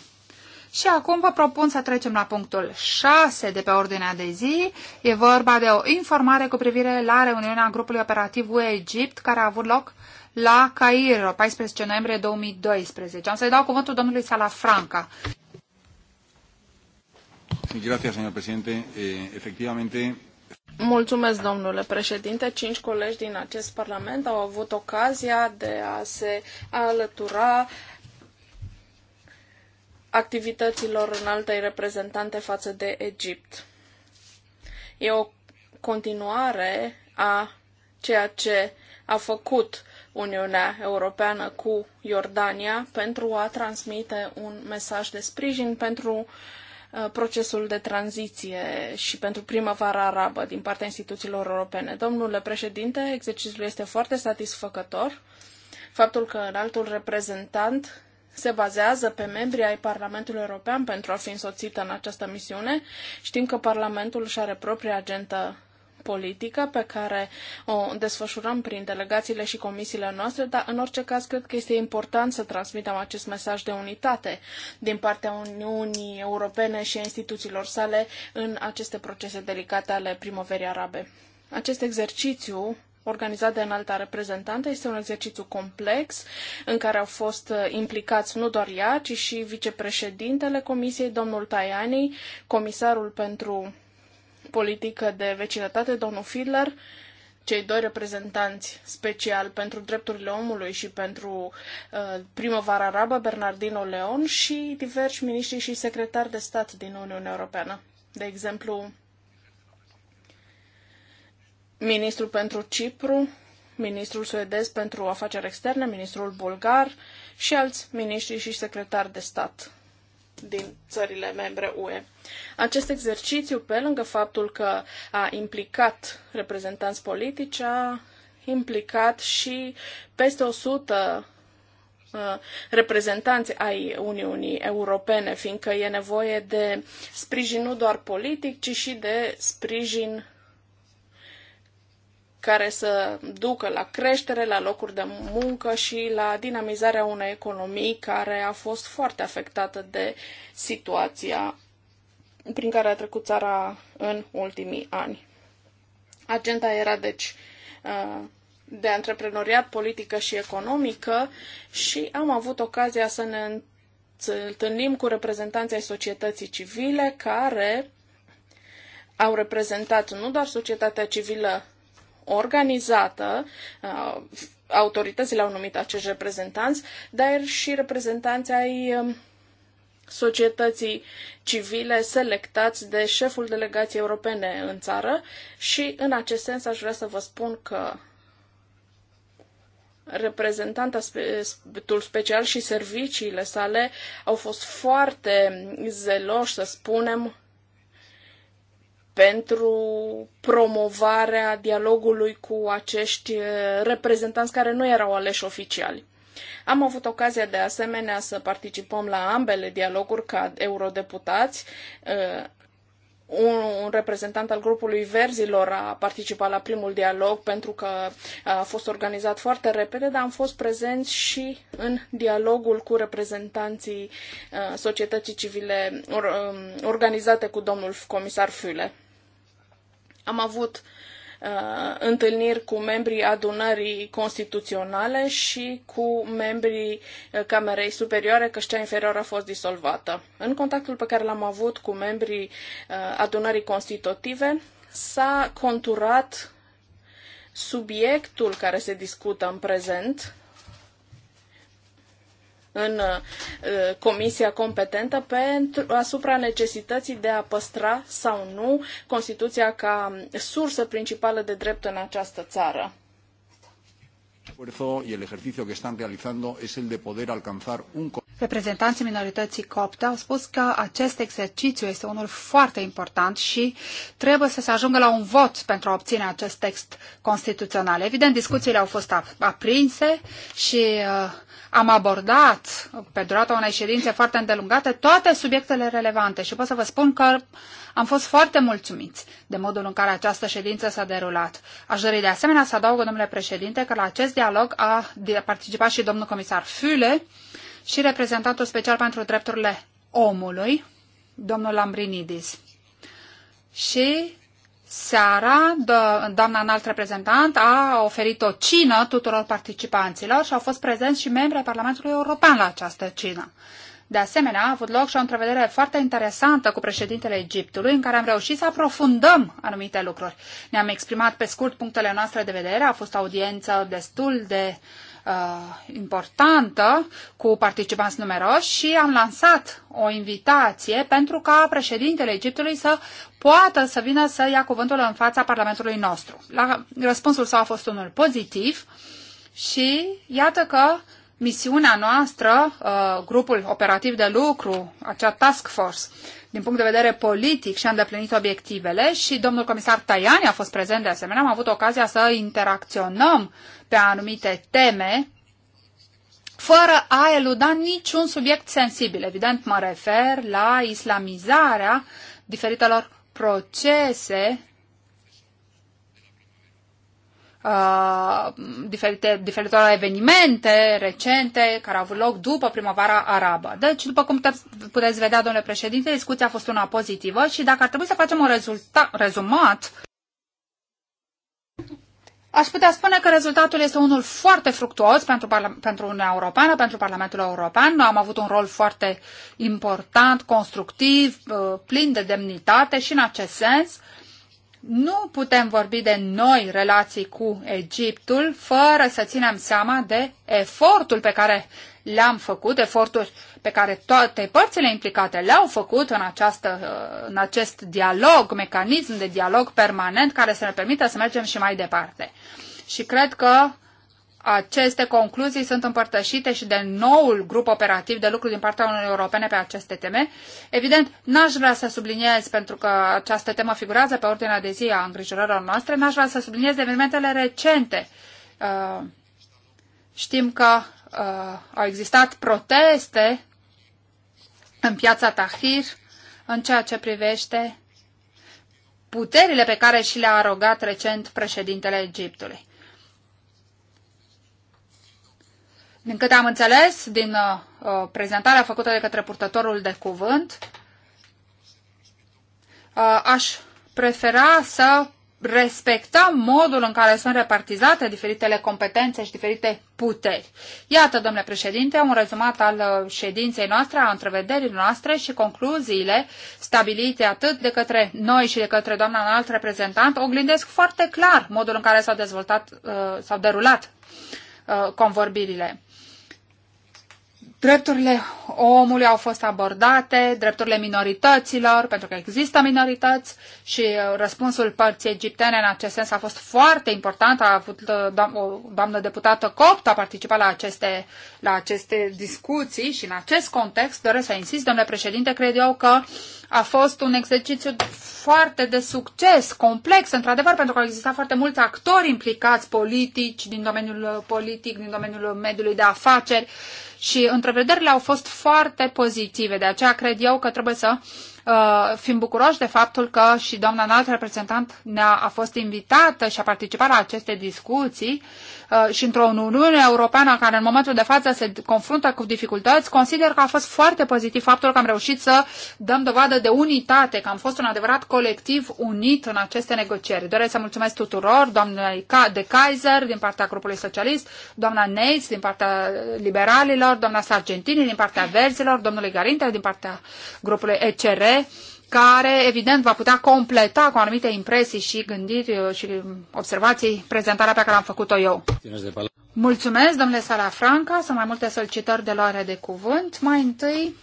Speaker 2: Și acum vă propun să trecem la punctul 6 de pe ordinea de zi. E vorba de o informare cu privire la reuniunea grupului operativ UE Egipt care a avut loc la Cairo, 14 noiembrie 2012. Am să-i dau cuvântul domnului Salafranca.
Speaker 3: Eh,
Speaker 1: Mulțumesc, domnule președinte. Cinci colegi din acest parlament au avut ocazia de a se alătura activităților înaltei reprezentante față de Egipt. E o continuare a ceea ce a făcut Uniunea Europeană cu Iordania pentru a transmite un mesaj de sprijin pentru uh, procesul de tranziție și pentru primăvara arabă din partea instituțiilor europene. Domnule președinte, exercițiul este foarte satisfăcător. Faptul că altul reprezentant se bazează pe membrii ai Parlamentului European pentru a fi însoțită în această misiune. Știm că Parlamentul își are propria agentă politică pe care o desfășurăm prin delegațiile și comisiile noastre, dar în orice caz cred că este important să transmitem acest mesaj de unitate din partea Uniunii Europene și a instituțiilor sale în aceste procese delicate ale primăverii arabe. Acest exercițiu organizat de înalta reprezentantă. Este un exercițiu complex în care au fost uh, implicați nu doar ea, ci și vicepreședintele Comisiei, domnul Tajani, comisarul pentru politică de vecinătate, domnul Fidler, cei doi reprezentanți special pentru drepturile omului și pentru uh, primăvara arabă, Bernardino Leon, și diversi miniștri și secretari de stat din Uniunea Europeană. De exemplu, ministrul pentru Cipru, ministrul suedez pentru afaceri externe, ministrul bulgar și alți miniștri și secretari de stat din țările membre UE. Acest exercițiu, pe lângă faptul că a implicat reprezentanți politici, a implicat și peste 100 uh, reprezentanți ai Uniunii Europene, fiindcă e nevoie de sprijin nu doar politic, ci și de sprijin care să ducă la creștere, la locuri de muncă și la dinamizarea unei economii care a fost foarte afectată de situația prin care a trecut țara în ultimii ani. Agenda era, deci, uh, de antreprenoriat, politică și economică și am avut ocazia să ne întâlnim cu reprezentanții ai societății civile care au reprezentat nu doar societatea civilă organizată, uh, autoritățile au numit acești reprezentanți, dar și reprezentanții ai um, societății civile selectați de șeful delegației europene în țară și în acest sens aș vrea să vă spun că reprezentantul special și serviciile sale au fost foarte zeloși, să spunem, pentru promovarea dialogului cu acești eh, reprezentanți care nu erau aleși oficiali. Am avut ocazia de asemenea să participăm la ambele dialoguri ca eurodeputați. Eh, un, reprezentant al grupului Verzilor a participat la primul dialog pentru că a fost organizat foarte repede, dar am fost prezenți și în dialogul cu reprezentanții eh, societății civile organizate cu domnul comisar Füle. Am avut uh, întâlniri cu membrii adunării constituționale și cu membrii uh, Camerei Superioare, că cea inferioară a fost disolvată. În contactul pe care l-am avut cu membrii uh, adunării constitutive, s-a conturat subiectul care se discută în prezent în uh, comisia competentă pentru, asupra necesității de a păstra sau nu Constituția ca sursă principală de drept în această țară.
Speaker 3: Y el ejercicio que están realizando es el de poder alcanzar un
Speaker 2: Reprezentanții minorității copte au spus că acest exercițiu este unul foarte important și trebuie să se ajungă la un vot pentru a obține acest text constituțional. Evident, discuțiile au fost aprinse și uh, am abordat pe durata unei ședințe foarte îndelungate toate subiectele relevante și pot să vă spun că am fost foarte mulțumiți de modul în care această ședință s-a derulat. Aș dori de asemenea să adaug, domnule președinte, că la acest dialog a participat și domnul comisar Füle și reprezentantul special pentru drepturile omului, domnul Lambrinidis. Și Seara, doamna înalt reprezentant a oferit o cină tuturor participanților și au fost prezenți și membri ai Parlamentului European la această cină. De asemenea, a avut loc și o întrevedere foarte interesantă cu președintele Egiptului, în care am reușit să aprofundăm anumite lucruri. Ne-am exprimat pe scurt punctele noastre de vedere, a fost o audiență destul de uh, uh, importantă cu participanți numeroși și am lansat o invitație pentru ca președintele Egiptului să poată să vină să ia cuvântul în fața Parlamentului nostru. La, răspunsul său a fost unul pozitiv și iată că uh, misiunea noastră, uh, grupul operativ de lucru, acea task force, din punct de vedere politic și-a îndeplinit obiectivele și domnul comisar Tajani a fost prezent de asemenea. Am avut ocazia să interacționăm pe anumite teme fără a eluda niciun subiect sensibil. Evident, mă refer la islamizarea diferitelor procese diferite uh, diferite, diferitoare evenimente recente care au avut loc după primăvara arabă. Deci, după cum puteți vedea, domnule președinte, discuția a fost una pozitivă și dacă ar trebui să facem un rezulta, rezumat, Aș putea spune că rezultatul este unul foarte fructuos pentru, pentru Uniunea Europeană, pentru Parlamentul European. Noi am avut un rol foarte important, constructiv, uh, plin de demnitate și în acest sens nu putem vorbi de noi relații cu Egiptul fără să ținem seama de efortul pe care le-am făcut, efortul pe care toate părțile implicate le-au făcut în, această, în acest dialog, mecanism de dialog permanent care să ne permită să mergem și mai departe. Și cred că uh, aceste concluzii sunt împărtășite și de noul grup operativ de lucru din partea Uniunii Europene pe aceste teme. Evident, n-aș vrea să subliniez, pentru că această temă figurează pe ordinea de zi a îngrijorărilor noastre, n-aș vrea să subliniez evenimentele recente. Uh, știm că uh, au existat proteste în piața Tahrir în ceea ce privește puterile pe care și le-a arogat recent președintele Egiptului. Din câte am înțeles din uh, prezentarea făcută de către purtătorul de cuvânt, uh, aș prefera să respectăm modul în care sunt repartizate diferitele competențe și diferite puteri. Iată, domnule președinte, un rezumat al uh, ședinței noastre, a întrevederii noastre și concluziile stabilite atât de către noi și de către doamna înalt reprezentant oglindesc foarte clar modul în care s-au dezvoltat, uh, s-au derulat uh, convorbirile. Drepturile omului au fost abordate, drepturile minorităților, pentru că există minorități și uh, răspunsul părții egiptene în acest sens a fost foarte important. A avut uh, o doamnă deputată copt, a participat la aceste, la aceste discuții și în acest context doresc să insist, domnule președinte, cred eu că a fost un exercițiu foarte de succes, complex, într-adevăr, pentru că au existat foarte mulți actori implicați politici, din domeniul uh, politic, din domeniul mediului de afaceri, și întrevederile au fost foarte pozitive. De aceea cred eu că trebuie să uh, fim bucuroși de faptul că și doamna înalt reprezentant ne-a a fost invitată și a participat la aceste discuții Uh, și într-o Uniune Europeană care în momentul de față se confruntă cu dificultăți, consider că a fost foarte pozitiv faptul că am reușit să dăm dovadă de unitate, că am fost un adevărat colectiv unit în aceste negocieri. Doresc să mulțumesc tuturor, doamnei de Kaiser din partea grupului socialist, doamna Neitz din partea liberalilor, doamna Sargentini din partea verzilor, domnului Garinte din partea grupului ECR, care, evident, va putea completa cu anumite impresii și gândiri uh, și observații prezentarea pe care am făcut-o eu. Mulțumesc, domnule Salafranca. Sunt mai multe solicitări de luare de cuvânt. Mai întâi,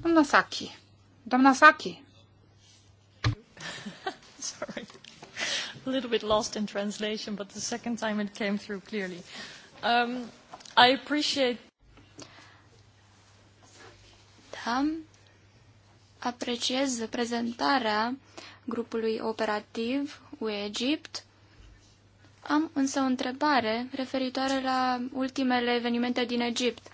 Speaker 2: doamna Saki. Doamna Saki.
Speaker 1: <laughs> Sorry.
Speaker 3: A little bit lost in translation, but the second time it came through clearly. Um, I appreciate... Da, apreciez prezentarea grupului operativ UE-Egipt. Am însă o întrebare referitoare la ultimele evenimente din Egipt.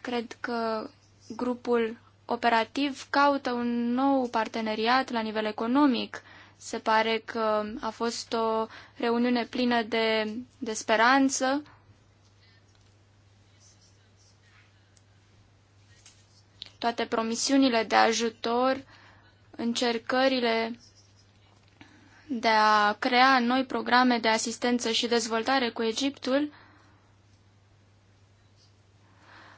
Speaker 3: Cred că grupul operativ caută un nou parteneriat la nivel economic. Se pare că a fost o reuniune plină de, de speranță, toate promisiunile de ajutor, încercările de a crea noi programe de asistență și dezvoltare cu Egiptul,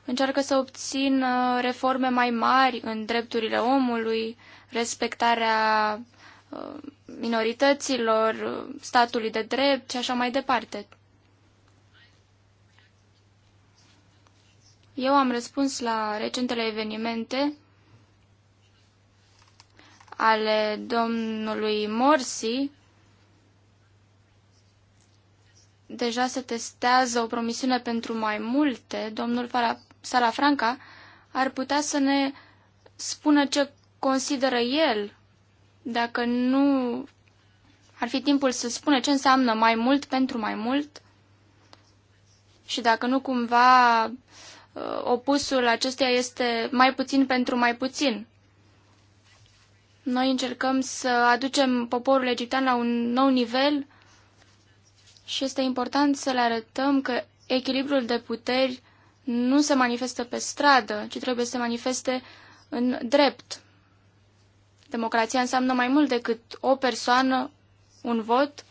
Speaker 3: încearcă să obțin reforme mai mari în drepturile omului, respectarea uh, minorităților, uh, statului de drept și așa mai departe. Eu am răspuns la recentele evenimente ale domnului Morsi. Deja se testează o promisiune pentru mai multe. Domnul Salafranca ar putea să ne spună ce consideră el. Dacă nu ar fi timpul să spună ce înseamnă mai mult pentru mai mult și dacă nu cumva Uh, opusul acesteia este mai puțin pentru mai puțin. Noi încercăm să aducem poporul egiptean la un nou nivel și este important să le arătăm că echilibrul de puteri nu se manifestă pe stradă, ci trebuie să se manifeste în drept. Democrația înseamnă mai mult decât o persoană, un vot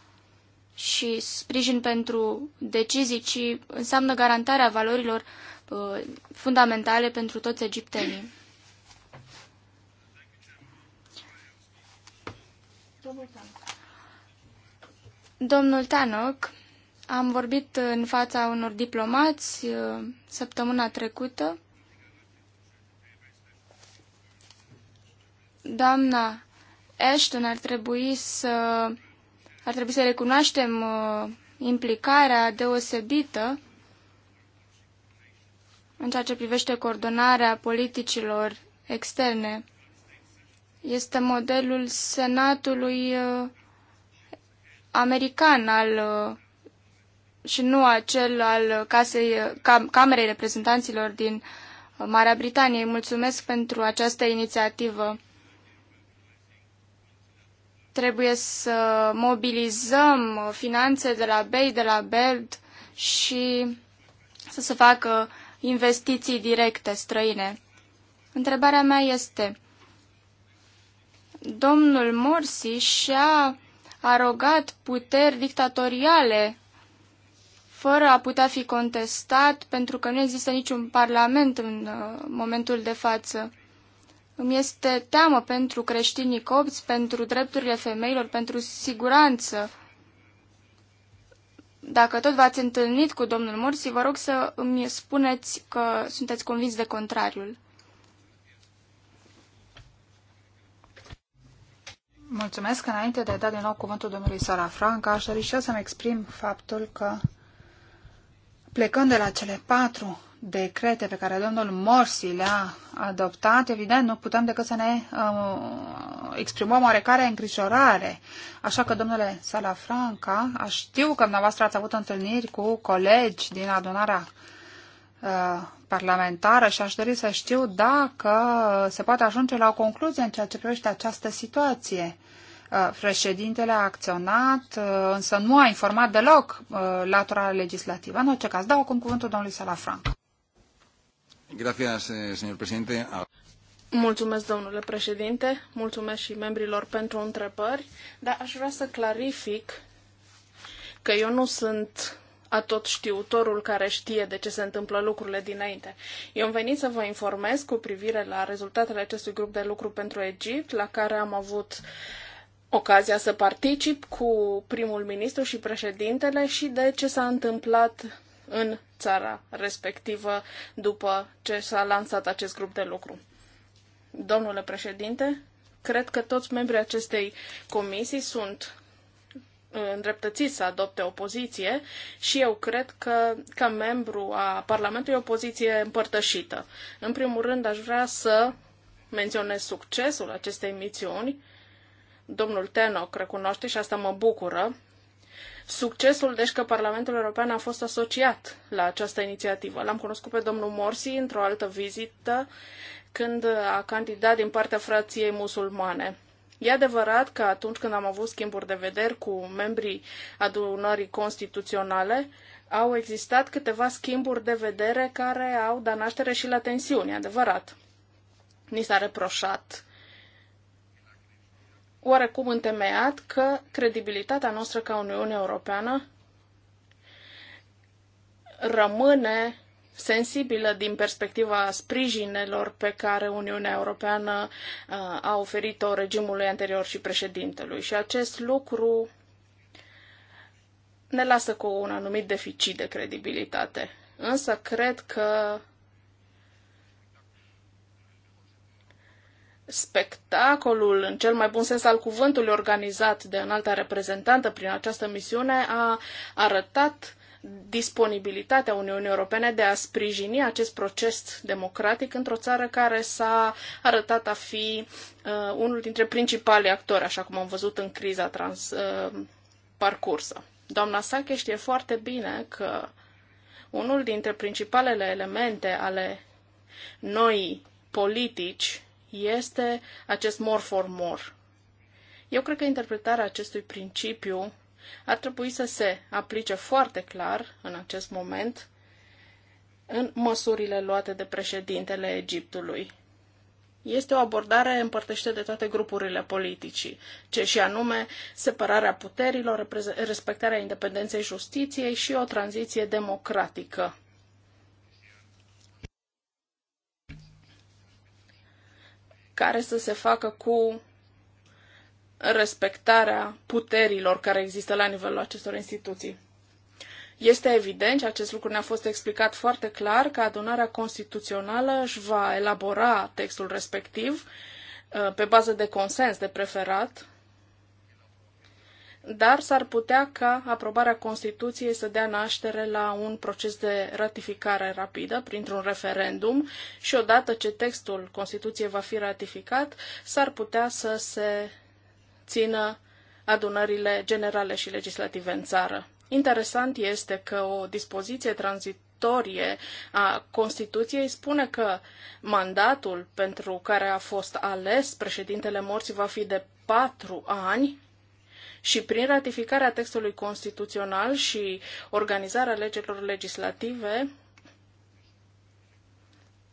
Speaker 3: și sprijin pentru decizii, ci înseamnă garantarea valorilor Uh, fundamentale pentru toți egiptenii. Domnul Tanok, am vorbit în fața unor diplomați uh, săptămâna trecută. Doamna Ashton ar trebui să ar trebui să recunoaștem uh, implicarea deosebită în ceea ce privește coordonarea politicilor externe. Este modelul Senatului uh, american al uh, și nu acel al casei, cam, Camerei Reprezentanților din uh, Marea Britanie. Mulțumesc pentru această inițiativă. Trebuie să mobilizăm finanțe de la BEI, de la BELD și să se facă investiții directe străine. Întrebarea mea este, domnul Morsi și-a arogat puteri dictatoriale fără a putea fi contestat pentru că nu există niciun parlament în uh, momentul de față. Îmi este teamă pentru creștinii copți, pentru drepturile femeilor, pentru siguranță. Dacă tot v-ați întâlnit cu domnul Morsi, vă rog să îmi spuneți că sunteți convins de contrariul. Mulțumesc. Înainte de a da din nou
Speaker 2: cuvântul domnului Sara Franca, aș dori și eu să-mi exprim faptul că, plecând de la cele patru decrete pe care domnul Morsi le-a adoptat, evident, nu putem decât să ne uh, exprimăm oarecare îngrijorare. Așa că, domnule Salafranca, știu că dumneavoastră ați avut întâlniri cu colegi din adunarea uh, parlamentară și aș dori să știu dacă se poate ajunge la o concluzie în ceea ce privește această situație. Uh, președintele a acționat, uh, însă nu a informat deloc latura legislativă. În orice caz, dau acum
Speaker 1: cuvântul domnului Salafranc.
Speaker 3: Eh,
Speaker 1: mulțumesc, domnule președinte, mulțumesc și membrilor pentru întrebări, dar aș vrea să clarific că eu nu sunt atot știutorul care știe de ce se întâmplă lucrurile dinainte. Eu am venit să vă informez cu privire la rezultatele acestui grup de lucru pentru Egipt, la care am avut ocazia să particip cu primul ministru și președintele și de ce s-a întâmplat în țara respectivă după ce s-a lansat acest grup de lucru. Domnule președinte, cred că toți membrii acestei comisii sunt îndreptățiți să adopte o poziție și eu cred că ca membru a Parlamentului o poziție împărtășită. În primul rând aș vrea să menționez succesul acestei misiuni. Domnul Tenoc recunoaște și asta mă bucură succesul, deci, că Parlamentul European a fost asociat la această inițiativă. L-am cunoscut pe domnul Morsi într-o altă vizită când a candidat din partea frației musulmane. E adevărat că atunci când am avut schimburi de vederi cu membrii adunării constituționale, au existat câteva schimburi de vedere care au dat naștere și la tensiuni, adevărat. Ni s-a reproșat oarecum întemeiat că credibilitatea noastră ca Uniune Europeană rămâne sensibilă din perspectiva sprijinelor pe care Uniunea Europeană uh, a oferit-o regimului anterior și președintelui. Și acest lucru ne lasă cu un anumit deficit de credibilitate. Însă cred că spectacolul, în cel mai bun sens al cuvântului, organizat de înalta reprezentantă prin această misiune a arătat disponibilitatea Uniunii Europene de a sprijini acest proces democratic într-o țară care s-a arătat a fi uh, unul dintre principalii actori, așa cum am văzut în criza trans, uh, parcursă. Doamna Sache știe foarte bine că unul dintre principalele elemente ale noii politici este acest more for more. Eu cred că interpretarea acestui principiu ar trebui să se aplice foarte clar în acest moment în măsurile luate de președintele Egiptului. Este o abordare împărtășită de toate grupurile politicii, ce și anume separarea puterilor, respectarea independenței justiției și o tranziție democratică care să se facă cu respectarea puterilor care există la nivelul acestor instituții. Este evident și acest lucru ne-a fost explicat foarte clar că adunarea constituțională își va elabora textul respectiv uh, pe bază de consens de preferat dar s-ar putea ca aprobarea Constituției să dea naștere la un proces de ratificare rapidă printr-un referendum și odată ce textul Constituției va fi ratificat, s-ar putea să se țină adunările generale și legislative în țară. Interesant este că o dispoziție tranzitorie a Constituției spune că mandatul pentru care a fost ales președintele morții va fi de patru ani, și prin ratificarea textului constituțional și organizarea legilor legislative,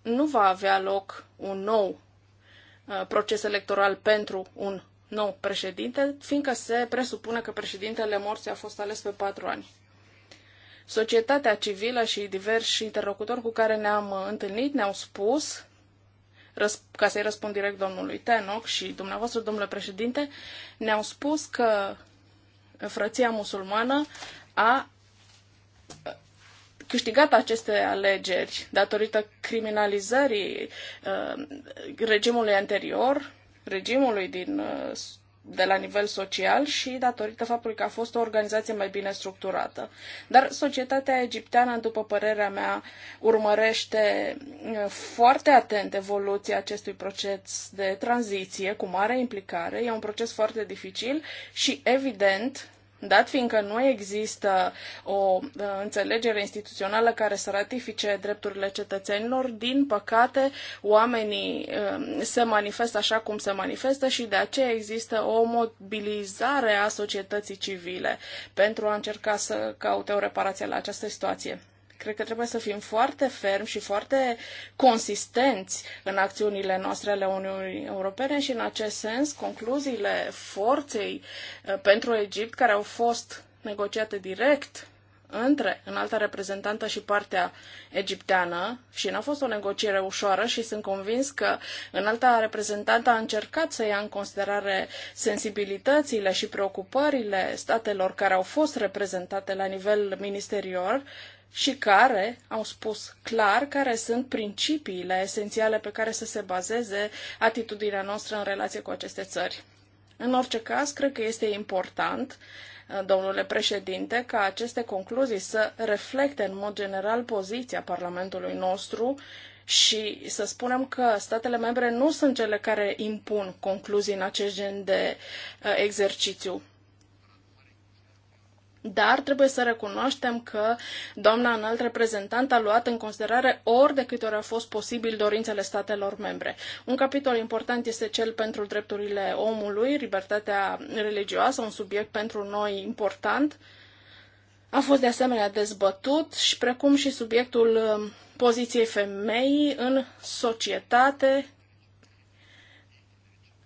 Speaker 1: nu va avea loc un nou uh, proces electoral pentru un nou președinte, fiindcă se presupune că președintele morții a fost ales pe patru ani. Societatea civilă și diversi interlocutori cu care ne-am uh, întâlnit ne-au spus ca să-i răspund direct domnului Tenoc și dumneavoastră, domnule președinte, ne-au spus că frăția musulmană a uh, câștigat aceste alegeri datorită criminalizării uh, regimului anterior, regimului din uh, de la nivel social și datorită faptului că a fost o organizație mai bine structurată. Dar societatea egipteană, după părerea mea, urmărește uh, foarte atent evoluția acestui proces de tranziție cu mare implicare. E un proces foarte dificil și, evident, Dat fiindcă nu există o uh, înțelegere instituțională care să ratifice drepturile cetățenilor, din păcate oamenii um, se manifestă așa cum se manifestă și de aceea există o mobilizare a societății civile pentru a încerca să caute o reparație la această situație. Cred că trebuie să fim foarte fermi și foarte consistenți în acțiunile noastre ale Uniunii Europene și, în acest sens, concluziile forței uh, pentru Egipt, care au fost negociate direct între înalta reprezentantă și partea egipteană și n-a fost o negociere ușoară și sunt convins că înalta reprezentantă a încercat să ia în considerare sensibilitățile și preocupările statelor care au fost reprezentate la nivel ministerial și care au spus clar care sunt principiile esențiale pe care să se bazeze atitudinea noastră în relație cu aceste țări. În orice caz, cred că este important, domnule președinte, ca aceste concluzii să reflecte în mod general poziția Parlamentului nostru și să spunem că statele membre nu sunt cele care impun concluzii în acest gen de uh, exercițiu. Dar trebuie să recunoaștem că doamna înalt reprezentant a luat în considerare ori de câte ori a fost posibil dorințele statelor membre. Un capitol important este cel pentru drepturile omului, libertatea religioasă, un subiect pentru noi important. A fost de asemenea dezbătut și precum și subiectul um, poziției femeii în societate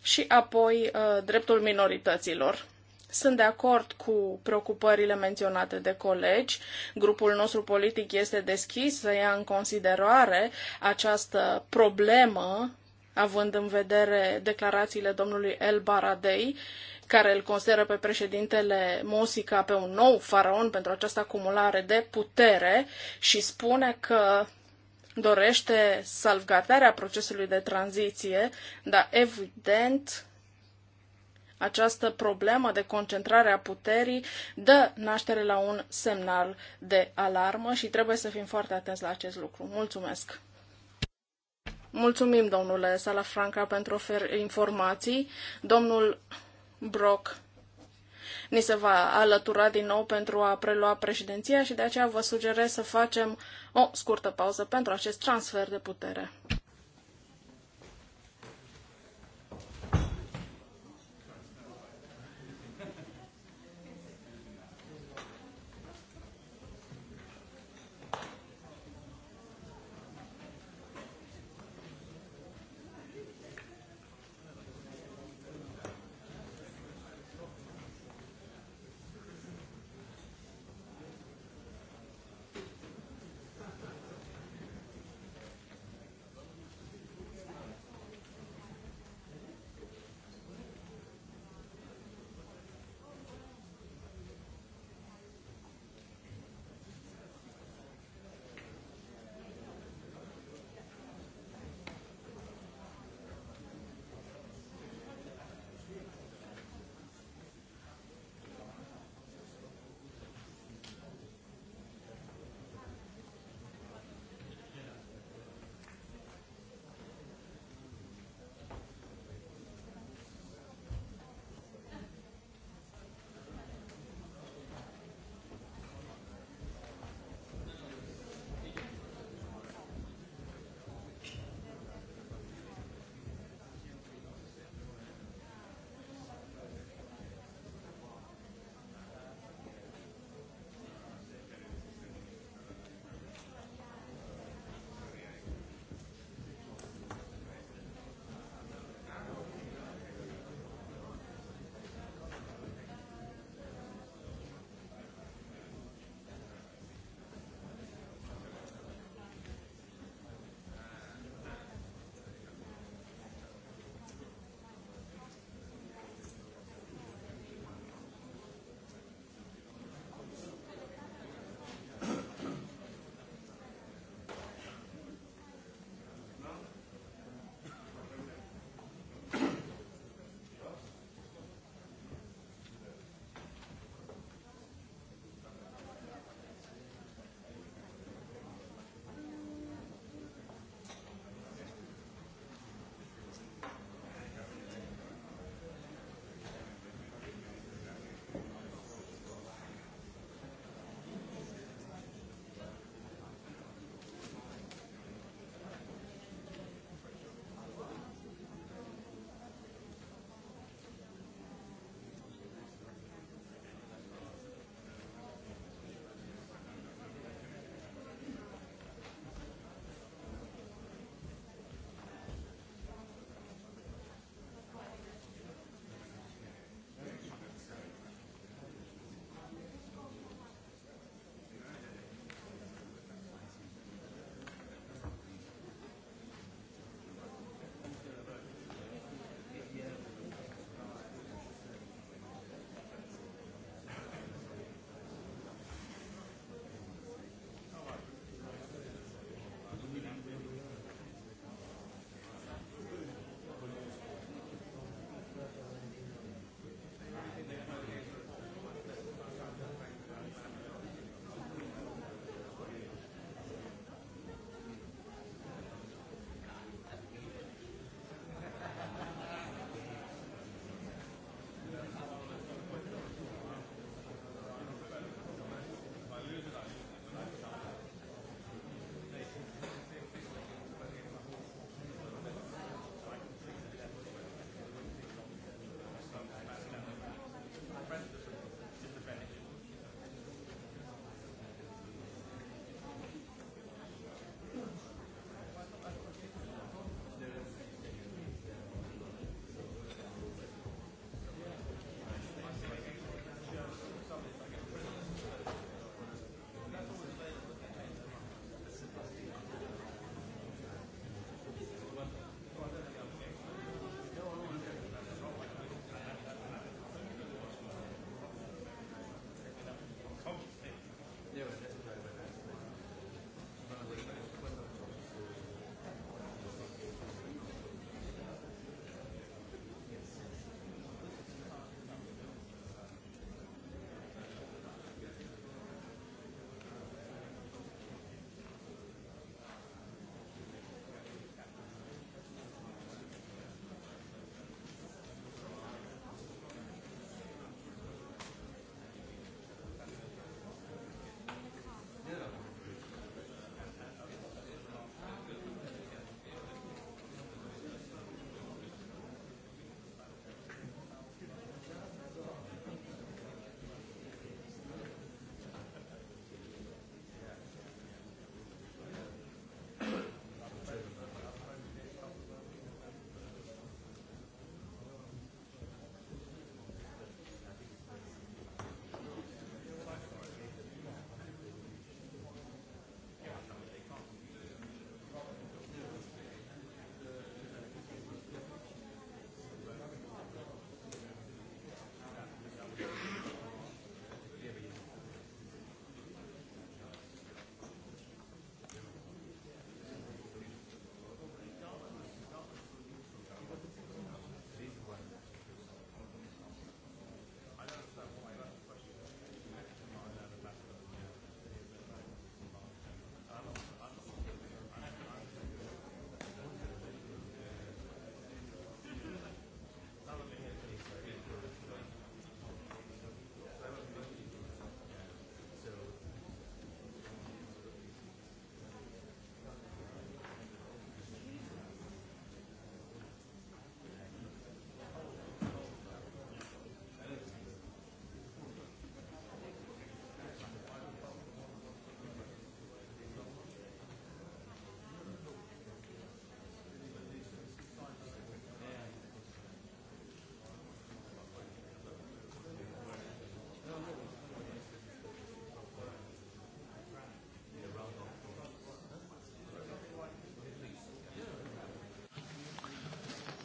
Speaker 1: și apoi uh, dreptul minorităților. Sunt de acord cu preocupările menționate de colegi. Grupul nostru politic este deschis să ia în considerare această problemă, având în vedere declarațiile domnului El Baradei, care îl consideră pe președintele Mosi ca pe un nou faraon pentru această acumulare de putere și spune că dorește salvgardarea procesului de tranziție, dar evident această problemă de concentrare a puterii dă naștere la un semnal de alarmă și trebuie să fim foarte atenți la acest lucru. Mulțumesc! Mulțumim, domnule Salafranca, pentru informații. Domnul Brock ni se va alătura din nou pentru a prelua președinția și de aceea vă sugerez să facem o scurtă pauză pentru acest transfer de putere.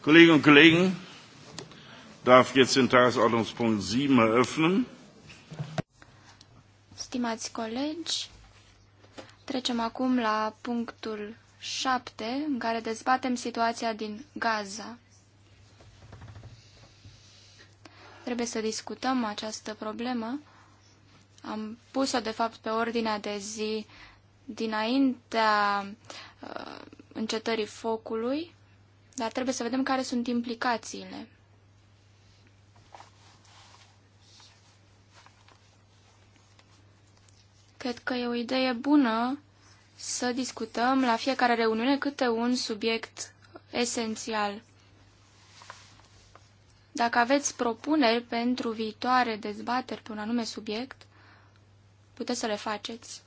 Speaker 3: Kolleginnen und Kollegen, ich darf jetzt den Tagesordnungspunkt 7 eröffnen. Stimați colegi, trecem acum la punctul 7, în care dezbatem situația din Gaza. Trebuie să discutăm această problemă. Am pus-o, de fapt, pe ordinea de zi dinaintea uh, încetării focului, dar trebuie să vedem care sunt implicațiile. Cred că e o idee bună să discutăm la fiecare reuniune câte un subiect esențial. Dacă aveți propuneri pentru viitoare dezbateri pe un anume subiect, puteți să le faceți.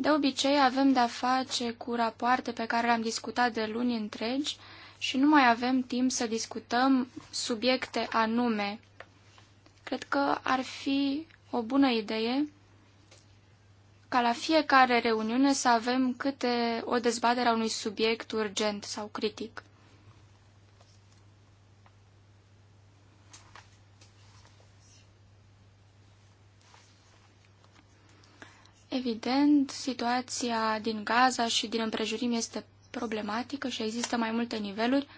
Speaker 3: De obicei avem de-a face cu rapoarte pe care le-am discutat de luni întregi și nu mai avem timp să discutăm subiecte anume. Cred că ar fi o bună idee ca la fiecare reuniune să avem câte o dezbatere a unui subiect urgent sau critic. Evident, situația din Gaza și din împrejurim este problematică și există mai multe niveluri.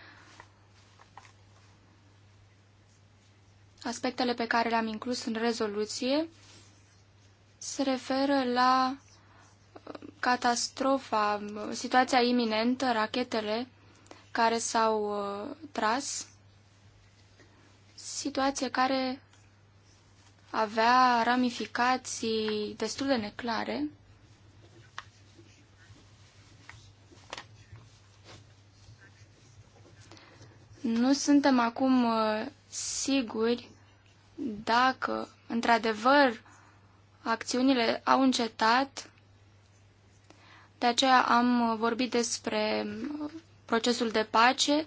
Speaker 3: Aspectele pe care le-am inclus în rezoluție se referă la uh, catastrofa, situația iminentă, rachetele care s-au uh, tras, situație care avea ramificații destul de neclare. Nu suntem acum uh, siguri dacă, într-adevăr, acțiunile au încetat. De aceea am uh, vorbit despre uh, procesul de pace,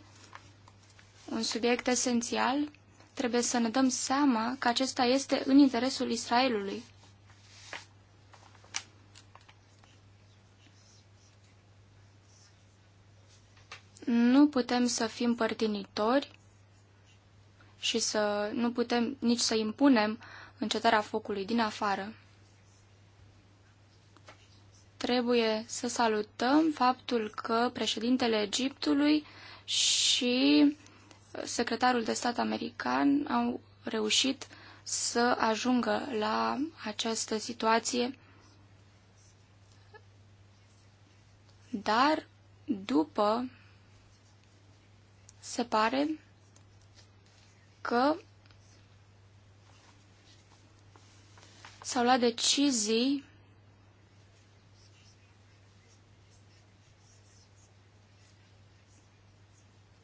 Speaker 3: un subiect esențial trebuie să ne dăm seama că acesta este în interesul Israelului. Nu putem să fim părtinitori și să nu putem nici să impunem încetarea focului din afară. Trebuie să salutăm faptul că președintele Egiptului și secretarul de stat american au reușit să ajungă la această situație, dar după se pare că s-au luat decizii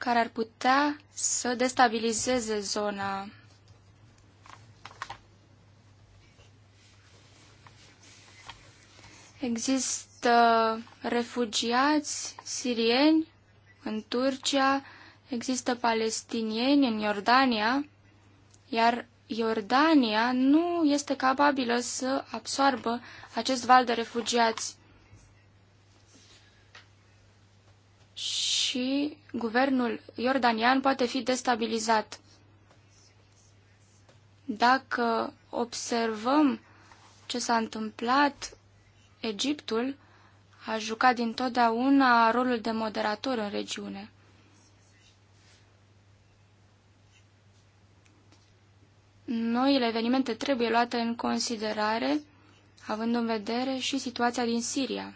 Speaker 3: care ar putea să destabilizeze zona. Există refugiați sirieni în Turcia, există palestinieni în Iordania, iar Iordania nu este capabilă să absorbă acest val de refugiați. Și și guvernul iordanian poate fi destabilizat. Dacă observăm ce s-a întâmplat, Egiptul a jucat dintotdeauna rolul de moderator în regiune. Noile evenimente trebuie luate în considerare, având în vedere și situația din Siria.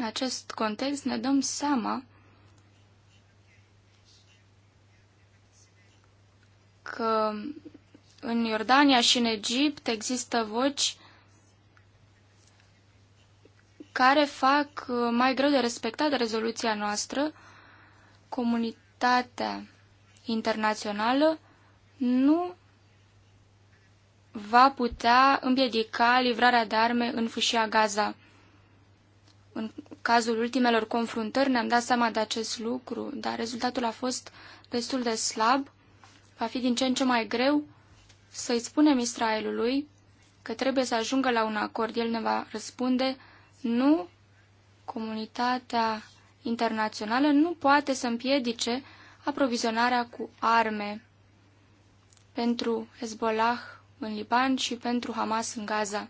Speaker 3: În acest context ne dăm seama că în Iordania și în Egipt există voci care fac uh, mai greu de respectat rezoluția noastră, comunitatea internațională nu va putea împiedica livrarea de arme în fâșia Gaza. În cazul ultimelor confruntări ne-am dat seama de acest lucru, dar rezultatul a fost destul de slab. Va fi din ce în ce mai greu să-i spunem Israelului că trebuie să ajungă la un acord. El ne va răspunde, nu, comunitatea internațională nu poate să împiedice aprovizionarea cu arme pentru Hezbollah în Liban și pentru Hamas în Gaza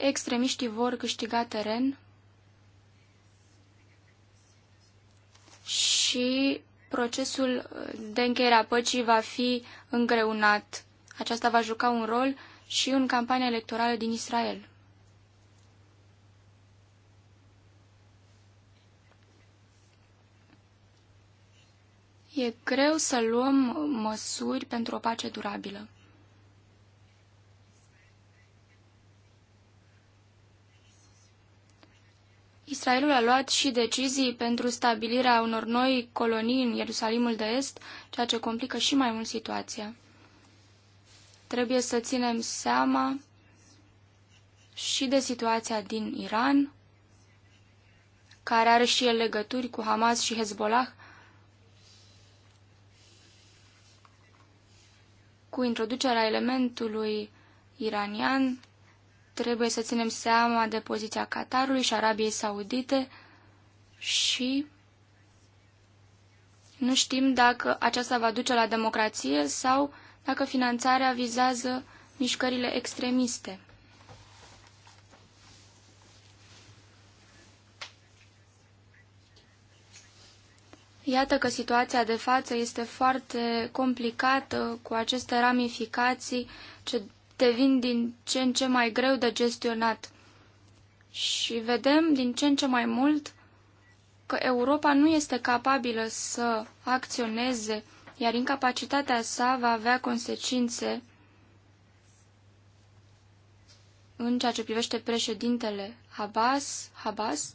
Speaker 3: extremiștii vor câștiga teren și procesul de încheiere a păcii va fi îngreunat. Aceasta va juca un rol și în campania electorală din Israel. E greu să luăm măsuri pentru o pace durabilă. Israelul a luat și decizii pentru stabilirea unor noi colonii în Ierusalimul de Est, ceea ce complică și mai mult situația. Trebuie să ținem seama și de situația din Iran, care are și el legături cu Hamas și Hezbollah, cu introducerea elementului iranian Trebuie să ținem seama de poziția Qatarului și Arabiei Saudite și nu știm dacă aceasta va duce la democrație sau dacă finanțarea vizează mișcările extremiste. Iată că situația de față este foarte complicată cu aceste ramificații ce devin din ce în ce mai greu de gestionat. Și vedem din ce în ce mai mult că Europa nu este capabilă să acționeze, iar incapacitatea sa va avea consecințe în ceea ce privește președintele Habas, Habas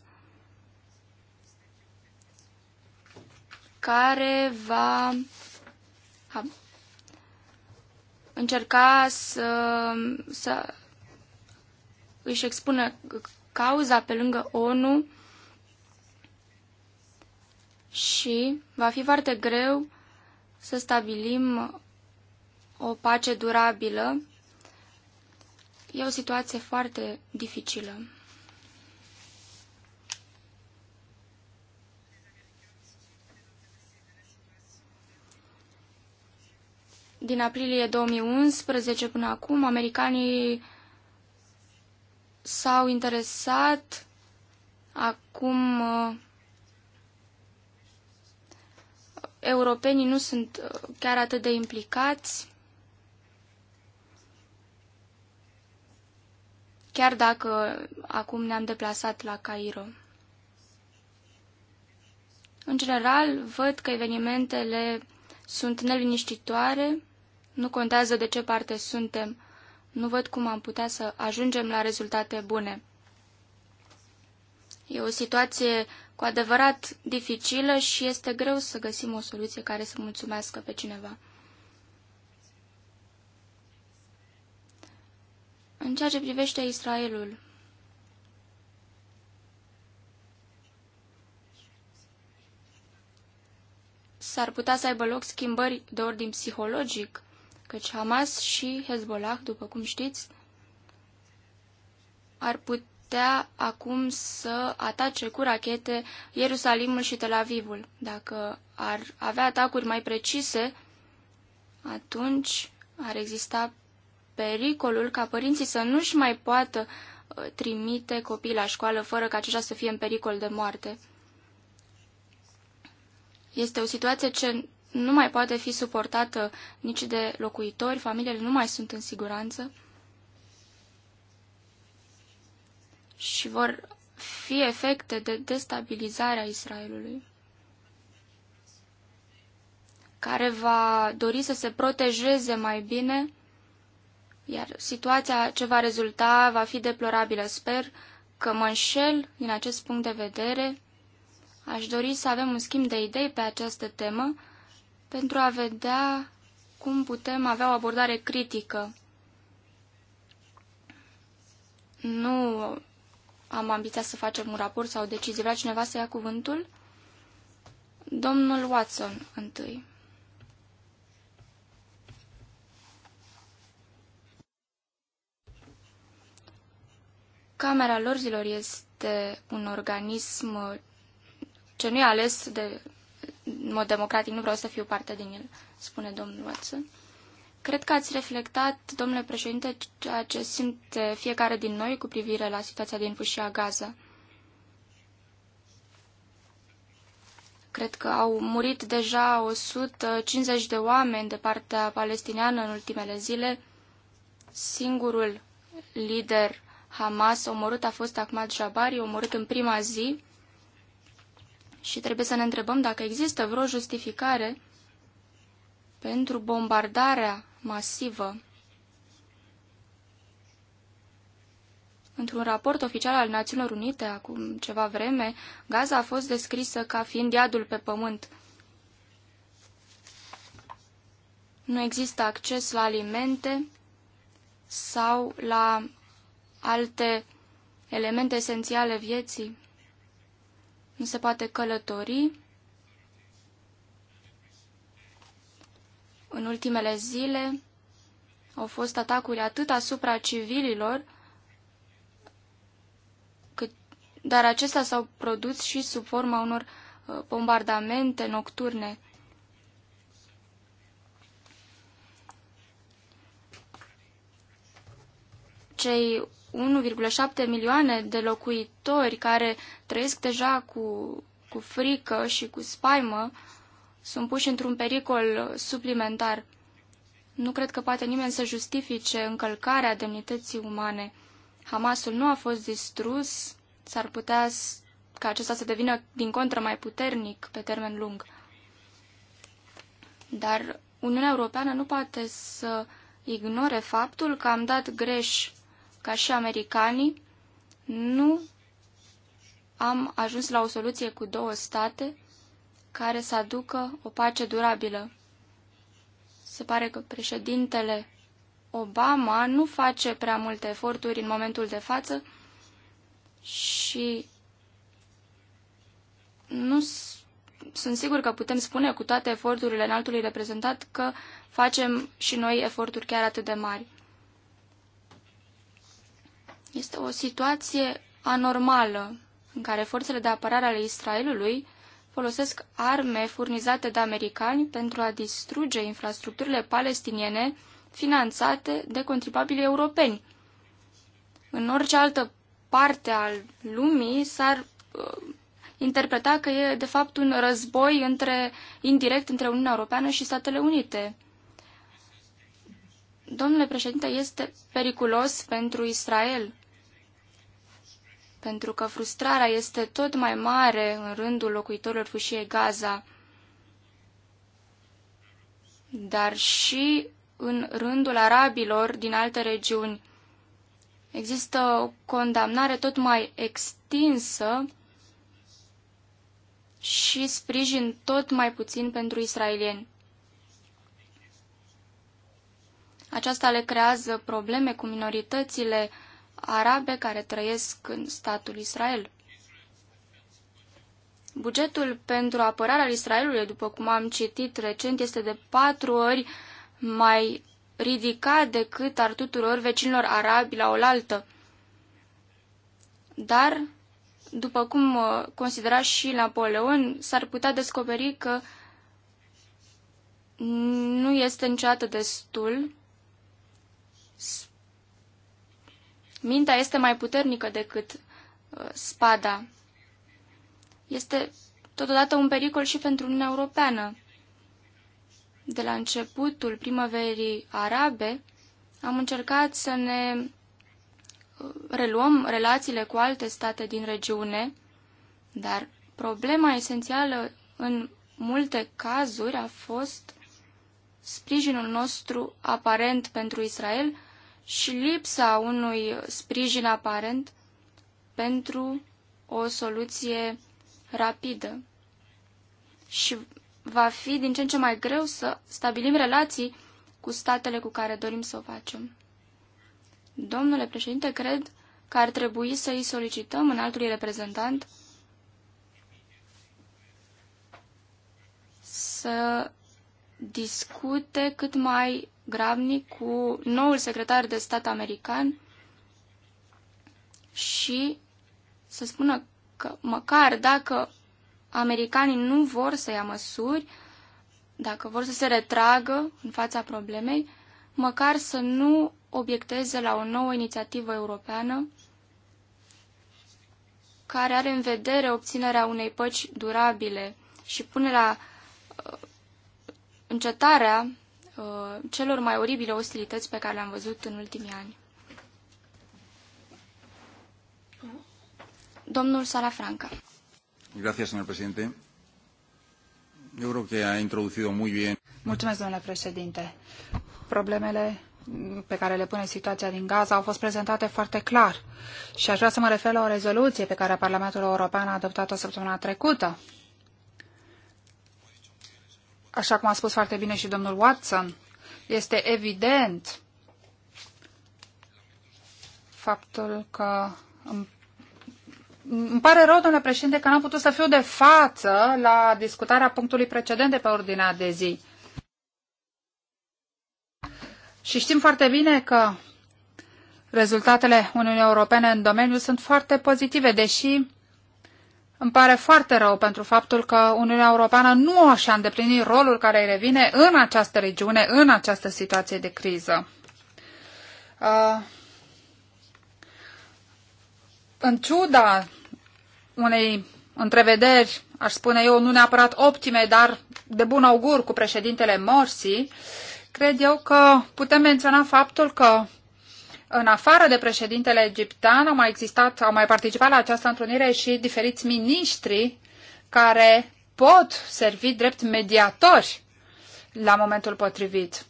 Speaker 3: care va încerca să, să își expună cauza pe lângă ONU și va fi foarte greu să stabilim o pace durabilă. E o situație foarte dificilă. din aprilie 2011 până acum, americanii s-au interesat acum uh, europenii nu sunt uh, chiar atât de implicați, chiar dacă acum ne-am deplasat la Cairo. În general, văd că evenimentele sunt neliniștitoare, nu contează de ce parte suntem. Nu văd cum am putea să ajungem la rezultate bune. E o situație cu adevărat dificilă și este greu să găsim o soluție care să mulțumească pe cineva. În ceea ce privește Israelul, s-ar putea să aibă loc schimbări de ordin psihologic căci Hamas și Hezbollah, după cum știți, ar putea acum să atace cu rachete Ierusalimul și Tel Avivul. Dacă ar avea atacuri mai precise, atunci ar exista pericolul ca părinții să nu-și mai poată uh, trimite copiii la școală fără ca aceștia să fie în pericol de moarte. Este o situație ce nu mai poate fi suportată nici de locuitori, familiile nu mai sunt în siguranță și vor fi efecte de destabilizare a Israelului, care va dori să se protejeze mai bine, iar situația ce va rezulta va fi deplorabilă. Sper că mă înșel din acest punct de vedere. Aș dori să avem un schimb de idei pe această temă, pentru a vedea cum putem avea o abordare critică. Nu am ambiția să facem un raport sau decizie. Vrea cineva să ia cuvântul? Domnul Watson, întâi. Camera Lorzilor este un organism ce nu e ales de în mod democratic, nu vreau să fiu parte din el, spune domnul Watson. Cred că ați reflectat, domnule președinte, ceea ce simt fiecare din noi cu privire la situația din fâșia Gaza. Cred că au murit deja 150 de oameni de partea palestiniană în ultimele zile. Singurul lider Hamas omorât a fost Ahmad Jabari, omorât în prima zi și trebuie să ne întrebăm dacă există vreo justificare pentru bombardarea masivă. Într-un raport oficial al Națiunilor Unite, acum ceva vreme, Gaza a fost descrisă ca fiind iadul pe pământ. Nu există acces la alimente sau la alte elemente esențiale vieții nu se poate călători. În ultimele zile au fost atacuri atât asupra civililor, cât, dar acestea s-au produs și sub forma unor uh, bombardamente nocturne. Cei 1,7 milioane de locuitori care trăiesc deja cu, cu frică și cu spaimă sunt puși într-un pericol suplimentar. Nu cred că poate nimeni să justifice încălcarea demnității umane. Hamasul nu a fost distrus, s-ar putea ca acesta să devină din contră mai puternic pe termen lung. Dar Uniunea Europeană nu poate să ignore faptul că am dat greș ca și americanii, nu am ajuns la o soluție cu două state care să aducă o pace durabilă. Se pare că președintele Obama nu face prea multe eforturi în momentul de față și nu sunt sigur că putem spune cu toate eforturile înaltului reprezentat că facem și noi eforturi chiar atât de mari. Este o situație anormală în care forțele de apărare ale Israelului folosesc arme furnizate de americani pentru a distruge infrastructurile palestiniene finanțate de contribuabili europeni. În orice altă parte al lumii s-ar uh, interpreta că e de fapt un război între, indirect între Uniunea Europeană și Statele Unite. Domnule președinte, este periculos pentru Israel pentru că frustrarea este tot mai mare în rândul locuitorilor fâșiei Gaza, dar și în rândul arabilor din alte regiuni. Există o condamnare tot mai extinsă și sprijin tot mai puțin pentru israelieni. Aceasta le creează probleme cu minoritățile arabe care trăiesc în statul Israel. Bugetul pentru apărarea Israelului, după cum am citit recent, este de patru ori mai ridicat decât ar tuturor vecinilor arabi la oaltă. Dar, după cum uh, considera și Napoleon, s-ar putea descoperi că nu este niciodată destul Mintea este mai puternică decât uh, spada. Este totodată un pericol și pentru Uniunea Europeană. De la începutul primăverii arabe, am încercat să ne uh, reluăm relațiile cu alte state din regiune, dar problema esențială în multe cazuri a fost sprijinul nostru aparent pentru Israel, și lipsa unui sprijin aparent pentru o soluție rapidă. Și va fi din ce în ce mai greu să stabilim relații cu statele cu care dorim să o facem. Domnule președinte, cred că ar trebui să îi solicităm în altului reprezentant să discute cât mai Gravni cu noul secretar de stat american și să spună că măcar dacă americanii nu vor să ia măsuri, dacă vor să se retragă în fața problemei, măcar să nu obiecteze la o nouă inițiativă europeană care are în vedere obținerea unei păci durabile și punerea uh, încetarea Uh, celor mai oribile ostilități pe care le-am văzut în ultimii ani. Domnul Salafranca. Gracias, señor presidente. Yo creo que ha introducido muy bien.
Speaker 2: Mulțumesc, domnule președinte. Problemele pe care le pune situația din Gaza au fost prezentate foarte clar și aș vrea să mă refer la o rezoluție pe care Parlamentul European a adoptat-o săptămâna trecută așa cum a spus foarte bine și domnul Watson, este evident faptul că îmi, îmi pare rău, domnule președinte, că n-am putut să fiu de față la discutarea punctului precedent de pe ordinea de zi. Și știm foarte bine că rezultatele Uniunii Europene în domeniu sunt foarte pozitive, deși îmi pare foarte rău pentru faptul că Uniunea Europeană nu o așa îndeplini rolul care îi revine în această regiune, în această situație de criză. Uh, în ciuda unei întrevederi, aș spune eu, nu neapărat optime, dar de bun augur cu președintele Morsi, cred eu că putem menționa faptul că în afară de președintele egiptean, au mai existat, au mai participat la această întrunire și diferiți miniștri care pot servi drept mediatori la momentul potrivit.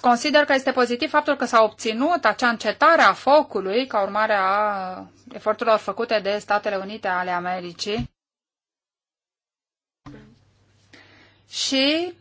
Speaker 2: Consider că este pozitiv faptul că s-a obținut acea încetare a focului ca urmare a eforturilor făcute de Statele Unite ale Americii. Și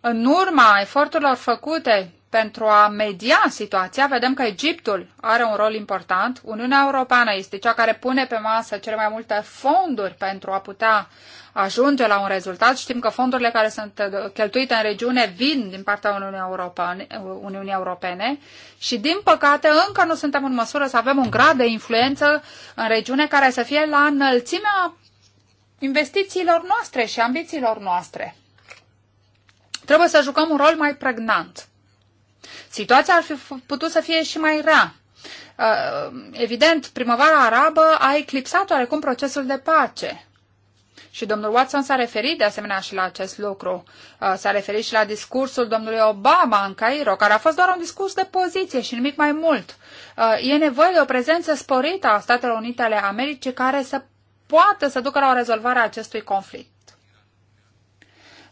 Speaker 2: în urma eforturilor făcute pentru a media situația, vedem că Egiptul are un rol important. Uniunea Europeană este cea care pune pe masă cele mai multe fonduri pentru a putea ajunge la un rezultat. Știm că fondurile care sunt uh, cheltuite în regiune vin din partea Uniunii Europene, uh, Uniunii Europene și, din păcate, încă nu suntem în măsură să avem un grad de influență în regiune care să fie la înălțimea investițiilor noastre și ambițiilor noastre. Trebuie să jucăm un rol mai pregnant. Situația ar fi putut să fie și mai rea. Uh, evident, primăvara arabă a eclipsat oarecum procesul de pace. Și domnul Watson s-a referit de asemenea și la acest lucru. Uh, s-a referit și la discursul domnului Obama în Cairo, care a fost doar un discurs de poziție și nimic mai mult. Uh, e nevoie de o prezență sporită a Statelor Unite ale Americii care să poată să ducă la o rezolvare a acestui conflict.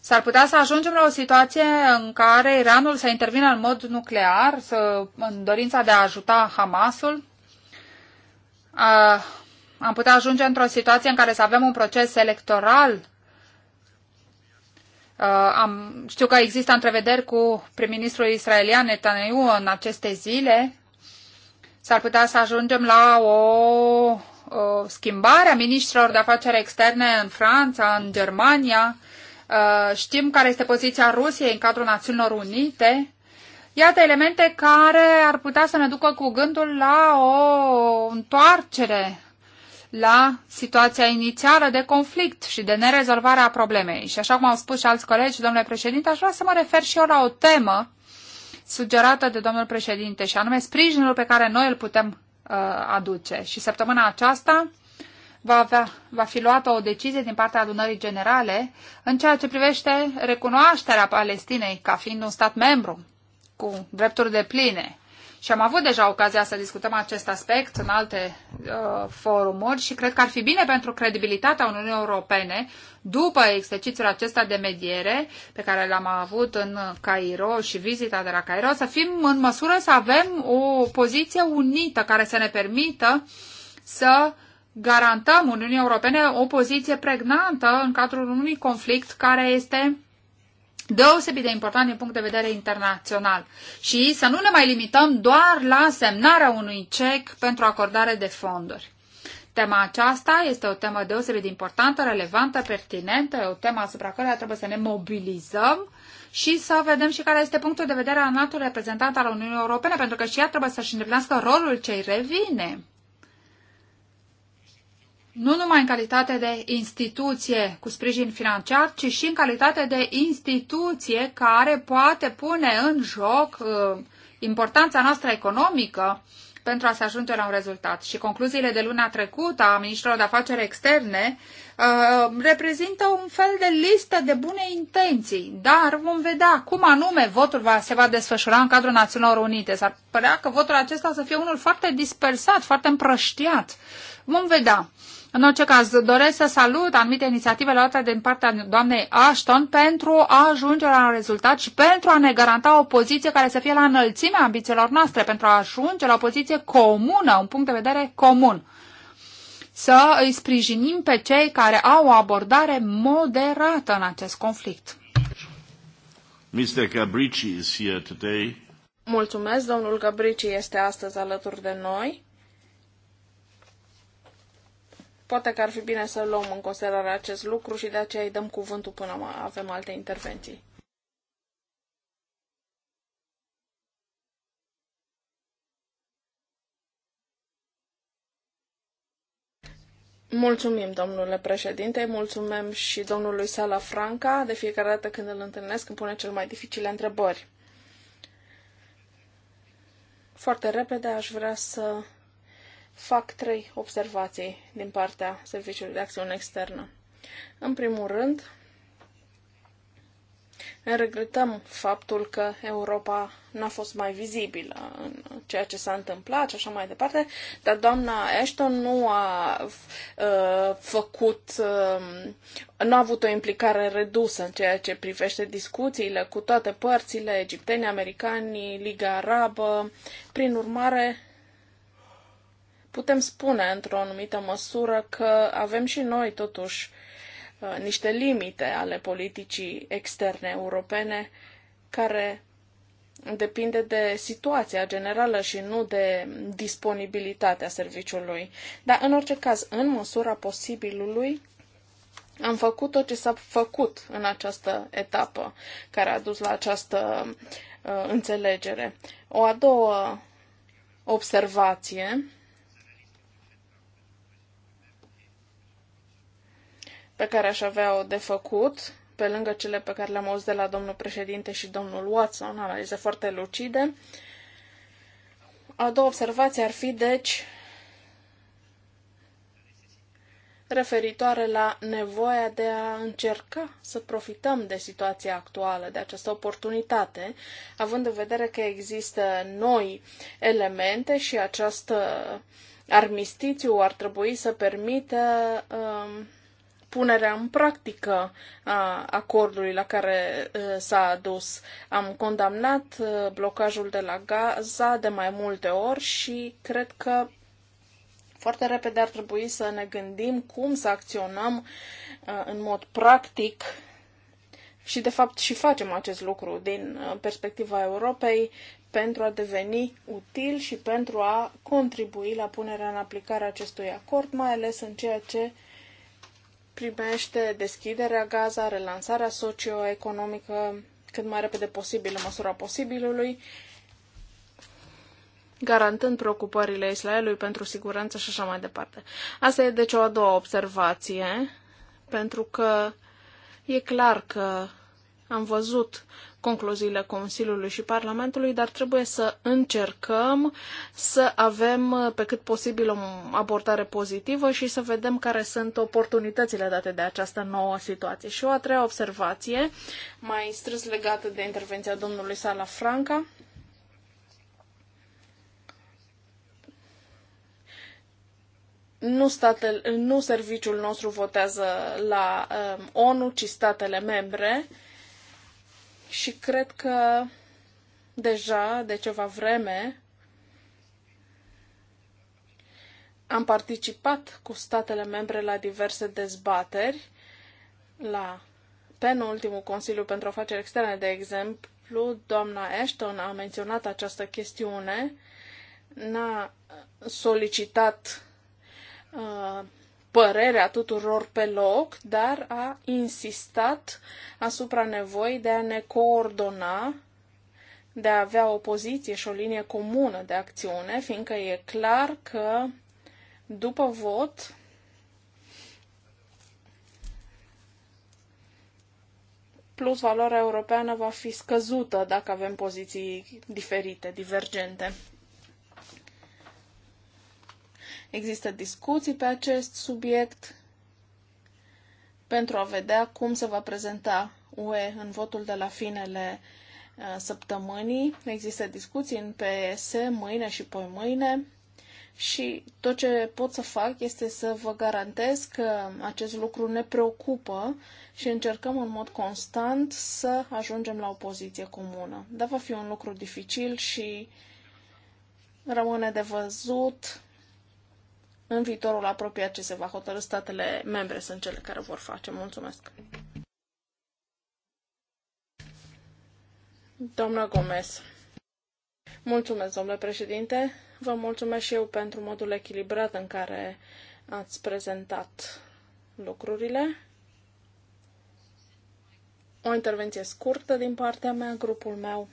Speaker 2: S-ar putea să ajungem la o situație în care Iranul să intervină în mod nuclear, să, în dorința de a ajuta Hamasul. A, am putea ajunge într-o situație în care să avem un proces electoral. A, am, știu că există întrevederi cu prim-ministrul israelian Netanyahu în aceste zile. S-ar putea să ajungem la o, o schimbare a ministrilor de afaceri externe în Franța, în Germania Uh, știm care este poziția Rusiei în cadrul Națiunilor Unite. Iată elemente care ar putea să ne ducă cu gândul la o întoarcere la situația inițială de conflict și de nerezolvare a problemei. Și așa cum au spus și alți colegi, domnule președinte, aș vrea să mă refer și eu la o temă sugerată de domnul președinte, și anume sprijinul pe care noi îl putem uh, aduce. Și săptămâna aceasta va, avea, va fi luată o decizie din partea adunării generale în ceea ce privește recunoașterea Palestinei ca fiind un stat membru cu drepturi de pline. Și am avut deja ocazia să discutăm acest aspect în alte uh, forumuri și cred că ar fi bine pentru credibilitatea Uniunii Europene, după exercițiul acesta de mediere pe care l-am avut în Cairo și vizita de la Cairo, să fim în măsură să avem o poziție unită care să ne permită să uh, garantăm Uniunii Europene o poziție pregnantă în cadrul unui conflict care este deosebit de important din punct de vedere internațional și să nu ne mai limităm doar la semnarea unui cec pentru acordare de fonduri. Tema aceasta este o temă deosebit de importantă, relevantă, pertinentă, o temă asupra care trebuie să ne mobilizăm și să vedem și care este punctul de vedere al înaltului reprezentant al Uniunii Europene, pentru că și ea trebuie să-și îndeplinească rolul ce revine nu numai în calitate de instituție cu sprijin financiar, ci și în calitate de instituție care poate pune în joc uh, importanța noastră economică pentru a se ajunge la un rezultat. Și concluziile de luna trecută a ministrilor de afaceri externe uh, reprezintă un fel de listă de bune intenții, dar vom vedea cum anume votul va, se va desfășura în cadrul Națiunilor Unite. S-ar părea că votul acesta să fie unul foarte dispersat, foarte împrăștiat. Vom vedea. În orice caz, doresc să salut anumite inițiative luate din partea doamnei Ashton pentru a ajunge la un rezultat și pentru a ne garanta o poziție care să fie la înălțimea ambițiilor noastre, pentru a ajunge la o poziție comună, un punct de vedere comun. Să îi sprijinim pe cei care au o abordare moderată
Speaker 1: în acest conflict.
Speaker 2: Mr. Gabrici is here today.
Speaker 1: Mulțumesc, domnul Gabrici este astăzi alături de noi. Poate că ar fi bine să luăm în considerare acest lucru și de aceea îi dăm cuvântul până avem alte intervenții. Mulțumim, domnule președinte, mulțumim și domnului Sala Franca de fiecare dată când îl întâlnesc, îmi pune cel mai dificile întrebări. Foarte repede aș vrea să fac trei observații din partea Serviciului de Acțiune Externă. În primul rând, ne regretăm faptul că Europa n-a fost mai vizibilă în ceea ce s-a întâmplat și așa mai departe, dar doamna Ashton nu a uh, făcut, uh, um, nu a avut o implicare redusă în ceea ce privește discuțiile cu toate părțile, egipteni, americani, Liga Arabă. Prin urmare, putem spune într-o anumită măsură că avem și noi totuși uh, niște limite ale politicii externe europene care depinde de situația generală și nu de disponibilitatea serviciului. Dar, în orice caz, în măsura posibilului, am făcut tot ce s-a făcut în această etapă care a dus la această uh, înțelegere. O a doua observație pe care aș avea-o de făcut, pe lângă cele pe care le-am auzit de la domnul președinte și domnul Watson, analize foarte lucide. A doua observație ar fi, deci, referitoare la nevoia de a încerca să profităm de situația actuală, de această oportunitate, având în vedere că există noi elemente și această armistițiu ar trebui să permită um, punerea în practică a acordului la care uh, s-a adus. Am condamnat uh, blocajul de la Gaza de mai multe ori și cred că foarte repede ar trebui să ne gândim cum să acționăm uh, în mod practic și de fapt și facem acest lucru din perspectiva Europei pentru a deveni util și pentru a contribui la punerea în aplicare acestui acord, mai ales în ceea ce primește deschiderea Gaza, relansarea socioeconomică cât mai repede posibil, în măsura posibilului, garantând preocupările Israelului pentru siguranță și așa mai departe. Asta e deci o a doua observație, pentru că e clar că am văzut concluziile Consiliului și Parlamentului, dar trebuie să încercăm să avem uh, pe cât posibil o abordare pozitivă și să vedem care sunt oportunitățile date de această nouă situație. Și o a treia observație, mai strâns legată de intervenția domnului Sala Franca, nu, statele, nu serviciul nostru votează la um, ONU, ci statele membre. Uh, și cred că deja de ceva vreme am participat cu statele membre la diverse dezbateri, la penultimul Consiliu pentru Afaceri Externe, de exemplu, doamna Ashton a menționat această chestiune, n-a solicitat uh, părerea tuturor pe loc, dar a insistat asupra nevoii de a ne coordona, de a avea o poziție și o linie comună de acțiune, fiindcă e clar că după vot plus valoarea europeană va fi scăzută dacă avem poziții diferite, divergente. Există discuții pe acest subiect pentru a vedea cum se va prezenta UE în votul de la finele uh, săptămânii. Există discuții în PS mâine și poi mâine și tot ce pot să fac este să vă garantez că acest lucru ne preocupă și încercăm în mod constant să ajungem la o poziție comună. Dar va fi un lucru dificil și rămâne de văzut în viitorul apropiat ce se va hotărâ statele membre sunt cele care vor face. Mulțumesc! Doamna Gomez. Mulțumesc, domnule președinte. Vă mulțumesc și eu pentru modul echilibrat în care ați prezentat lucrurile. O intervenție scurtă din partea mea, grupul meu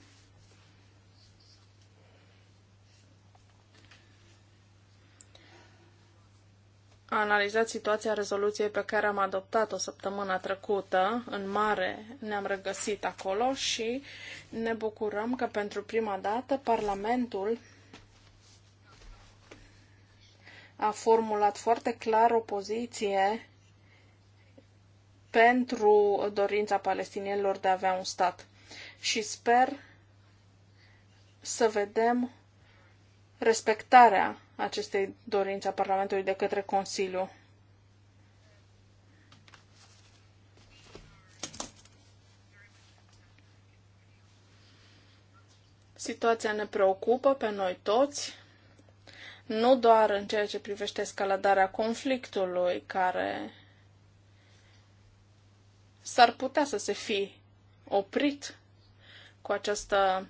Speaker 1: a analizat situația rezoluției pe care am adoptat-o săptămâna trecută. În mare ne-am regăsit acolo și ne bucurăm că pentru prima dată Parlamentul a formulat foarte clar o poziție pentru dorința palestinienilor de a avea un stat. Și sper să vedem respectarea acestei dorințe a Parlamentului de către Consiliu. Situația ne preocupă pe noi toți, nu doar în ceea ce privește escaladarea conflictului, care s-ar putea să se fi oprit cu această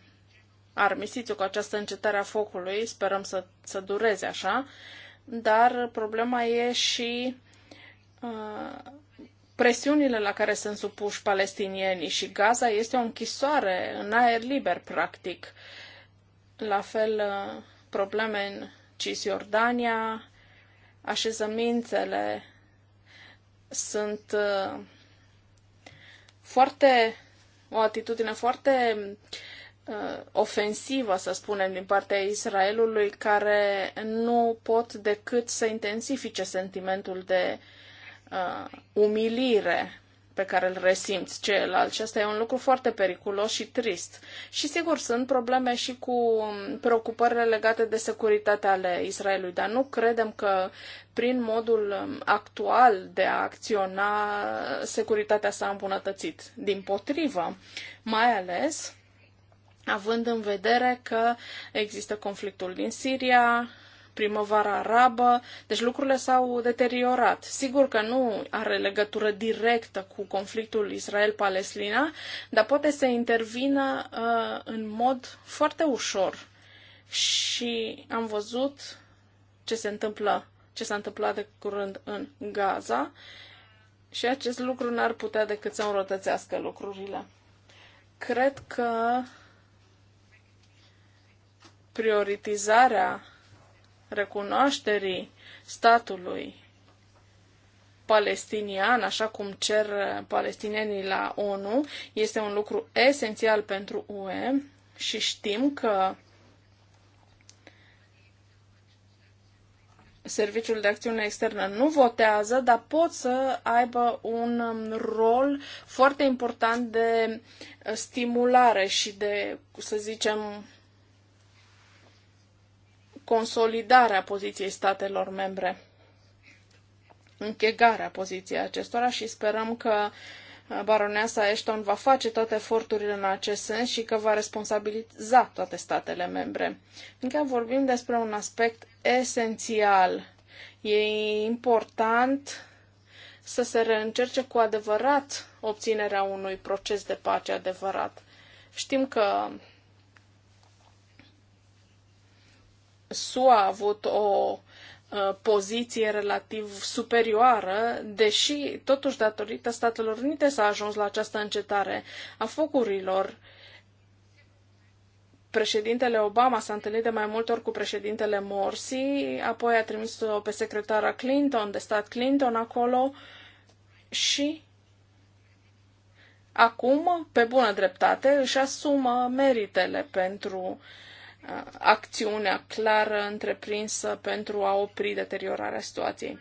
Speaker 1: armistițiu cu această încetare a focului, sperăm să, să dureze așa, dar problema e și uh, presiunile la care sunt supuși palestinienii și Gaza este o închisoare în aer liber, practic. La fel, uh, probleme în Cisjordania, așezămințele sunt uh, foarte o atitudine foarte Uh, ofensivă, să spunem, din partea Israelului, care nu pot decât să intensifice sentimentul de uh, umilire pe care îl resimți celălalt. Și asta e un lucru foarte periculos și trist. Și sigur, sunt probleme și cu um, preocupările legate de securitatea ale Israelului, dar nu credem că prin modul um, actual de a acționa, securitatea s-a îmbunătățit. Din potrivă, mai ales având în vedere că există conflictul din Siria, primăvara arabă, deci lucrurile s-au deteriorat. Sigur că nu are legătură directă cu conflictul Israel-Palestina, dar poate să intervină uh, în mod foarte ușor. Și am văzut ce se întâmplă, ce s-a întâmplat de curând în Gaza și acest lucru n-ar putea decât să înrătățească lucrurile. Cred că prioritizarea recunoașterii statului palestinian, așa cum cer palestinienii la ONU, este un lucru esențial pentru UE și știm că Serviciul de Acțiune Externă nu votează, dar pot să aibă un um, rol foarte important de stimulare și de, să zicem, consolidare a poziției statelor membre, închegarea poziției acestora și sperăm că uh, baroneasa Ashton va face toate eforturile în acest sens și că va responsabiliza toate statele membre. Încă vorbim despre un aspect esențial. E important să se reîncerce cu adevărat obținerea unui proces de pace adevărat. Știm că SUA a avut o uh, poziție relativ superioară, deși, totuși, datorită Statelor Unite s-a ajuns la această încetare a focurilor. Președintele Obama s-a întâlnit de mai multe ori cu președintele Morsi, apoi a trimis-o pe secretara Clinton, de stat Clinton acolo și acum, pe bună dreptate, își asumă meritele pentru uh, acțiunea clară întreprinsă pentru a opri deteriorarea situației.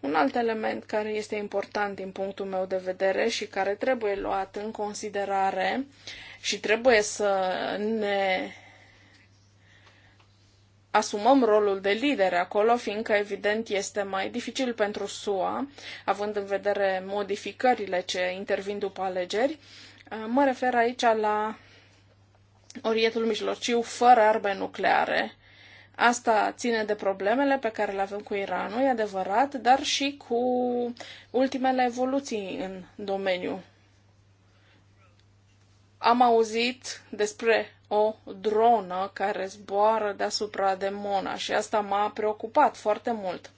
Speaker 1: Un alt element care este important din punctul meu de vedere și care trebuie luat în considerare și trebuie să ne asumăm rolul de lider acolo, fiindcă evident este mai dificil pentru SUA, având în vedere modificările ce intervin după alegeri. Mă refer aici la Orientul Mijlociu fără arme nucleare. Asta ține de problemele pe care le avem cu Iranul, e adevărat, dar și cu ultimele evoluții în domeniu. Am auzit despre o dronă care zboară deasupra de Mona și asta m-a preocupat foarte mult.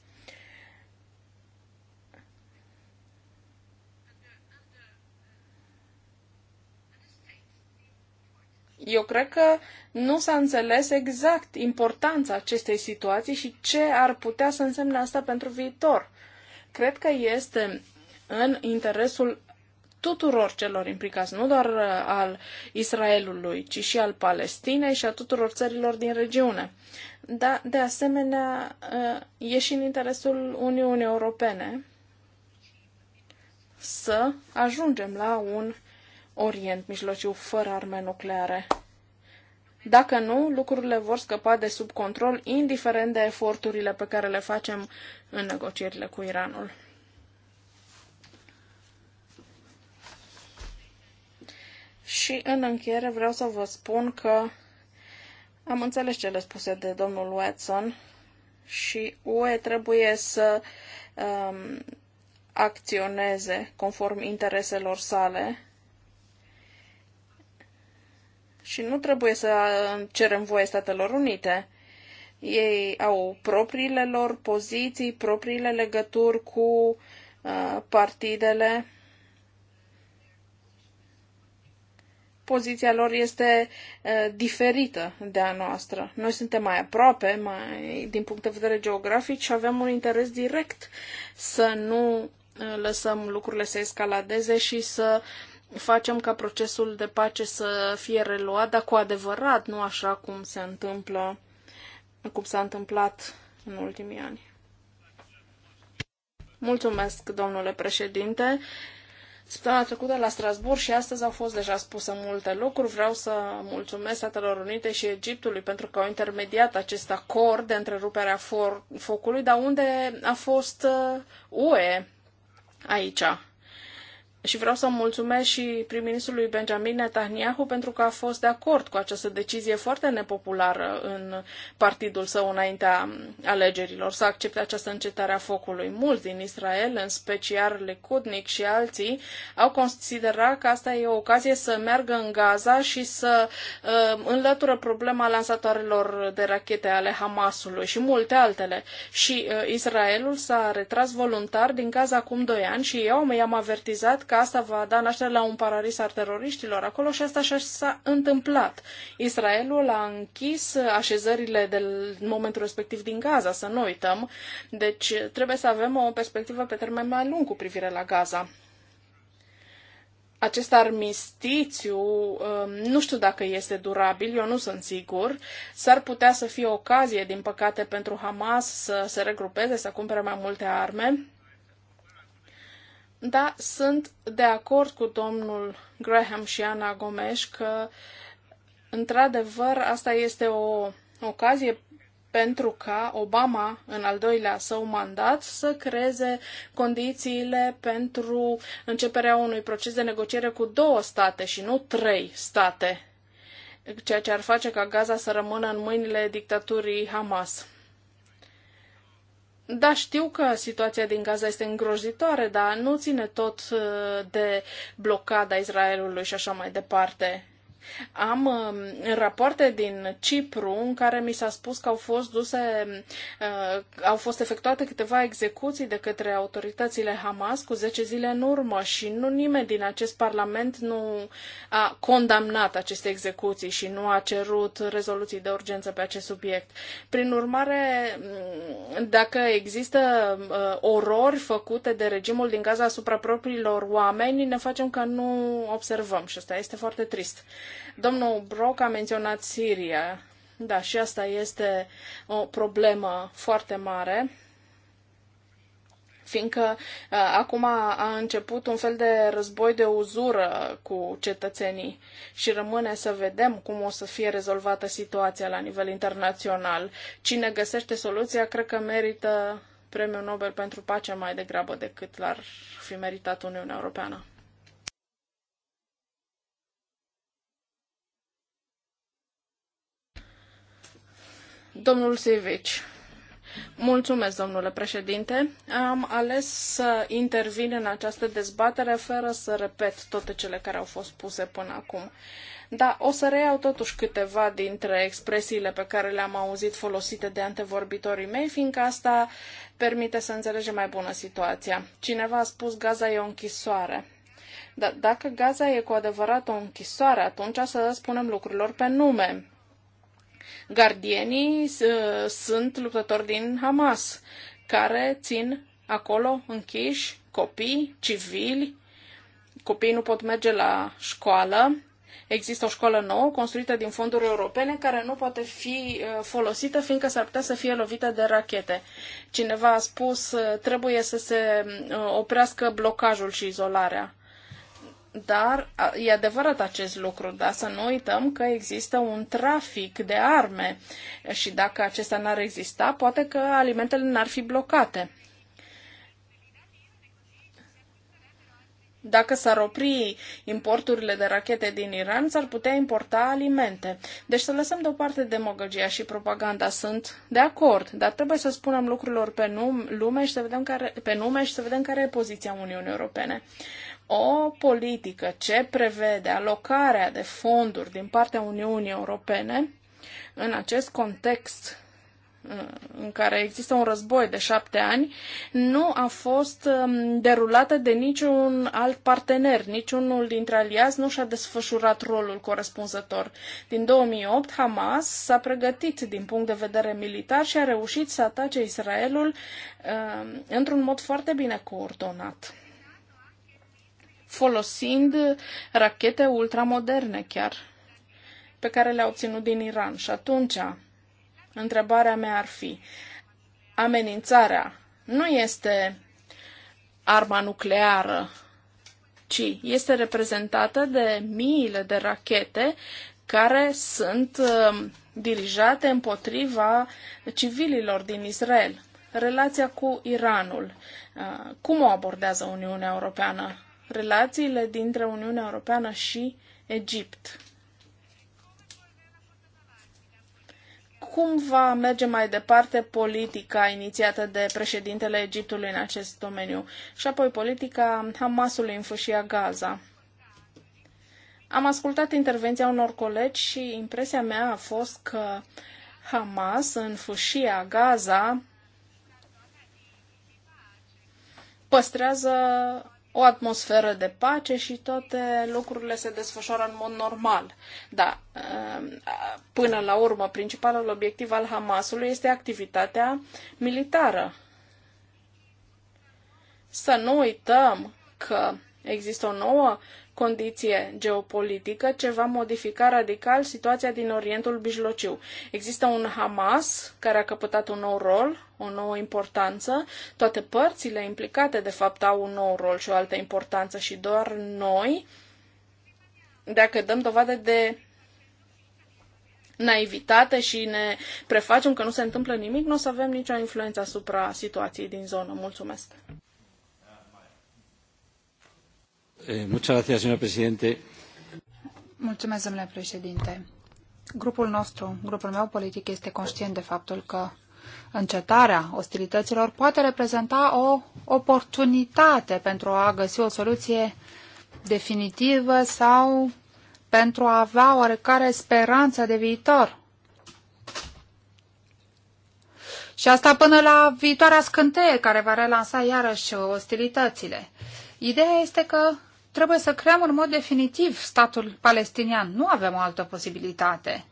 Speaker 1: eu cred că nu s-a înțeles exact importanța acestei situații și ce ar putea să însemne asta pentru viitor. Cred că este în interesul tuturor celor implicați, nu doar uh, al Israelului, ci și al Palestinei și a tuturor țărilor din regiune. Dar, de asemenea, uh, e și în interesul Uniunii Europene să ajungem la un Orient Mijlociu fără arme nucleare. Dacă nu, lucrurile vor scăpa de sub control, indiferent de eforturile pe care le facem în negocierile cu Iranul. Și în încheiere vreau să vă spun că am înțeles ce le spuse de domnul Watson și UE trebuie să um, acționeze conform intereselor sale și nu trebuie să cerem voie Statelor Unite. Ei au propriile lor poziții, propriile legături cu uh, partidele. Poziția lor este uh, diferită de a noastră. Noi suntem mai aproape, mai din punct de vedere geografic și avem un interes direct să nu uh, lăsăm lucrurile să escaladeze și să uh, facem ca procesul de pace să fie reluat, dar cu adevărat, nu așa cum se întâmplă, cum s-a întâmplat în ultimii ani. Mulțumesc, domnule președinte. Săptămâna trecută la Strasburg și astăzi au fost deja spuse multe lucruri. Vreau să mulțumesc Statelor Unite și Egiptului pentru că au intermediat acest acord de întrerupere a focului, dar unde a fost UE uh, aici? și vreau să mulțumesc și prim-ministrului Benjamin Netanyahu pentru că a fost de acord cu această decizie foarte nepopulară în partidul său înaintea alegerilor, să accepte această încetare a focului. Mulți din Israel, în special Lecudnic și alții, au considerat că asta e o ocazie să meargă în Gaza și să uh, înlătură problema lansatoarelor de rachete ale Hamasului și multe altele. Și uh, Israelul s-a retras voluntar din Gaza acum doi ani și eu mi-am avertizat că asta va da naștere la un paradis al teroriștilor acolo și asta s-a întâmplat. Israelul a închis așezările de momentul respectiv din Gaza, să nu uităm. Deci trebuie să avem o perspectivă pe termen mai lung cu privire la Gaza acest armistițiu, um, nu știu dacă este durabil, eu nu sunt sigur, s-ar putea să fie ocazie, din păcate, pentru Hamas să se regrupeze, să cumpere mai multe arme. Da, sunt de acord cu domnul Graham și Ana Gomes că, într-adevăr, asta este o ocazie pentru ca Obama, în al doilea său mandat, să creeze condițiile pentru începerea unui proces de negociere cu două state și nu trei state, ceea ce ar face ca Gaza să rămână în mâinile dictaturii Hamas. Da, știu că situația din Gaza este îngrozitoare, dar nu ține tot uh, de blocada Israelului și așa mai departe. Am uh, rapoarte din Cipru în care mi s-a spus că au fost duse, uh, au fost efectuate câteva execuții de către autoritățile Hamas cu 10 zile în urmă și nu nimeni din acest parlament nu a condamnat aceste execuții și nu a cerut rezoluții de urgență pe acest subiect. Prin urmare, mm, dacă există uh, orori făcute de regimul din Gaza asupra propriilor oameni, ne facem că nu observăm și asta este foarte trist. Domnul Brock a menționat Siria. Da, și asta este o problemă foarte mare fiindcă uh, acum a început un fel de război de uzură cu cetățenii și rămâne să vedem cum o să fie rezolvată situația la nivel internațional. Cine găsește soluția, cred că merită premiul Nobel pentru pace mai degrabă decât l-ar fi meritat Uniunea Europeană. Domnul Sivici. Mulțumesc, domnule președinte. Am ales să intervin în această dezbatere fără să repet toate cele care au fost puse până acum. Dar o să reiau totuși câteva dintre expresiile pe care le-am auzit folosite de antevorbitorii mei, fiindcă asta permite să înțelegem mai bună situația. Cineva a spus Gaza e o închisoare. Dar dacă Gaza e cu adevărat o închisoare, atunci să spunem lucrurilor pe nume Gardienii sunt lucrători din Hamas, care țin acolo închiși copii civili. Copiii nu pot merge la școală. Există o școală nouă construită din fonduri europene care nu poate fi uh, folosită fiindcă s-ar putea să fie lovită de rachete. Cineva a spus uh, trebuie să se uh, oprească blocajul și izolarea dar e adevărat acest lucru, dar să nu uităm că există un trafic de arme și dacă acesta n-ar exista, poate că alimentele n-ar fi blocate. Dacă s-ar opri importurile de rachete din Iran, s-ar putea importa alimente. Deci să lăsăm deoparte demagogia și propaganda. Sunt de acord, dar trebuie să spunem lucrurilor pe, num, lume și să vedem care, pe nume și să vedem care e poziția Uniunii Europene. Uh, o politică ce prevede alocarea de fonduri din partea Uniunii Europene în acest context în care există un război de șapte ani, nu a fost um, derulată de niciun alt partener. Niciunul dintre aliați nu și-a desfășurat rolul corespunzător. Din 2008, Hamas s-a pregătit din punct de vedere militar și a reușit să atace Israelul uh, într-un mod foarte bine coordonat folosind rachete ultramoderne chiar, pe care le-a obținut din Iran. Și atunci, întrebarea mea ar fi, amenințarea nu este arma nucleară, ci este reprezentată de miile de rachete care sunt um, dirijate împotriva civililor din Israel. Relația cu Iranul. Uh, cum o abordează Uniunea Europeană? relațiile dintre Uniunea Europeană și Egipt. Cum va merge mai departe politica inițiată de președintele Egiptului în acest domeniu și apoi politica Hamasului în fâșia Gaza? Am ascultat intervenția unor colegi și impresia mea a fost că Hamas în fâșia Gaza păstrează o atmosferă de pace și toate lucrurile se desfășoară în mod normal. Da, ehm, până la urmă, principalul obiectiv al Hamasului este activitatea militară. Să nu uităm că există o nouă condiție geopolitică ce va modifica radical situația din Orientul Mijlociu. Există un Hamas care a căpătat un nou rol, o nouă importanță. Toate părțile implicate, de fapt, au un nou rol și o altă importanță și doar noi, dacă dăm dovadă de naivitate și ne prefacem că nu se întâmplă nimic, nu o să avem nicio influență asupra situației din zonă. Mulțumesc!
Speaker 3: Eh,
Speaker 2: domnule președinte. Grupul nostru, grupul meu politic, este conștient de faptul că încetarea ostilităților poate reprezenta o oportunitate pentru a găsi o soluție definitivă sau pentru a avea oarecare speranță de viitor. Și asta până la viitoarea scânteie care va relansa iarăși ostilitățile. Ideea este că Trebuie să creăm în mod definitiv statul palestinian. Nu avem o altă posibilitate.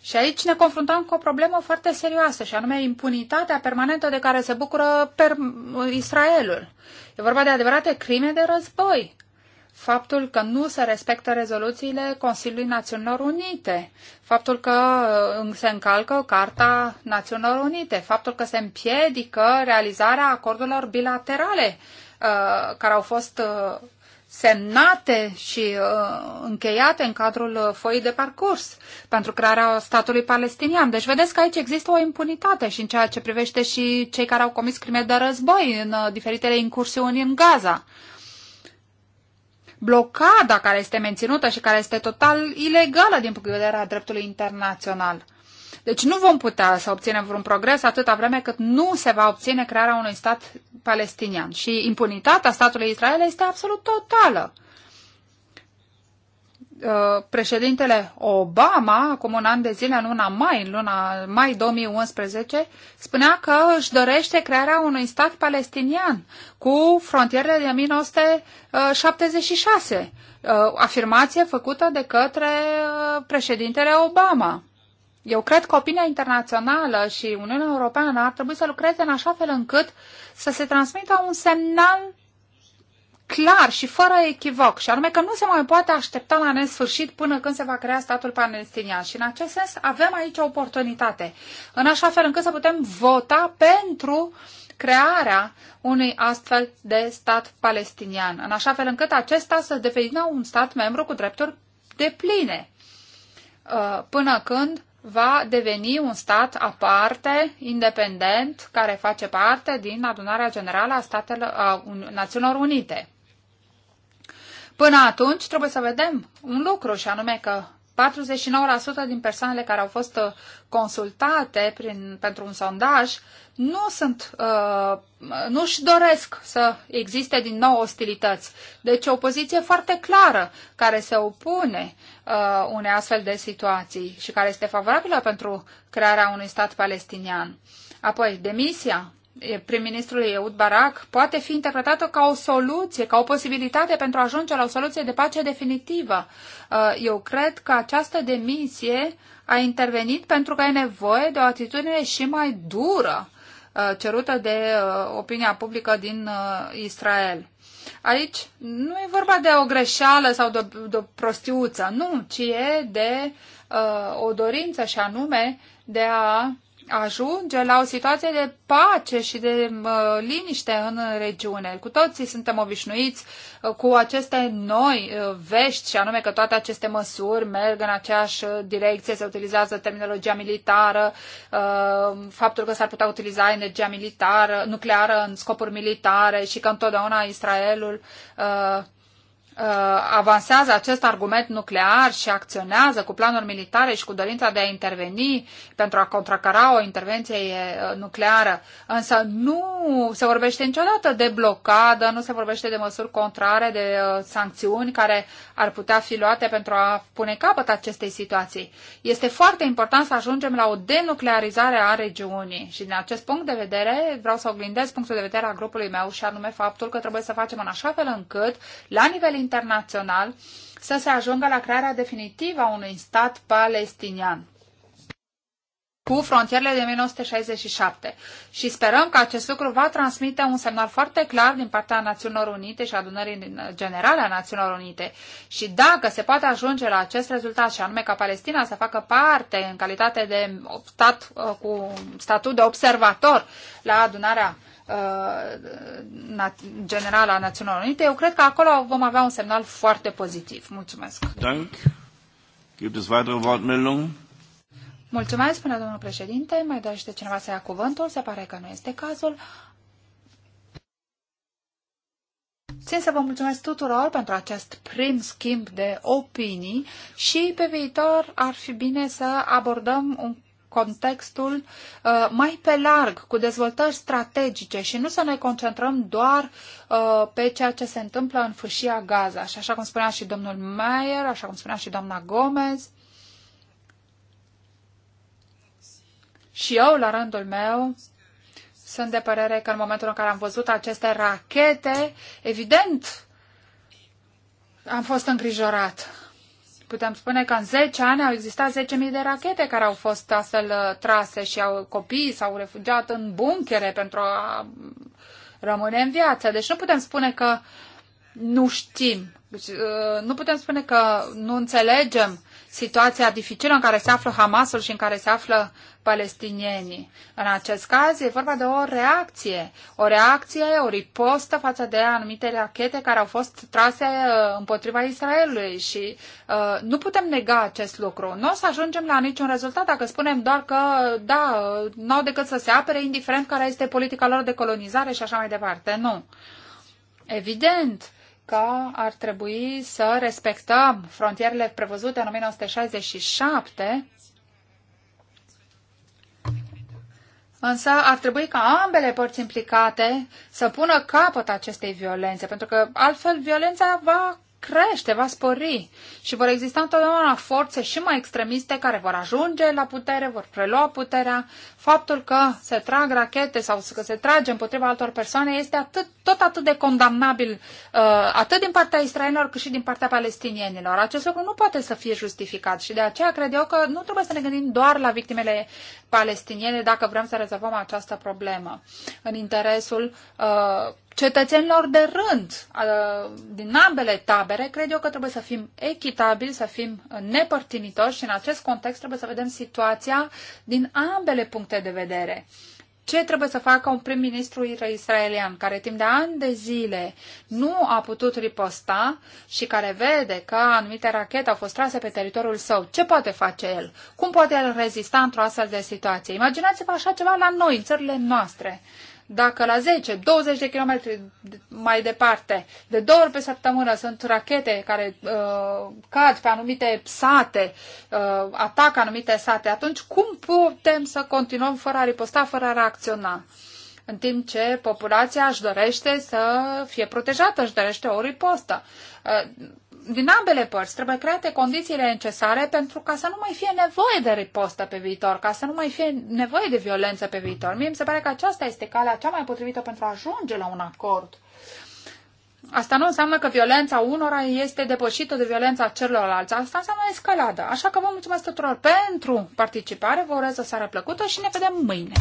Speaker 2: Și aici ne confruntăm cu o problemă foarte serioasă, și anume impunitatea permanentă de care se bucură per- Israelul. E vorba de adevărate crime de război. Faptul că nu se respectă rezoluțiile Consiliului Națiunilor Unite, faptul că uh, se încalcă Carta Națiunilor Unite, faptul că se împiedică realizarea acordurilor bilaterale uh, care au fost uh, semnate și uh, încheiate în cadrul uh, foii de parcurs pentru crearea statului palestinian. Deci vedeți că aici există o impunitate și în ceea ce privește și cei care au comis crime de război în uh, diferitele incursiuni în Gaza. Blocada care este menținută și care este total ilegală din punct de vedere a dreptului internațional. Deci nu vom putea să obținem vreun progres atâta vreme cât nu se va obține crearea unui stat palestinian. Și impunitatea statului Israel este absolut totală. Uh, președintele Obama, acum un an de zile, în luna mai, în luna mai 2011, spunea că își dorește crearea unui stat palestinian cu frontierele de 1976, uh, afirmație făcută de către uh, președintele Obama. Eu cred că opinia internațională și Uniunea Europeană ar trebui să lucreze în așa fel încât să se transmită un semnal clar și fără echivoc, și anume că nu se mai poate aștepta la nesfârșit până când se va crea statul palestinian. Și în acest sens avem aici o oportunitate, în așa fel încât să putem vota pentru crearea unui astfel de stat palestinian, în așa fel încât acesta să devină un stat membru cu drepturi de pline, uh, până când va deveni un stat aparte, independent, care face parte din adunarea generală a, statelor, a Națiunilor Unite. Până atunci trebuie să vedem un lucru și anume că 49% din persoanele care au fost uh, consultate prin, pentru un sondaj nu sunt, uh, nu își doresc să existe din nou ostilități. Deci o poziție foarte clară care se opune uh, unei astfel de situații și care este favorabilă pentru crearea unui stat palestinian. Apoi, demisia prim-ministrului Eud Barak poate fi interpretată ca o soluție, ca o posibilitate pentru a ajunge la o soluție de pace definitivă. Uh, eu cred că această demisie a intervenit pentru că e nevoie de o atitudine și mai dură uh, cerută de uh, opinia publică din Israel. Aici nu e vorba de o greșeală sau de, de o prostiuță, nu, ci e de uh, o dorință și anume de a ajunge la o situație de pace și de uh, liniște în regiune. Cu toții suntem obișnuiți uh, cu aceste noi uh, vești și anume că toate aceste măsuri merg în aceeași uh, direcție, se utilizează terminologia militară, uh, faptul că s-ar putea utiliza energia militară, nucleară în scopuri militare și că întotdeauna Israelul uh, Uh, avansează acest argument nuclear și acționează cu planuri militare și cu dorința de a interveni pentru a contracara o intervenție uh, nucleară, însă nu se vorbește niciodată de blocadă, nu se vorbește de măsuri contrare, de uh, sancțiuni care ar putea fi luate pentru a pune capăt acestei situații. Este foarte important să ajungem la o denuclearizare a regiunii și din acest punct de vedere vreau să oglindez punctul de vedere a grupului meu și anume faptul că trebuie să facem în așa fel încât la nivel internațional să se ajungă la crearea definitivă a unui stat palestinian cu frontierele de 1967 și sperăm că acest lucru va transmite un semnal foarte clar din partea Națiunilor Unite și adunării generale a Națiunilor Unite și dacă se poate ajunge la acest rezultat și anume ca Palestina să facă parte în calitate de stat uh, cu statut de observator la adunarea Uh, general a Națiunilor Unite, eu cred că acolo vom avea un semnal foarte pozitiv. Mulțumesc. Dank. Gibt es weitere Wortmeldungen? Mulțumesc, până domnul președinte. Mai dorește cineva să ia cuvântul? Se pare că nu este cazul. Țin să vă mulțumesc tuturor pentru acest prim schimb de opinii și pe viitor ar fi bine să abordăm un contextul uh, mai pe larg, cu dezvoltări strategice și nu să ne concentrăm doar uh, pe ceea ce se întâmplă în fâșia Gaza. Și așa cum spunea și domnul Mayer, așa cum spunea și doamna Gomez, și eu, la rândul meu, sunt de părere că în momentul în care am văzut aceste rachete, evident, am fost îngrijorat putem spune că în 10 ani au existat 10.000 de rachete care au fost astfel uh, trase și au, copii s-au refugiat în bunchere pentru a mm, rămâne în viață. Deci nu putem spune că nu știm, deci, uh, nu putem spune că nu înțelegem situația dificilă în care se află Hamasul și în care se află palestinienii. În acest caz e vorba de o reacție, o reacție, o ripostă față de anumite rachete care au fost trase uh, împotriva Israelului și uh, nu putem nega acest lucru. Nu o să ajungem la niciun rezultat dacă spunem doar că, da, uh, n-au decât să se apere, indiferent care este politica lor de colonizare și așa mai departe. Nu. Evident, uh, că ar trebui să respectăm frontierele prevăzute în 1967, însă ar trebui ca ambele părți implicate să pună capăt acestei violențe, pentru că altfel violența va crește, va spori și vor exista întotdeauna forțe și mai extremiste care vor ajunge la putere, vor prelua puterea. Faptul că se trag rachete sau că se trage împotriva altor persoane este atât, tot atât de condamnabil uh, atât din partea israelilor cât și din partea palestinienilor. Acest lucru nu poate să fie justificat și de aceea cred eu că nu trebuie să ne gândim doar la victimele palestiniene dacă vrem să rezolvăm această problemă în interesul uh, cetățenilor de rând uh, din ambele tabere, cred eu că trebuie să fim echitabili, să fim nepărtinitori și în acest context trebuie să vedem situația din ambele puncte de vedere. Ce trebuie să facă un prim-ministru israelian care timp de ani de zile nu a putut riposta și care vede că anumite rachete au fost trase pe teritoriul său? Ce poate face el? Cum poate el rezista într-o astfel de situație? Imaginați-vă așa ceva la noi, în țările noastre. Dacă la 10, 20 de kilometri mai departe, de două ori pe săptămână sunt rachete care uh, cad pe anumite sate, uh, atacă anumite sate, atunci cum putem să continuăm fără a riposta, fără a reacționa? în timp ce populația își dorește să fie protejată, își dorește o ripostă. Uh, din ambele părți trebuie create condițiile necesare pentru ca să nu mai fie nevoie de ripostă pe viitor, ca să nu mai fie nevoie de violență pe viitor. Mie mi se pare că aceasta este calea cea mai potrivită pentru a ajunge la un acord. Asta nu înseamnă că violența unora este depășită de violența celorlalți. Asta înseamnă escaladă. Așa că vă mulțumesc tuturor pentru participare, vă urez o seară plăcută și ne vedem mâine.